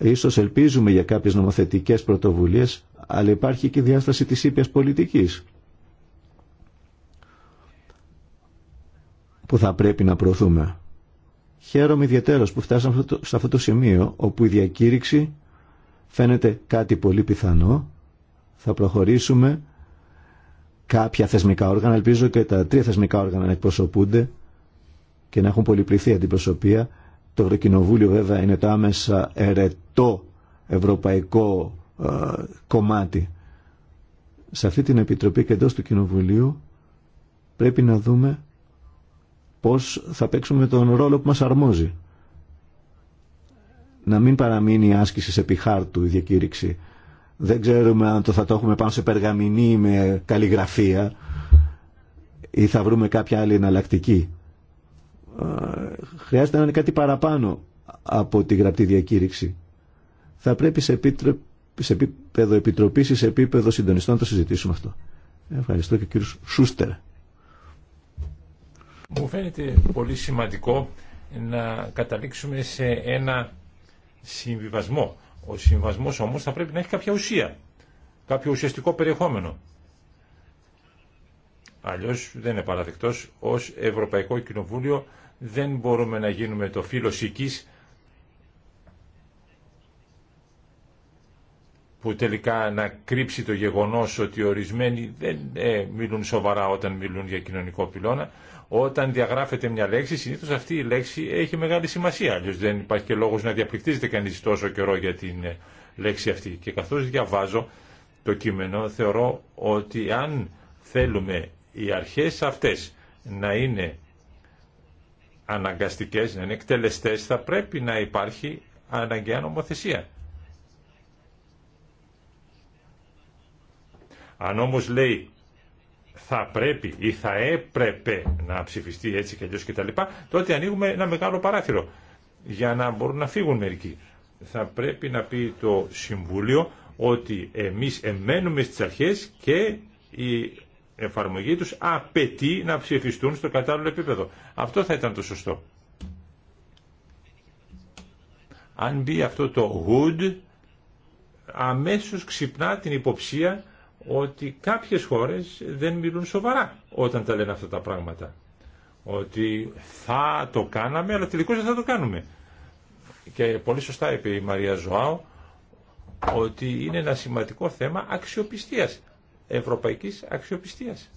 Ίσως ελπίζουμε για κάποιες νομοθετικές πρωτοβουλίες, αλλά υπάρχει και η διάσταση της ήπιας πολιτικής που θα πρέπει να προωθούμε. Χαίρομαι ιδιαίτερος που φτάσαμε σε αυτό το σημείο όπου η διακήρυξη φαίνεται κάτι πολύ πιθανό. Θα προχωρήσουμε κάποια θεσμικά όργανα, ελπίζω και τα τρία θεσμικά όργανα να εκπροσωπούνται και να έχουν πολυπληθεί αντιπροσωπεία. Το Ευρωκοινοβούλιο βέβαια είναι το άμεσα ερετό ευρωπαϊκό ε, κομμάτι. Σε αυτή την Επιτροπή και εντός του Κοινοβουλίου πρέπει να δούμε πώς θα παίξουμε τον ρόλο που μας αρμόζει. Να μην παραμείνει άσκηση σε πιχάρτου η διακήρυξη. Δεν ξέρουμε αν το θα το έχουμε πάνω σε περγαμηνή με καλλιγραφία ή θα βρούμε κάποια άλλη εναλλακτική χρειάζεται να είναι κάτι παραπάνω από τη γραπτή διακήρυξη. Θα πρέπει σε, σε επίπεδο επιτροπής ή σε επίπεδο συντονιστών να το συζητήσουμε αυτό. Ευχαριστώ και κύριο Σούστερ. Μου φαίνεται πολύ σημαντικό να καταλήξουμε σε ένα συμβιβασμό. Ο συμβασμός όμως θα πρέπει να έχει κάποια ουσία, κάποιο ουσιαστικό περιεχόμενο. Αλλιώς δεν είναι παραδεκτός ως Ευρωπαϊκό Κοινοβούλιο δεν μπορούμε να γίνουμε το φίλο οικής που τελικά να κρύψει το γεγονός ότι ορισμένοι δεν ε, μιλούν σοβαρά όταν μιλούν για κοινωνικό πυλώνα. Όταν διαγράφεται μια λέξη, συνήθως αυτή η λέξη έχει μεγάλη σημασία. Αλλιώς δεν υπάρχει και λόγος να διαπληκτίζεται κανείς τόσο καιρό για την ε, λέξη αυτή. Και καθώς διαβάζω το κείμενο, θεωρώ ότι αν θέλουμε οι αρχές αυτές να είναι αναγκαστικές, να είναι εκτελεστές, θα πρέπει να υπάρχει αναγκαία νομοθεσία. Αν όμως λέει θα πρέπει ή θα έπρεπε να ψηφιστεί έτσι και αλλιώς και τα λοιπά, τότε ανοίγουμε ένα μεγάλο παράθυρο για να μπορούν να φύγουν μερικοί. Θα πρέπει να πει το Συμβούλιο ότι εμείς εμένουμε στις αρχές και η εφαρμογή τους απαιτεί να ψηφιστούν στο κατάλληλο επίπεδο. Αυτό θα ήταν το σωστό. Αν μπει αυτό το good αμέσως ξυπνά την υποψία ότι κάποιες χώρες δεν μιλούν σοβαρά όταν τα λένε αυτά τα πράγματα. Ότι θα το κάναμε, αλλά τελικώς δεν θα το κάνουμε. Και πολύ σωστά είπε η Μαρία Ζωάου ότι είναι ένα σημαντικό θέμα αξιοπιστίας ευρωπαϊκής αξιοπιστίας.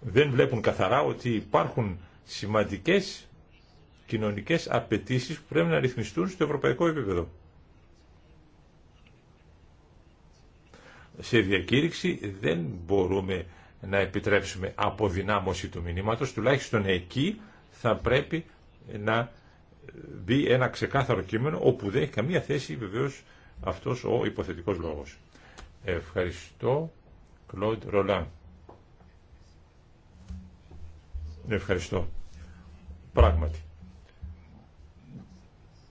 Δεν βλέπουν καθαρά ότι υπάρχουν σημαντικές κοινωνικές απαιτήσεις που πρέπει να ρυθμιστούν στο ευρωπαϊκό επίπεδο. Σε διακήρυξη δεν μπορούμε να επιτρέψουμε αποδυνάμωση του μηνύματος, τουλάχιστον εκεί θα πρέπει να μπει ένα ξεκάθαρο κείμενο όπου δεν έχει καμία θέση βεβαίως αυτός ο υποθετικός λόγος. Ευχαριστώ, Κλοντ Ρολάν. Ευχαριστώ. Πράγματι.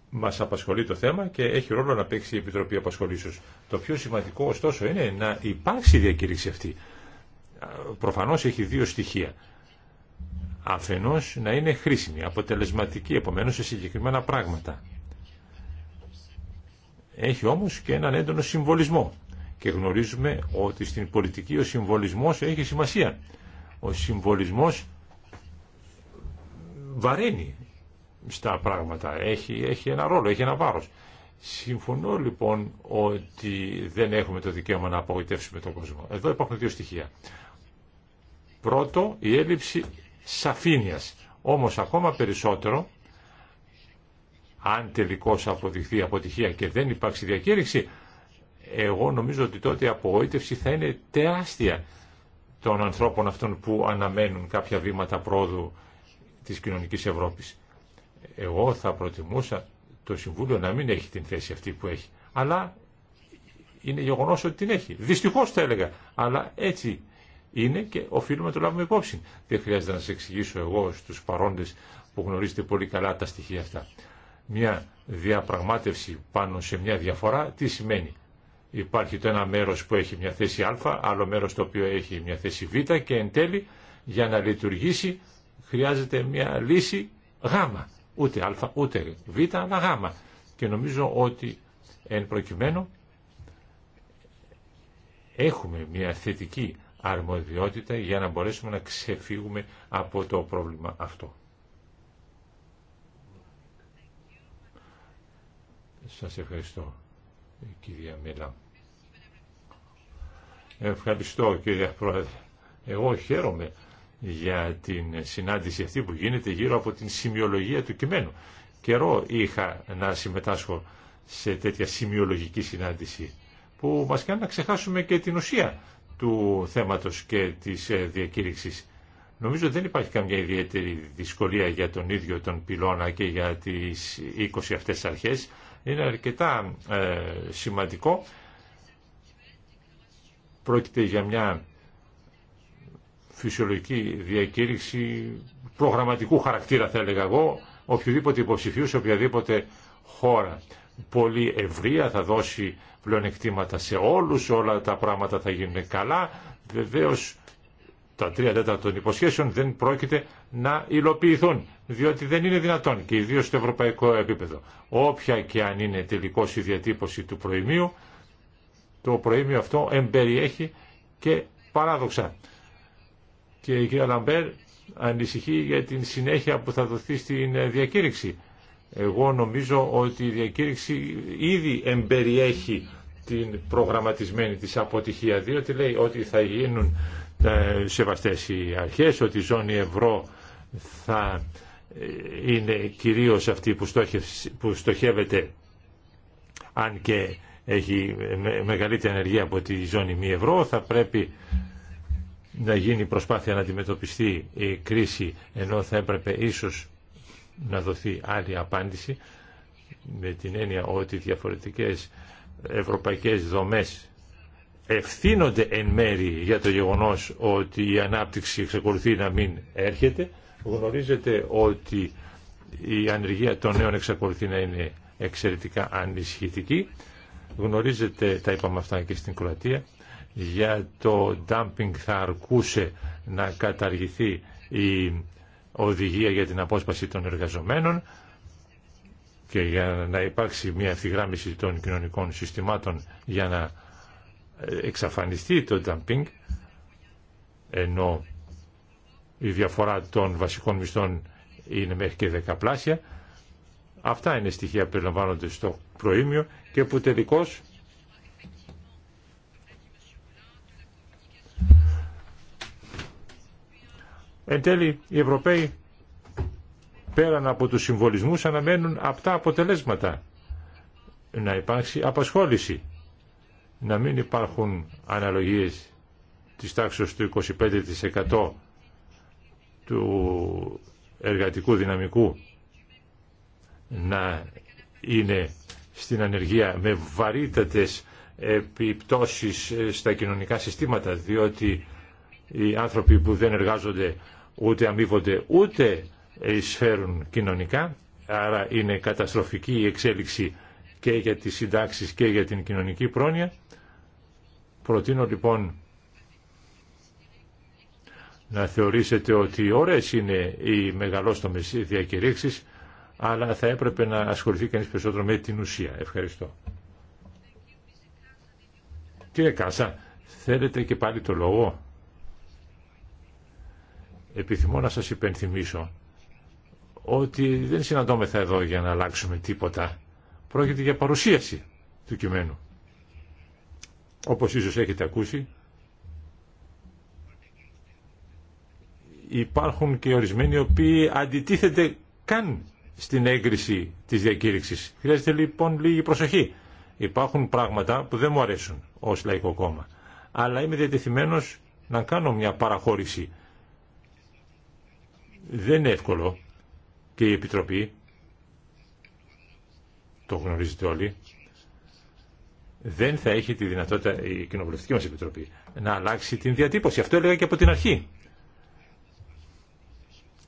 Μας απασχολεί το θέμα και έχει ρόλο να παίξει η Επιτροπή Απασχολήσεως. Το πιο σημαντικό ωστόσο είναι να υπάρξει η διακήρυξη αυτή. Προφανώς έχει δύο στοιχεία αφενός να είναι χρήσιμη, αποτελεσματική επομένως σε συγκεκριμένα πράγματα. Έχει όμως και έναν έντονο συμβολισμό και γνωρίζουμε ότι στην πολιτική ο συμβολισμός έχει σημασία. Ο συμβολισμός βαραίνει στα πράγματα, έχει, έχει ένα ρόλο, έχει ένα βάρος. Συμφωνώ λοιπόν ότι δεν έχουμε το δικαίωμα να απογοητεύσουμε τον κόσμο. Εδώ υπάρχουν δύο στοιχεία. Πρώτο, η έλλειψη σαφήνειας. Όμως ακόμα περισσότερο, αν τελικώς αποδειχθεί αποτυχία και δεν υπάρξει διακήρυξη, εγώ νομίζω ότι τότε η απογοήτευση θα είναι τεράστια των ανθρώπων αυτών που αναμένουν κάποια βήματα πρόοδου της κοινωνικής Ευρώπης. Εγώ θα προτιμούσα το Συμβούλιο να μην έχει την θέση αυτή που έχει. Αλλά είναι γεγονός ότι την έχει. Δυστυχώς θα έλεγα. Αλλά έτσι είναι και οφείλουμε να το λάβουμε υπόψη. Δεν χρειάζεται να σα εξηγήσω εγώ στου παρόντες που γνωρίζετε πολύ καλά τα στοιχεία αυτά. Μια διαπραγμάτευση πάνω σε μια διαφορά τι σημαίνει. Υπάρχει το ένα μέρο που έχει μια θέση α, άλλο μέρο το οποίο έχει μια θέση β και εν τέλει για να λειτουργήσει χρειάζεται μια λύση γ. Ούτε α, ούτε β, αλλά γ. Και νομίζω ότι εν προκειμένου έχουμε μια θετική αρμοδιότητα για να μπορέσουμε να ξεφύγουμε από το πρόβλημα αυτό. Σας ευχαριστώ, κυρία Μέλα. Ευχαριστώ, κύριε Πρόεδρε. Εγώ χαίρομαι για την συνάντηση αυτή που γίνεται γύρω από την σημειολογία του κειμένου. Καιρό είχα να συμμετάσχω σε τέτοια σημειολογική συνάντηση που μας κάνει να ξεχάσουμε και την ουσία του θέματος και της ε, διακήρυξης. Νομίζω δεν υπάρχει καμιά ιδιαίτερη δυσκολία για τον ίδιο τον πυλώνα και για τις 20 αυτές αρχές. Είναι αρκετά ε, σημαντικό. Πρόκειται για μια φυσιολογική διακήρυξη προγραμματικού χαρακτήρα θα έλεγα εγώ, οποιοδήποτε υποψηφίου σε οποιαδήποτε χώρα. Πολύ ευρεία θα δώσει πλεονεκτήματα σε όλους, όλα τα πράγματα θα γίνουν καλά. Βεβαίως τα τρία τέταρτα των υποσχέσεων δεν πρόκειται να υλοποιηθούν, διότι δεν είναι δυνατόν και ιδίως στο ευρωπαϊκό επίπεδο. Όποια και αν είναι τελικώς η διατύπωση του προημίου, το προήμιο αυτό εμπεριέχει και παράδοξα. Και η κυρία Λαμπέρ ανησυχεί για την συνέχεια που θα δοθεί στην διακήρυξη. Εγώ νομίζω ότι η διακήρυξη ήδη εμπεριέχει την προγραμματισμένη της αποτυχία, διότι λέει ότι θα γίνουν ε, σεβαστές οι αρχές, ότι η ζώνη ευρώ θα ε, είναι κυρίως αυτή που, που στοχεύεται αν και έχει μεγαλύτερη ενέργεια από τη ζώνη μη ευρώ θα πρέπει να γίνει προσπάθεια να αντιμετωπιστεί η κρίση ενώ θα έπρεπε ίσως να δοθεί άλλη απάντηση με την έννοια ότι διαφορετικές ευρωπαϊκές δομές ευθύνονται εν μέρη για το γεγονός ότι η ανάπτυξη εξακολουθεί να μην έρχεται. Γνωρίζετε ότι η ανεργία των νέων εξακολουθεί να είναι εξαιρετικά ανησυχητική. Γνωρίζετε, τα είπαμε αυτά και στην Κροατία, για το dumping θα αρκούσε να καταργηθεί η οδηγία για την απόσπαση των εργαζομένων και για να υπάρξει μια ευθυγράμμιση των κοινωνικών συστημάτων για να εξαφανιστεί το dumping ενώ η διαφορά των βασικών μισθών είναι μέχρι και δεκαπλάσια. Αυτά είναι στοιχεία που περιλαμβάνονται στο προήμιο και που τελικώς Εν τέλει, οι Ευρωπαίοι πέραν από τους συμβολισμούς αναμένουν αυτά αποτελέσματα. Να υπάρξει απασχόληση. Να μην υπάρχουν αναλογίες της τάξης του 25% του εργατικού δυναμικού να είναι στην ανεργία με βαρύτατες επιπτώσεις στα κοινωνικά συστήματα διότι οι άνθρωποι που δεν εργάζονται ούτε αμείβονται ούτε εισφέρουν κοινωνικά, άρα είναι καταστροφική η εξέλιξη και για τις συντάξεις και για την κοινωνική πρόνοια. Προτείνω λοιπόν να θεωρήσετε ότι ώρες είναι οι μεγαλόστομες διακηρύξεις, αλλά θα έπρεπε να ασχοληθεί κανείς περισσότερο με την ουσία. Ευχαριστώ. Κύριε Κάσα, θέλετε και πάλι το λόγο επιθυμώ να σας υπενθυμίσω ότι δεν συναντώμεθα εδώ για να αλλάξουμε τίποτα. Πρόκειται για παρουσίαση του κειμένου. Όπως ίσως έχετε ακούσει, υπάρχουν και ορισμένοι οι οποίοι αντιτίθεται καν στην έγκριση της διακήρυξης. Χρειάζεται λοιπόν λίγη προσοχή. Υπάρχουν πράγματα που δεν μου αρέσουν ως λαϊκό κόμμα. Αλλά είμαι διατεθειμένος να κάνω μια παραχώρηση δεν είναι εύκολο και η Επιτροπή, το γνωρίζετε όλοι, δεν θα έχει τη δυνατότητα η Κοινοβουλευτική μας Επιτροπή να αλλάξει την διατύπωση. Αυτό έλεγα και από την αρχή.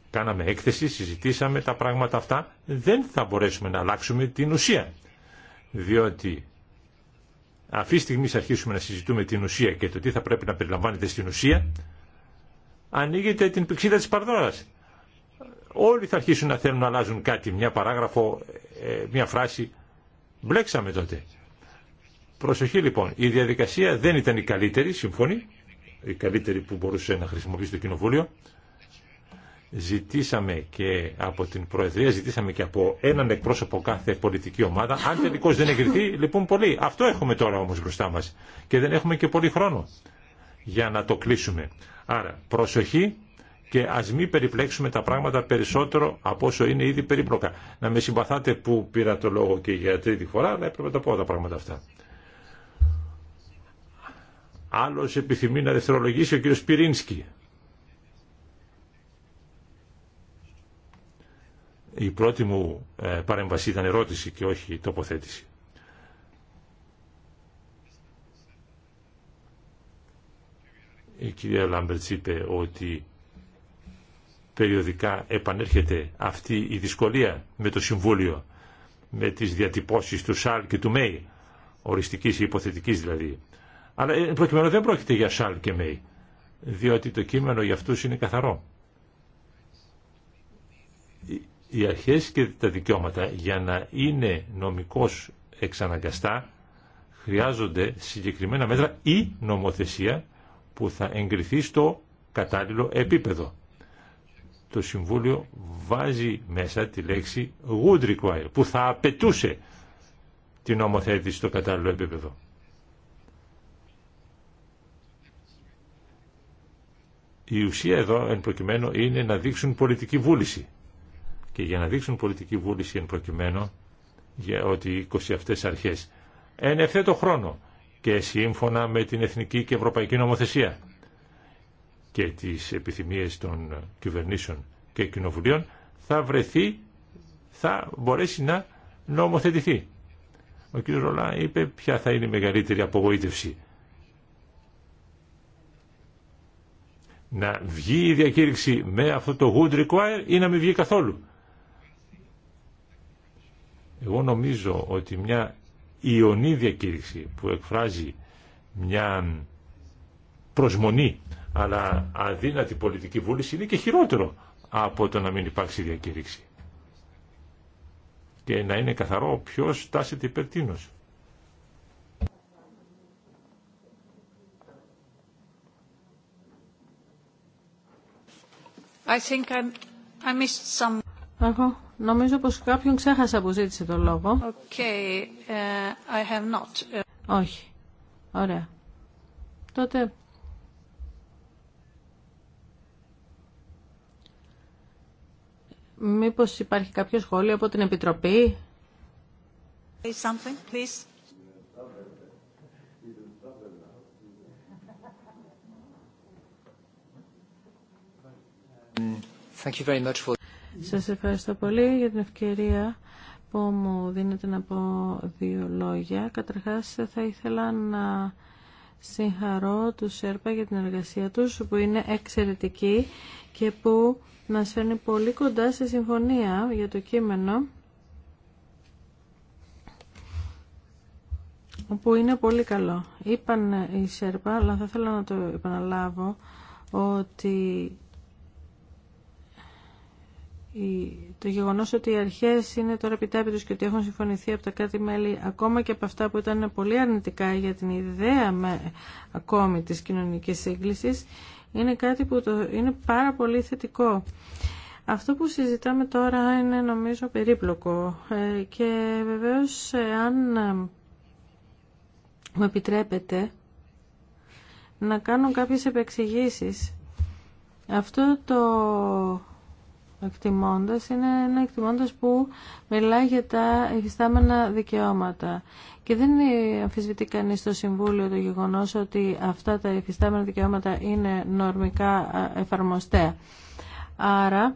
Κάναμε έκθεση, συζητήσαμε τα πράγματα αυτά. Δεν θα μπορέσουμε να αλλάξουμε την ουσία. Διότι αυτή τη στιγμή αρχίσουμε να συζητούμε την ουσία και το τι θα πρέπει να περιλαμβάνεται στην ουσία, ανοίγεται την πηξίδα της Παρδόρας όλοι θα αρχίσουν να θέλουν να αλλάζουν κάτι, μια παράγραφο, ε, μια φράση. Μπλέξαμε τότε. Προσοχή λοιπόν, η διαδικασία δεν ήταν η καλύτερη, συμφωνεί, η καλύτερη που μπορούσε να χρησιμοποιήσει το Κοινοβούλιο. Ζητήσαμε και από την Προεδρία, ζητήσαμε και από έναν εκπρόσωπο κάθε πολιτική ομάδα. Αν τελικώ δεν εγκριθεί, λοιπόν πολύ. Αυτό έχουμε τώρα όμω μπροστά μα. Και δεν έχουμε και πολύ χρόνο για να το κλείσουμε. Άρα, προσοχή και ας μην περιπλέξουμε τα πράγματα περισσότερο από όσο είναι ήδη περίπλοκα. Να με συμπαθάτε που πήρα το λόγο και για τρίτη φορά, αλλά έπρεπε να τα πω τα πράγματα αυτά. Άλλος επιθυμεί να δευτερολογήσει ο κύριος Πυρίνσκι. Η πρώτη μου ε, παρέμβαση ήταν ερώτηση και όχι τοποθέτηση. Η κυρία Λάμπερτς είπε ότι περιοδικά επανέρχεται αυτή η δυσκολία με το Συμβούλιο, με τις διατυπώσεις του Σαλ και του ΜΕΙ, οριστικής ή υποθετικής δηλαδή. Αλλά προκειμένου δεν πρόκειται για Σαλ και ΜΕΙ, διότι το κείμενο για αυτούς είναι καθαρό. Οι αρχές και τα δικαιώματα για να είναι νομικός εξαναγκαστά χρειάζονται συγκεκριμένα μέτρα ή νομοθεσία που θα εγκριθεί στο κατάλληλο επίπεδο το Συμβούλιο βάζει μέσα τη λέξη would require, που θα απαιτούσε την νομοθέτηση στο κατάλληλο επίπεδο. Η ουσία εδώ, εν προκειμένου, είναι να δείξουν πολιτική βούληση. Και για να δείξουν πολιτική βούληση, εν προκειμένου, για ότι 20 αυτές αρχές, εν ευθέτω χρόνο και σύμφωνα με την εθνική και ευρωπαϊκή νομοθεσία και τις επιθυμίες των κυβερνήσεων και κοινοβουλίων θα βρεθεί, θα μπορέσει να νομοθετηθεί. Ο κ. Ρολά είπε ποια θα είναι η μεγαλύτερη απογοήτευση. Να βγει η διακήρυξη με αυτό το good require ή να μην βγει καθόλου. Εγώ νομίζω ότι μια ιονή διακήρυξη που εκφράζει μια προσμονή αλλά αδύνατη πολιτική βούληση είναι και χειρότερο από το να μην υπάρξει διακήρυξη. Και να είναι καθαρό ποιος τάσεται υπέρ τίνος. I think some... νομίζω πως κάποιον ξέχασα που ζήτησε το λόγο. Okay, uh, I have not. Uh, Όχι. Ωραία. Τότε Μήπως υπάρχει κάποιο σχόλιο από την Επιτροπή. Σα Σας ευχαριστώ πολύ για την ευκαιρία που μου δίνετε να πω δύο λόγια. Καταρχάς θα ήθελα να συγχαρώ του ΣΕΡΠΑ για την εργασία τους που είναι εξαιρετική και που μας φέρνει πολύ κοντά σε συμφωνία για το κείμενο που είναι πολύ καλό. Είπαν οι ΣΕΡΠΑ, αλλά θα ήθελα να το επαναλάβω, ότι το γεγονός ότι οι αρχές είναι τώρα επιτάπητος και ότι έχουν συμφωνηθεί από τα κάτι μέλη ακόμα και από αυτά που ήταν πολύ αρνητικά για την ιδέα με, ακόμη της κοινωνικής σύγκλησης είναι κάτι που το, είναι πάρα πολύ θετικό. Αυτό που συζητάμε τώρα είναι νομίζω περίπλοκο ε, και βεβαίως αν ε, μου επιτρέπετε να κάνω κάποιες επεξηγήσεις αυτό το εκτιμώντας είναι ένα εκτιμώντας που μιλάει για τα εφιστάμενα δικαιώματα. Και δεν αμφισβητεί κανείς στο Συμβούλιο το γεγονός ότι αυτά τα εφιστάμενα δικαιώματα είναι νορμικά εφαρμοστέα. Άρα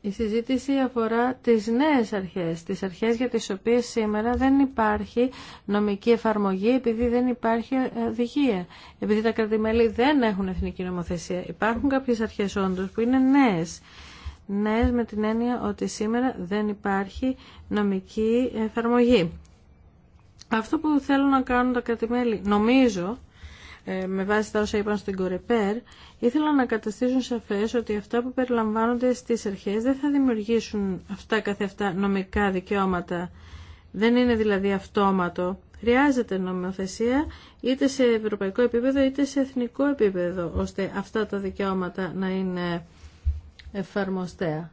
η συζήτηση αφορά τις νέες αρχές, τις αρχές για τις οποίες σήμερα δεν υπάρχει νομική εφαρμογή επειδή δεν υπάρχει ε, οδηγία, επειδή τα κρατημέλη δεν έχουν εθνική νομοθεσία. Υπάρχουν κάποιες αρχές όντως που είναι νέες. Νέες με την έννοια ότι σήμερα δεν υπάρχει νομική εφαρμογή. Αυτό που θέλουν να κάνουν τα κρατημέλη, νομίζω, ε, με βάση τα όσα είπαν στην Κορεπέρ, ήθελα να καταστήσουν σαφές ότι αυτά που περιλαμβάνονται στις αρχές δεν θα δημιουργήσουν αυτά καθε αυτά νομικά δικαιώματα. Δεν είναι δηλαδή αυτόματο. Χρειάζεται νομοθεσία είτε σε ευρωπαϊκό επίπεδο είτε σε εθνικό επίπεδο, ώστε αυτά τα δικαιώματα να είναι εφαρμοστέα.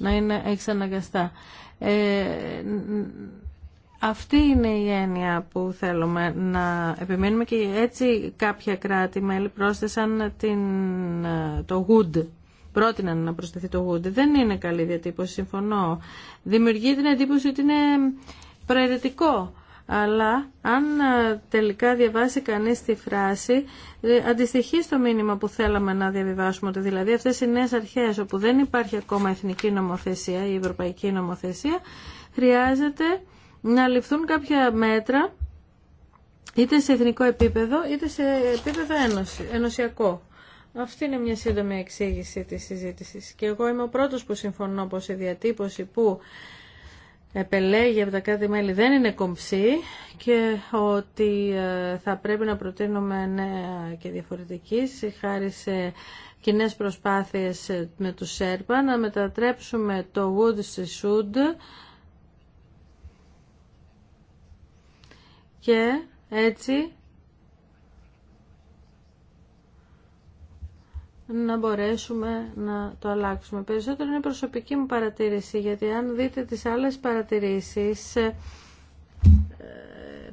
να είναι εξαναγκαστά. Ε, αυτή είναι η έννοια που θέλουμε να επιμείνουμε και έτσι κάποια κράτη-μέλη πρόσθεσαν την, το good πρότειναν να προσθεθεί το Wood. Δεν είναι καλή διατύπωση, συμφωνώ. Δημιουργεί την εντύπωση ότι είναι προαιρετικό αλλά αν ε, τελικά διαβάσει κανείς τη φράση, ε, αντιστοιχεί στο μήνυμα που θέλαμε να διαβιβάσουμε, ότι δηλαδή αυτές οι νέες αρχές όπου δεν υπάρχει ακόμα εθνική νομοθεσία ή ευρωπαϊκή νομοθεσία, χρειάζεται να ληφθούν κάποια μέτρα είτε σε εθνικό επίπεδο είτε σε επίπεδο ένωση, ενωσιακό. Αυτή είναι μια σύντομη εξήγηση της συζήτησης και εγώ είμαι ο πρώτος που συμφωνώ πως η διατύπωση που επελέγει από τα κάθε μέλη δεν είναι κομψή και ότι ε, θα πρέπει να προτείνουμε νέα και διαφορετική χάρη σε κοινέ προσπάθειες με τους ΣΕΡΠΑ να μετατρέψουμε το wood σε Sud. και έτσι να μπορέσουμε να το αλλάξουμε. Περισσότερο είναι προσωπική μου παρατήρηση, γιατί αν δείτε τις άλλες παρατηρήσεις, ε,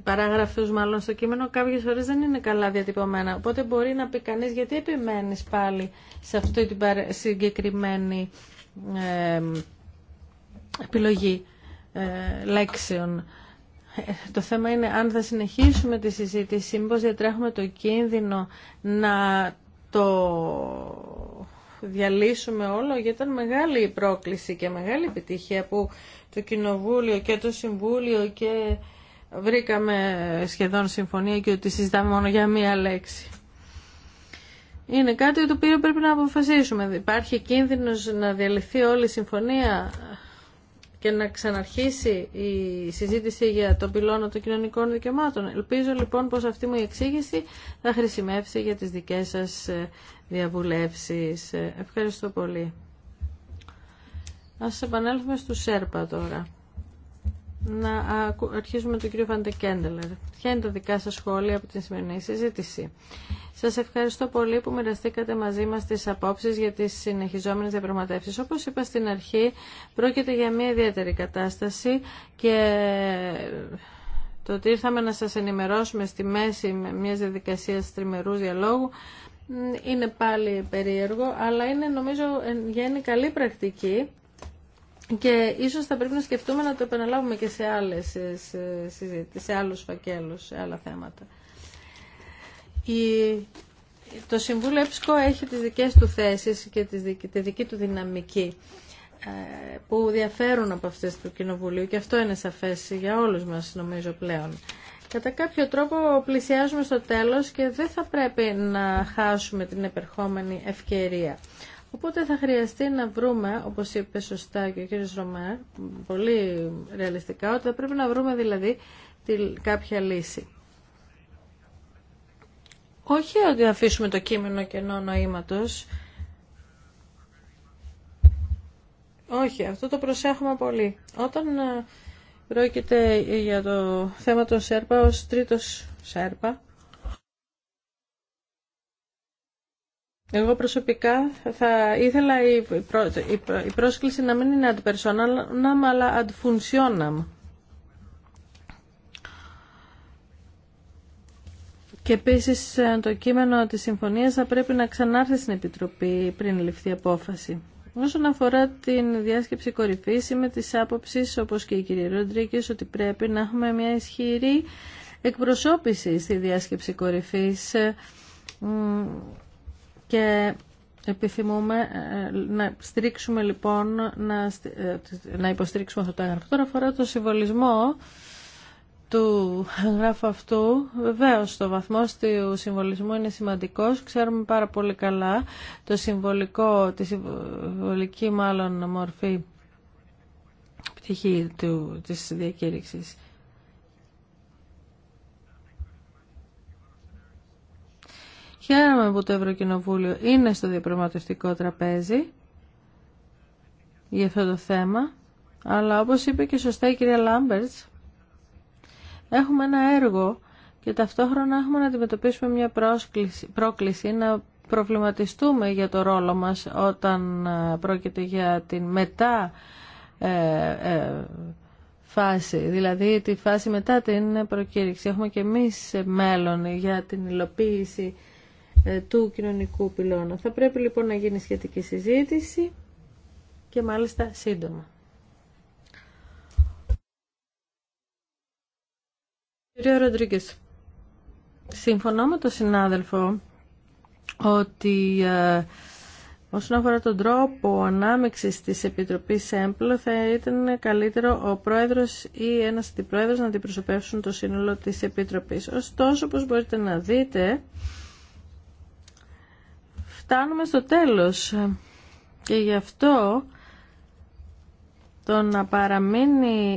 παράγραφους μάλλον στο κείμενο, κάποιες φορές δεν είναι καλά διατυπωμένα. Οπότε μπορεί να πει κανείς γιατί επιμένεις πάλι σε αυτή την συγκεκριμένη επιλογή ε, λέξεων. Ε, το θέμα είναι αν θα συνεχίσουμε τη συζήτηση, μήπως διατρέχουμε το κίνδυνο να το διαλύσουμε όλο γιατί ήταν μεγάλη η πρόκληση και μεγάλη επιτυχία που το Κοινοβούλιο και το Συμβούλιο και βρήκαμε σχεδόν συμφωνία και ότι συζητάμε μόνο για μία λέξη. Είναι κάτι το οποίο πρέπει να αποφασίσουμε. Υπάρχει κίνδυνος να διαλυθεί όλη η συμφωνία και να ξαναρχίσει η συζήτηση για τον πυλώνα των κοινωνικών δικαιωμάτων. Ελπίζω λοιπόν πως αυτή μου η εξήγηση θα χρησιμεύσει για τις δικές σας ε, διαβουλεύσεις. Ε, ευχαριστώ πολύ. Ας επανέλθουμε στο ΣΕΡΠΑ τώρα να αρχίσουμε τον κύριο Φαντεκέντελερ. Ποια είναι τα δικά σας σχόλια από την σημερινή συζήτηση. Σας ευχαριστώ πολύ που μοιραστήκατε μαζί μας τις απόψεις για τις συνεχιζόμενες διαπραγματεύσεις. Όπως είπα στην αρχή, πρόκειται για μια ιδιαίτερη κατάσταση και το ότι ήρθαμε να σας ενημερώσουμε στη μέση μια διαδικασία τριμερού διαλόγου είναι πάλι περίεργο, αλλά είναι νομίζω γέννη καλή πρακτική και ίσως θα πρέπει να σκεφτούμε να το επαναλάβουμε και σε, άλλες, σε, σε άλλους φακέλους, σε άλλα θέματα. Η, το Συμβούλιο ΕΠΣΚΟ έχει τις δικές του θέσεις και τη δική του δυναμική ε, που διαφέρουν από αυτές του Κοινοβουλίου και αυτό είναι σαφές για όλους μας νομίζω πλέον. Κατά κάποιο τρόπο πλησιάζουμε στο τέλος και δεν θα πρέπει να χάσουμε την επερχόμενη ευκαιρία. Οπότε θα χρειαστεί να βρούμε, όπως είπε σωστά και ο κ. πολύ ρεαλιστικά, ότι θα πρέπει να βρούμε δηλαδή κάποια λύση. Όχι ότι αφήσουμε το κείμενο κενό νοήματος. Όχι, αυτό το προσέχουμε πολύ. Όταν ε, πρόκειται για το θέμα των ΣΕΡΠΑ ως τρίτος ΣΕΡΠΑ, Εγώ προσωπικά θα ήθελα η, η, πρόσκληση να μην είναι ad αλλά ad Και επίσης ε, το κείμενο της συμφωνίας θα πρέπει να ξανάρθει στην Επιτροπή πριν ληφθεί απόφαση. Όσον αφορά την διάσκεψη κορυφής, είμαι τη άποψης, όπως και η κυρία Ροντρίκη, ότι πρέπει να έχουμε μια ισχυρή εκπροσώπηση στη διάσκεψη κορυφής ε, και επιθυμούμε ε, να στρίξουμε λοιπόν, να, ε, να υποστηρίξουμε αυτό το έγγραφο. Τώρα αφορά το συμβολισμό του γράφου αυτού, βεβαίω το βαθμό του συμβολισμού είναι σημαντικός. Ξέρουμε πάρα πολύ καλά το συμβολικό, τη συμβολική μάλλον μορφή πτυχή του, της διακήρυξης. Χαίρομαι που το Ευρωκοινοβούλιο είναι στο διαπραγματευτικό τραπέζι για αυτό το θέμα, αλλά όπως είπε και σωστά η κυρία Λάμπερτς, έχουμε ένα έργο και ταυτόχρονα έχουμε να αντιμετωπίσουμε μια πρόκληση να προβληματιστούμε για το ρόλο μας όταν ε, πρόκειται για την μετά ε, ε, φάση, δηλαδή τη φάση μετά την προκήρυξη. Έχουμε και εμείς μέλλον για την υλοποίηση ε, του κοινωνικού πυλώνα. Θα πρέπει λοιπόν να γίνει σχετική συζήτηση και μάλιστα σύντομα. Κύριε Ροντρίγκε, συμφωνώ με τον συνάδελφο ότι ε, Όσον αφορά τον τρόπο ανάμεξης τη Επιτροπή ΕΜΠΛΟ, θα ήταν καλύτερο ο πρόεδρο ή ένα αντιπρόεδρο να αντιπροσωπεύσουν το σύνολο τη Επιτροπή. Ωστόσο, όπω μπορείτε να δείτε, φτάνουμε στο τέλος και γι' αυτό το να παραμείνει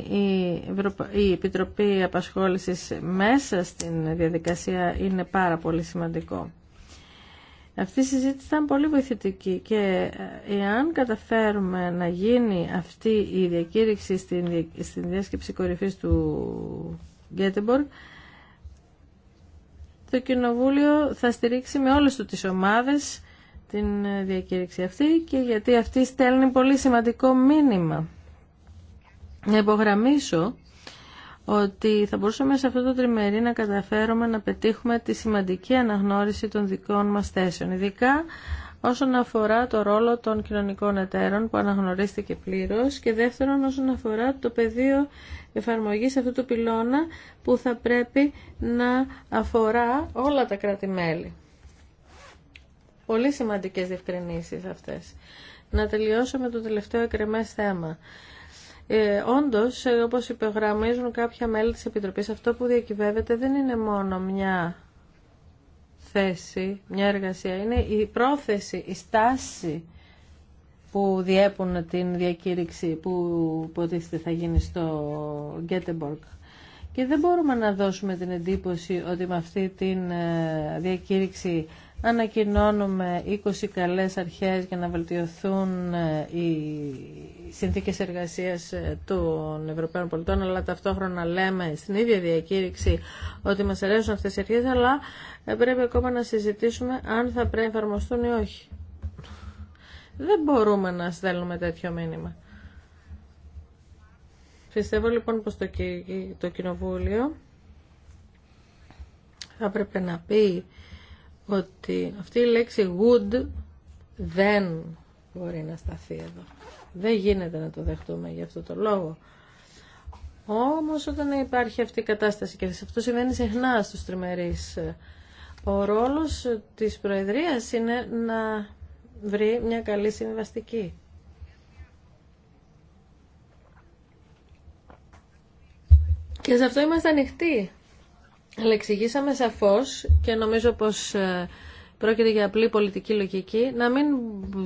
η Επιτροπή Απασχόλησης μέσα στην διαδικασία είναι πάρα πολύ σημαντικό. Αυτή η συζήτηση ήταν πολύ βοηθητική και ε, εάν καταφέρουμε να γίνει αυτή η διακήρυξη στην, στην διάσκεψη κορυφής του Γκέτεμπορ, το Κοινοβούλιο θα στηρίξει με όλες του τις ομάδες την διακήρυξη αυτή και γιατί αυτή στέλνει πολύ σημαντικό μήνυμα. Να υπογραμμίσω ότι θα μπορούσαμε σε αυτό το τριμερί να καταφέρουμε να πετύχουμε τη σημαντική αναγνώριση των δικών μας θέσεων, ειδικά όσον αφορά το ρόλο των κοινωνικών εταίρων που αναγνωρίστηκε πλήρως και δεύτερον όσον αφορά το πεδίο εφαρμογής αυτού του πυλώνα που θα πρέπει να αφορά όλα τα κράτη-μέλη. Πολύ σημαντικές διευκρινήσεις αυτές. Να τελειώσω με το τελευταίο εκκρεμές θέμα. Ε, Όντω, ε, όπω υπεγραμμίζουν κάποια μέλη της Επιτροπής, αυτό που διακυβεύεται δεν είναι μόνο μια θέση, μια εργασία. Είναι η πρόθεση, η στάση που διέπουν την διακήρυξη που ποτίστε θα γίνει στο Γκέτεμπορκ. Και δεν μπορούμε να δώσουμε την εντύπωση ότι με αυτή τη ε, διακήρυξη Ανακοινώνουμε 20 καλές αρχές για να βελτιωθούν ε, οι συνθήκες εργασίας ε, των Ευρωπαίων πολιτών, αλλά ταυτόχρονα λέμε στην ίδια διακήρυξη ότι μας αρέσουν αυτές οι αρχές, αλλά ε, πρέπει ακόμα να συζητήσουμε αν θα πρέπει να εφαρμοστούν ή όχι. Δεν μπορούμε να στέλνουμε τέτοιο μήνυμα. Πιστεύω λοιπόν πως το Κοινοβούλιο θα πρέπει να πει ότι αυτή η λέξη would δεν μπορεί να σταθεί εδώ. Δεν γίνεται να το δεχτούμε για αυτό το λόγο. Όμως όταν υπάρχει αυτή η κατάσταση και αυτό συμβαίνει συχνά στους τριμερείς, ο ρόλος της Προεδρίας είναι να βρει μια καλή συμβαστική. Και σε αυτό είμαστε ανοιχτοί. Αλλά εξηγήσαμε σαφώς και νομίζω πως ε, πρόκειται για απλή πολιτική λογική να μην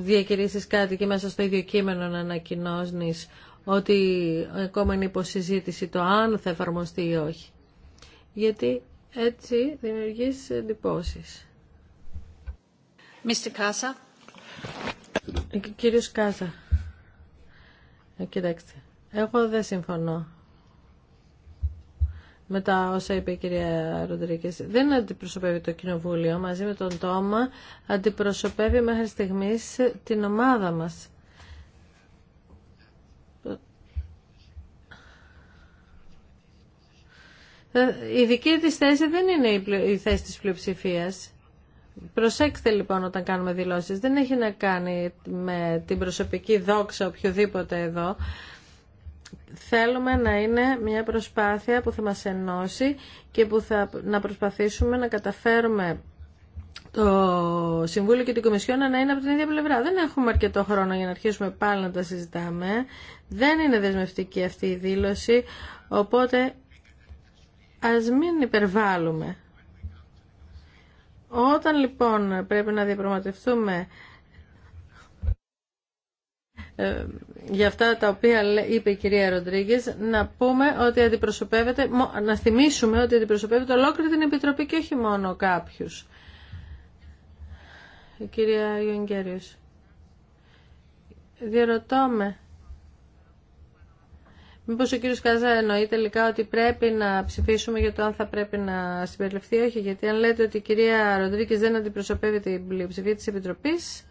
διακηρύσεις κάτι και μέσα στο ίδιο κείμενο να ανακοινώνει ότι ακόμα είναι υποσυζήτηση το αν θα εφαρμοστεί ή όχι. Γιατί έτσι δημιουργείς εντυπωσει. Mr. Κάσα. Ε, κύριος Κάσα. Ε, κοιτάξτε, εγώ δεν συμφωνώ μετά όσα είπε η κυρία Ροντρίκη. Δεν αντιπροσωπεύει το Κοινοβούλιο μαζί με τον Τόμα, αντιπροσωπεύει μέχρι στιγμή την ομάδα μας. Ε, η δική της θέση δεν είναι η θέση της πλειοψηφίας. Προσέξτε λοιπόν όταν κάνουμε δηλώσεις. Δεν έχει να κάνει με την προσωπική δόξα οποιοδήποτε εδώ. Θέλουμε να είναι μια προσπάθεια που θα μας ενώσει και που θα να προσπαθήσουμε να καταφέρουμε το Συμβούλιο και την Κομισιόν να είναι από την ίδια πλευρά. Δεν έχουμε αρκετό χρόνο για να αρχίσουμε πάλι να τα συζητάμε. Δεν είναι δεσμευτική αυτή η δήλωση, οπότε ας μην υπερβάλλουμε. Όταν λοιπόν πρέπει να διαπραγματευτούμε ε, για αυτά τα οποία είπε η κυρία Ροντρίγκε, να πούμε ότι αντιπροσωπεύεται, να θυμίσουμε ότι αντιπροσωπεύεται ολόκληρη την Επιτροπή και όχι μόνο κάποιου. Η κυρία Ιονγκέριου. Διερωτώ με. Μήπως ο κύριος Κάζα εννοεί τελικά ότι πρέπει να ψηφίσουμε για το αν θα πρέπει να συμπεριληφθεί όχι, γιατί αν λέτε ότι η κυρία Ροντρίκης δεν αντιπροσωπεύει την πλειοψηφία της Επιτροπής,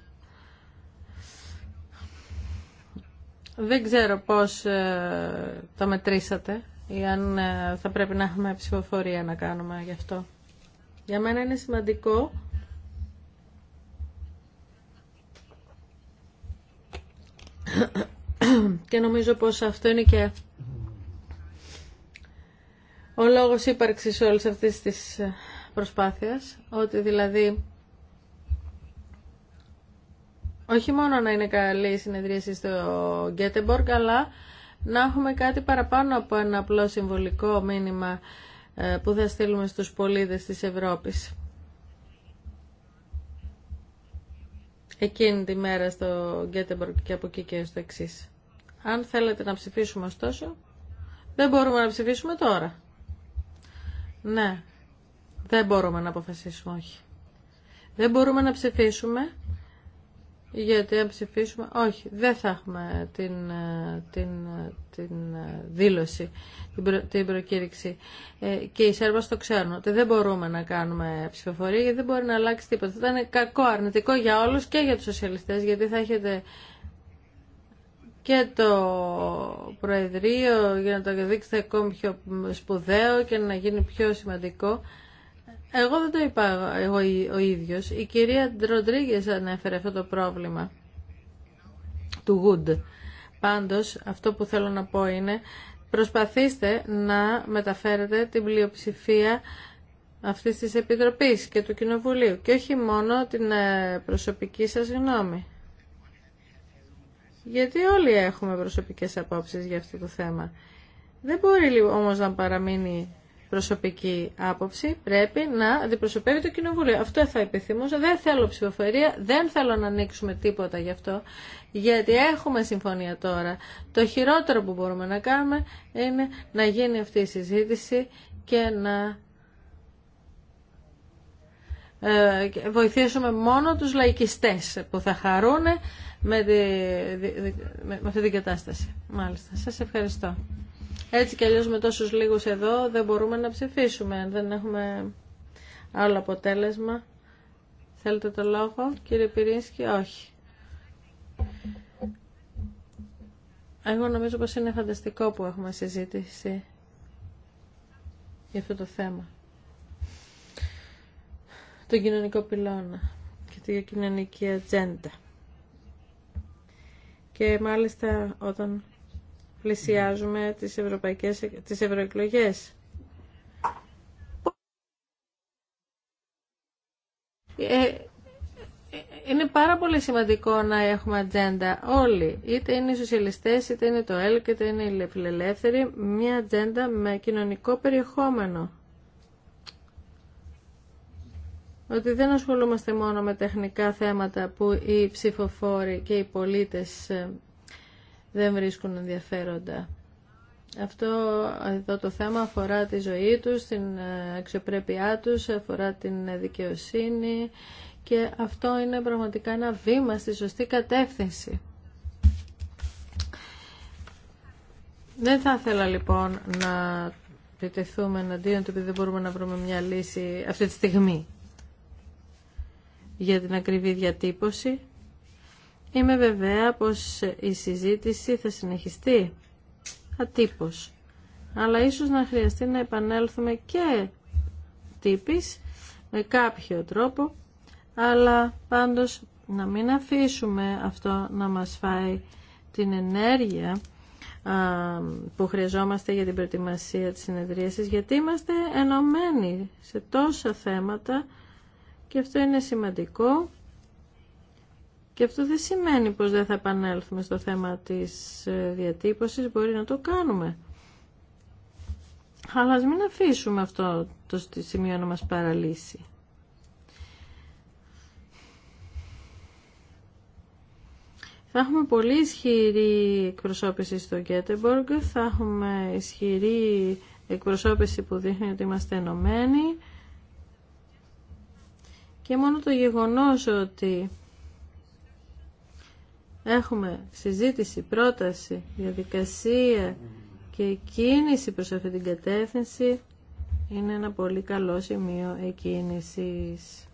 Δεν ξέρω πώς ε, το μετρήσατε ή αν ε, θα πρέπει να έχουμε ψηφοφορία να κάνουμε γι' αυτό. Για μένα είναι σημαντικό και νομίζω πως αυτό είναι και ο λόγος ύπαρξης όλης αυτής της ε, προσπάθειας, ότι δηλαδή όχι μόνο να είναι καλή η συνεδρίαση στο Γκέτεμπορκ, αλλά να έχουμε κάτι παραπάνω από ένα απλό συμβολικό μήνυμα ε, που θα στείλουμε στους πολίτες της Ευρώπης. Εκείνη τη μέρα στο Γκέτεμπορκ και από εκεί και στο εξή. Αν θέλετε να ψηφίσουμε ωστόσο, δεν μπορούμε να ψηφίσουμε τώρα. Ναι, δεν μπορούμε να αποφασίσουμε όχι. Δεν μπορούμε να ψηφίσουμε γιατί αν ψηφίσουμε, όχι, δεν θα έχουμε την, ε, την, ε, την ε, δήλωση, την, την προκήρυξη. και οι Σέρβας το ξέρουν ότι δεν μπορούμε να κάνουμε ψηφοφορία γιατί δεν μπορεί να αλλάξει τίποτα. Θα ήταν κακό, αρνητικό για όλους και για τους σοσιαλιστές γιατί θα έχετε και το Προεδρείο για να το δείξετε ακόμη πιο σπουδαίο και να γίνει πιο σημαντικό. Εγώ δεν το είπα εγώ ο ίδιος. Η κυρία Ροντρίγκες ανέφερε αυτό το πρόβλημα του Γουντ. Πάντως, αυτό που θέλω να πω είναι προσπαθήστε να μεταφέρετε την πλειοψηφία αυτής τη επιτροπή και του Κοινοβουλίου και όχι μόνο την ε, προσωπική σας γνώμη. Γιατί όλοι έχουμε προσωπικές απόψεις για αυτό το θέμα. Δεν μπορεί λοιπόν, όμως να παραμείνει προσωπική άποψη πρέπει να αντιπροσωπεύει το Κοινοβούλιο. Αυτό θα επιθυμούσα. Δεν θέλω ψηφοφορία, δεν θέλω να ανοίξουμε τίποτα γι' αυτό, γιατί έχουμε συμφωνία τώρα. Το χειρότερο που μπορούμε να κάνουμε είναι να γίνει αυτή η συζήτηση και να ε, βοηθήσουμε μόνο τους λαϊκιστές που θα χαρούν με, τη... με αυτή την κατάσταση. Μάλιστα. Σας ευχαριστώ. Έτσι κι αλλιώς με τόσους λίγους εδώ δεν μπορούμε να ψηφίσουμε. Δεν έχουμε άλλο αποτέλεσμα. Θέλετε το λόγο, κύριε Πυρίνσκι, όχι. Εγώ νομίζω πως είναι φανταστικό που έχουμε συζήτηση για αυτό το θέμα. Το κοινωνικό πυλώνα και την κοινωνική ατζέντα. Και μάλιστα όταν πλησιάζουμε τις, ευρωπαϊκές, τις ευρωεκλογές. Ε, είναι πάρα πολύ σημαντικό να έχουμε ατζέντα όλοι, είτε είναι οι σοσιαλιστές, είτε είναι το ΕΛΚ, είτε είναι οι φιλελεύθεροι, μια ατζέντα με κοινωνικό περιεχόμενο. Ότι δεν ασχολούμαστε μόνο με τεχνικά θέματα που οι ψηφοφόροι και οι πολίτες ε, δεν βρίσκουν ενδιαφέροντα. Αυτό εδώ το θέμα αφορά τη ζωή τους, την ε, αξιοπρέπειά τους, αφορά την δικαιοσύνη και αυτό είναι πραγματικά ένα βήμα στη σωστή κατεύθυνση. Δεν θα ήθελα λοιπόν να επιτεθούμε εναντίον του επειδή δεν μπορούμε να βρούμε μια λύση αυτή τη στιγμή για την ακριβή διατύπωση. Είμαι βεβαία πως η συζήτηση θα συνεχιστεί ατύπως. Αλλά ίσως να χρειαστεί να επανέλθουμε και τύπης με κάποιο τρόπο, αλλά πάντως να μην αφήσουμε αυτό να μας φάει την ενέργεια που χρειαζόμαστε για την προετοιμασία της συνεδρίασης, γιατί είμαστε ενωμένοι σε τόσα θέματα και αυτό είναι σημαντικό και αυτό δεν σημαίνει πως δεν θα επανέλθουμε στο θέμα της ε, διατύπωσης, μπορεί να το κάνουμε. Αλλά ας μην αφήσουμε αυτό το σημείο να μας παραλύσει. Θα έχουμε πολύ ισχυρή εκπροσώπηση στο Γκέτεμποργκ, θα έχουμε ισχυρή εκπροσώπηση που δείχνει ότι είμαστε ενωμένοι και μόνο το γεγονός ότι έχουμε συζήτηση, πρόταση, διαδικασία και κίνηση προς αυτή την κατεύθυνση είναι ένα πολύ καλό σημείο εκκίνησης.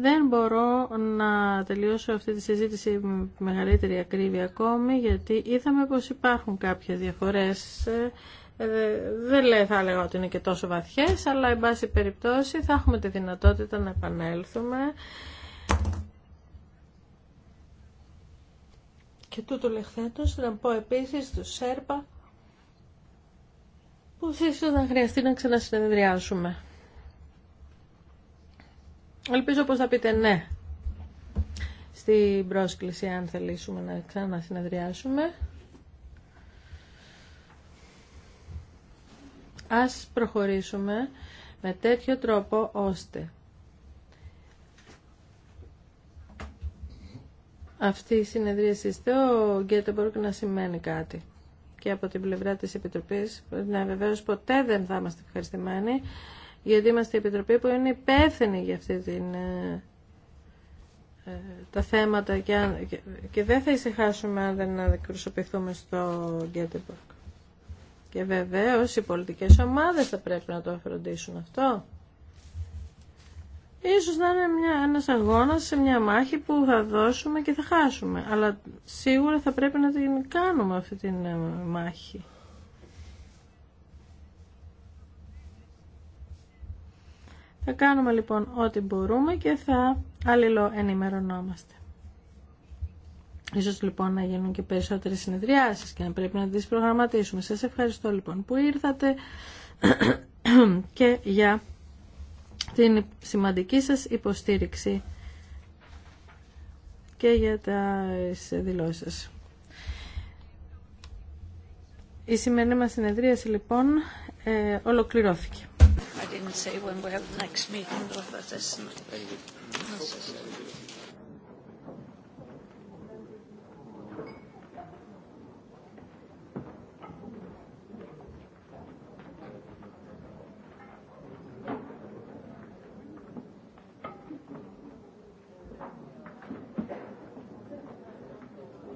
Δεν μπορώ να τελειώσω αυτή τη συζήτηση με μεγαλύτερη ακρίβεια ακόμη, γιατί είδαμε πως υπάρχουν κάποιες διαφορές. Ε, δεν θα έλεγα ότι είναι και τόσο βαθιές, αλλά εν πάση περιπτώσει θα έχουμε τη δυνατότητα να επανέλθουμε Και τούτο λεχθέντος να πω επίσης του ΣΕΡΠΑ που ίσως να χρειαστεί να ξανασυνεδριάσουμε. Ελπίζω πως θα πείτε ναι στην πρόσκληση αν θελήσουμε να ξανασυνεδριάσουμε. Ας προχωρήσουμε με τέτοιο τρόπο ώστε αυτή η συνεδρία συνεδρίαση στο Γκέτεμπορκ να σημαίνει κάτι. Και από την πλευρά της Επιτροπής, να βεβαίως ποτέ δεν θα είμαστε ευχαριστημένοι, γιατί είμαστε η Επιτροπή που είναι υπεύθυνη για αυτή την ε, ε, τα θέματα και, δεν θα ησυχάσουμε αν δεν αντικρουσοποιηθούμε στο Γκέτεμπορκ. Και βεβαίως οι πολιτικές ομάδες θα πρέπει να το αφροντίσουν αυτό. Ίσως να είναι μια, ένας αγώνας σε μια μάχη που θα δώσουμε και θα χάσουμε. Αλλά σίγουρα θα πρέπει να την κάνουμε αυτή τη ε, μάχη. Θα κάνουμε λοιπόν ό,τι μπορούμε και θα αλληλοενημερωνόμαστε. Ίσως λοιπόν να γίνουν και περισσότερες συνεδριάσεις και να πρέπει να τις προγραμματίσουμε. Σας ευχαριστώ λοιπόν που ήρθατε και για την σημαντική σας υποστήριξη και για τα δηλώσεις σας. Η σημερινή μας συνεδρίαση λοιπόν ε, ολοκληρώθηκε.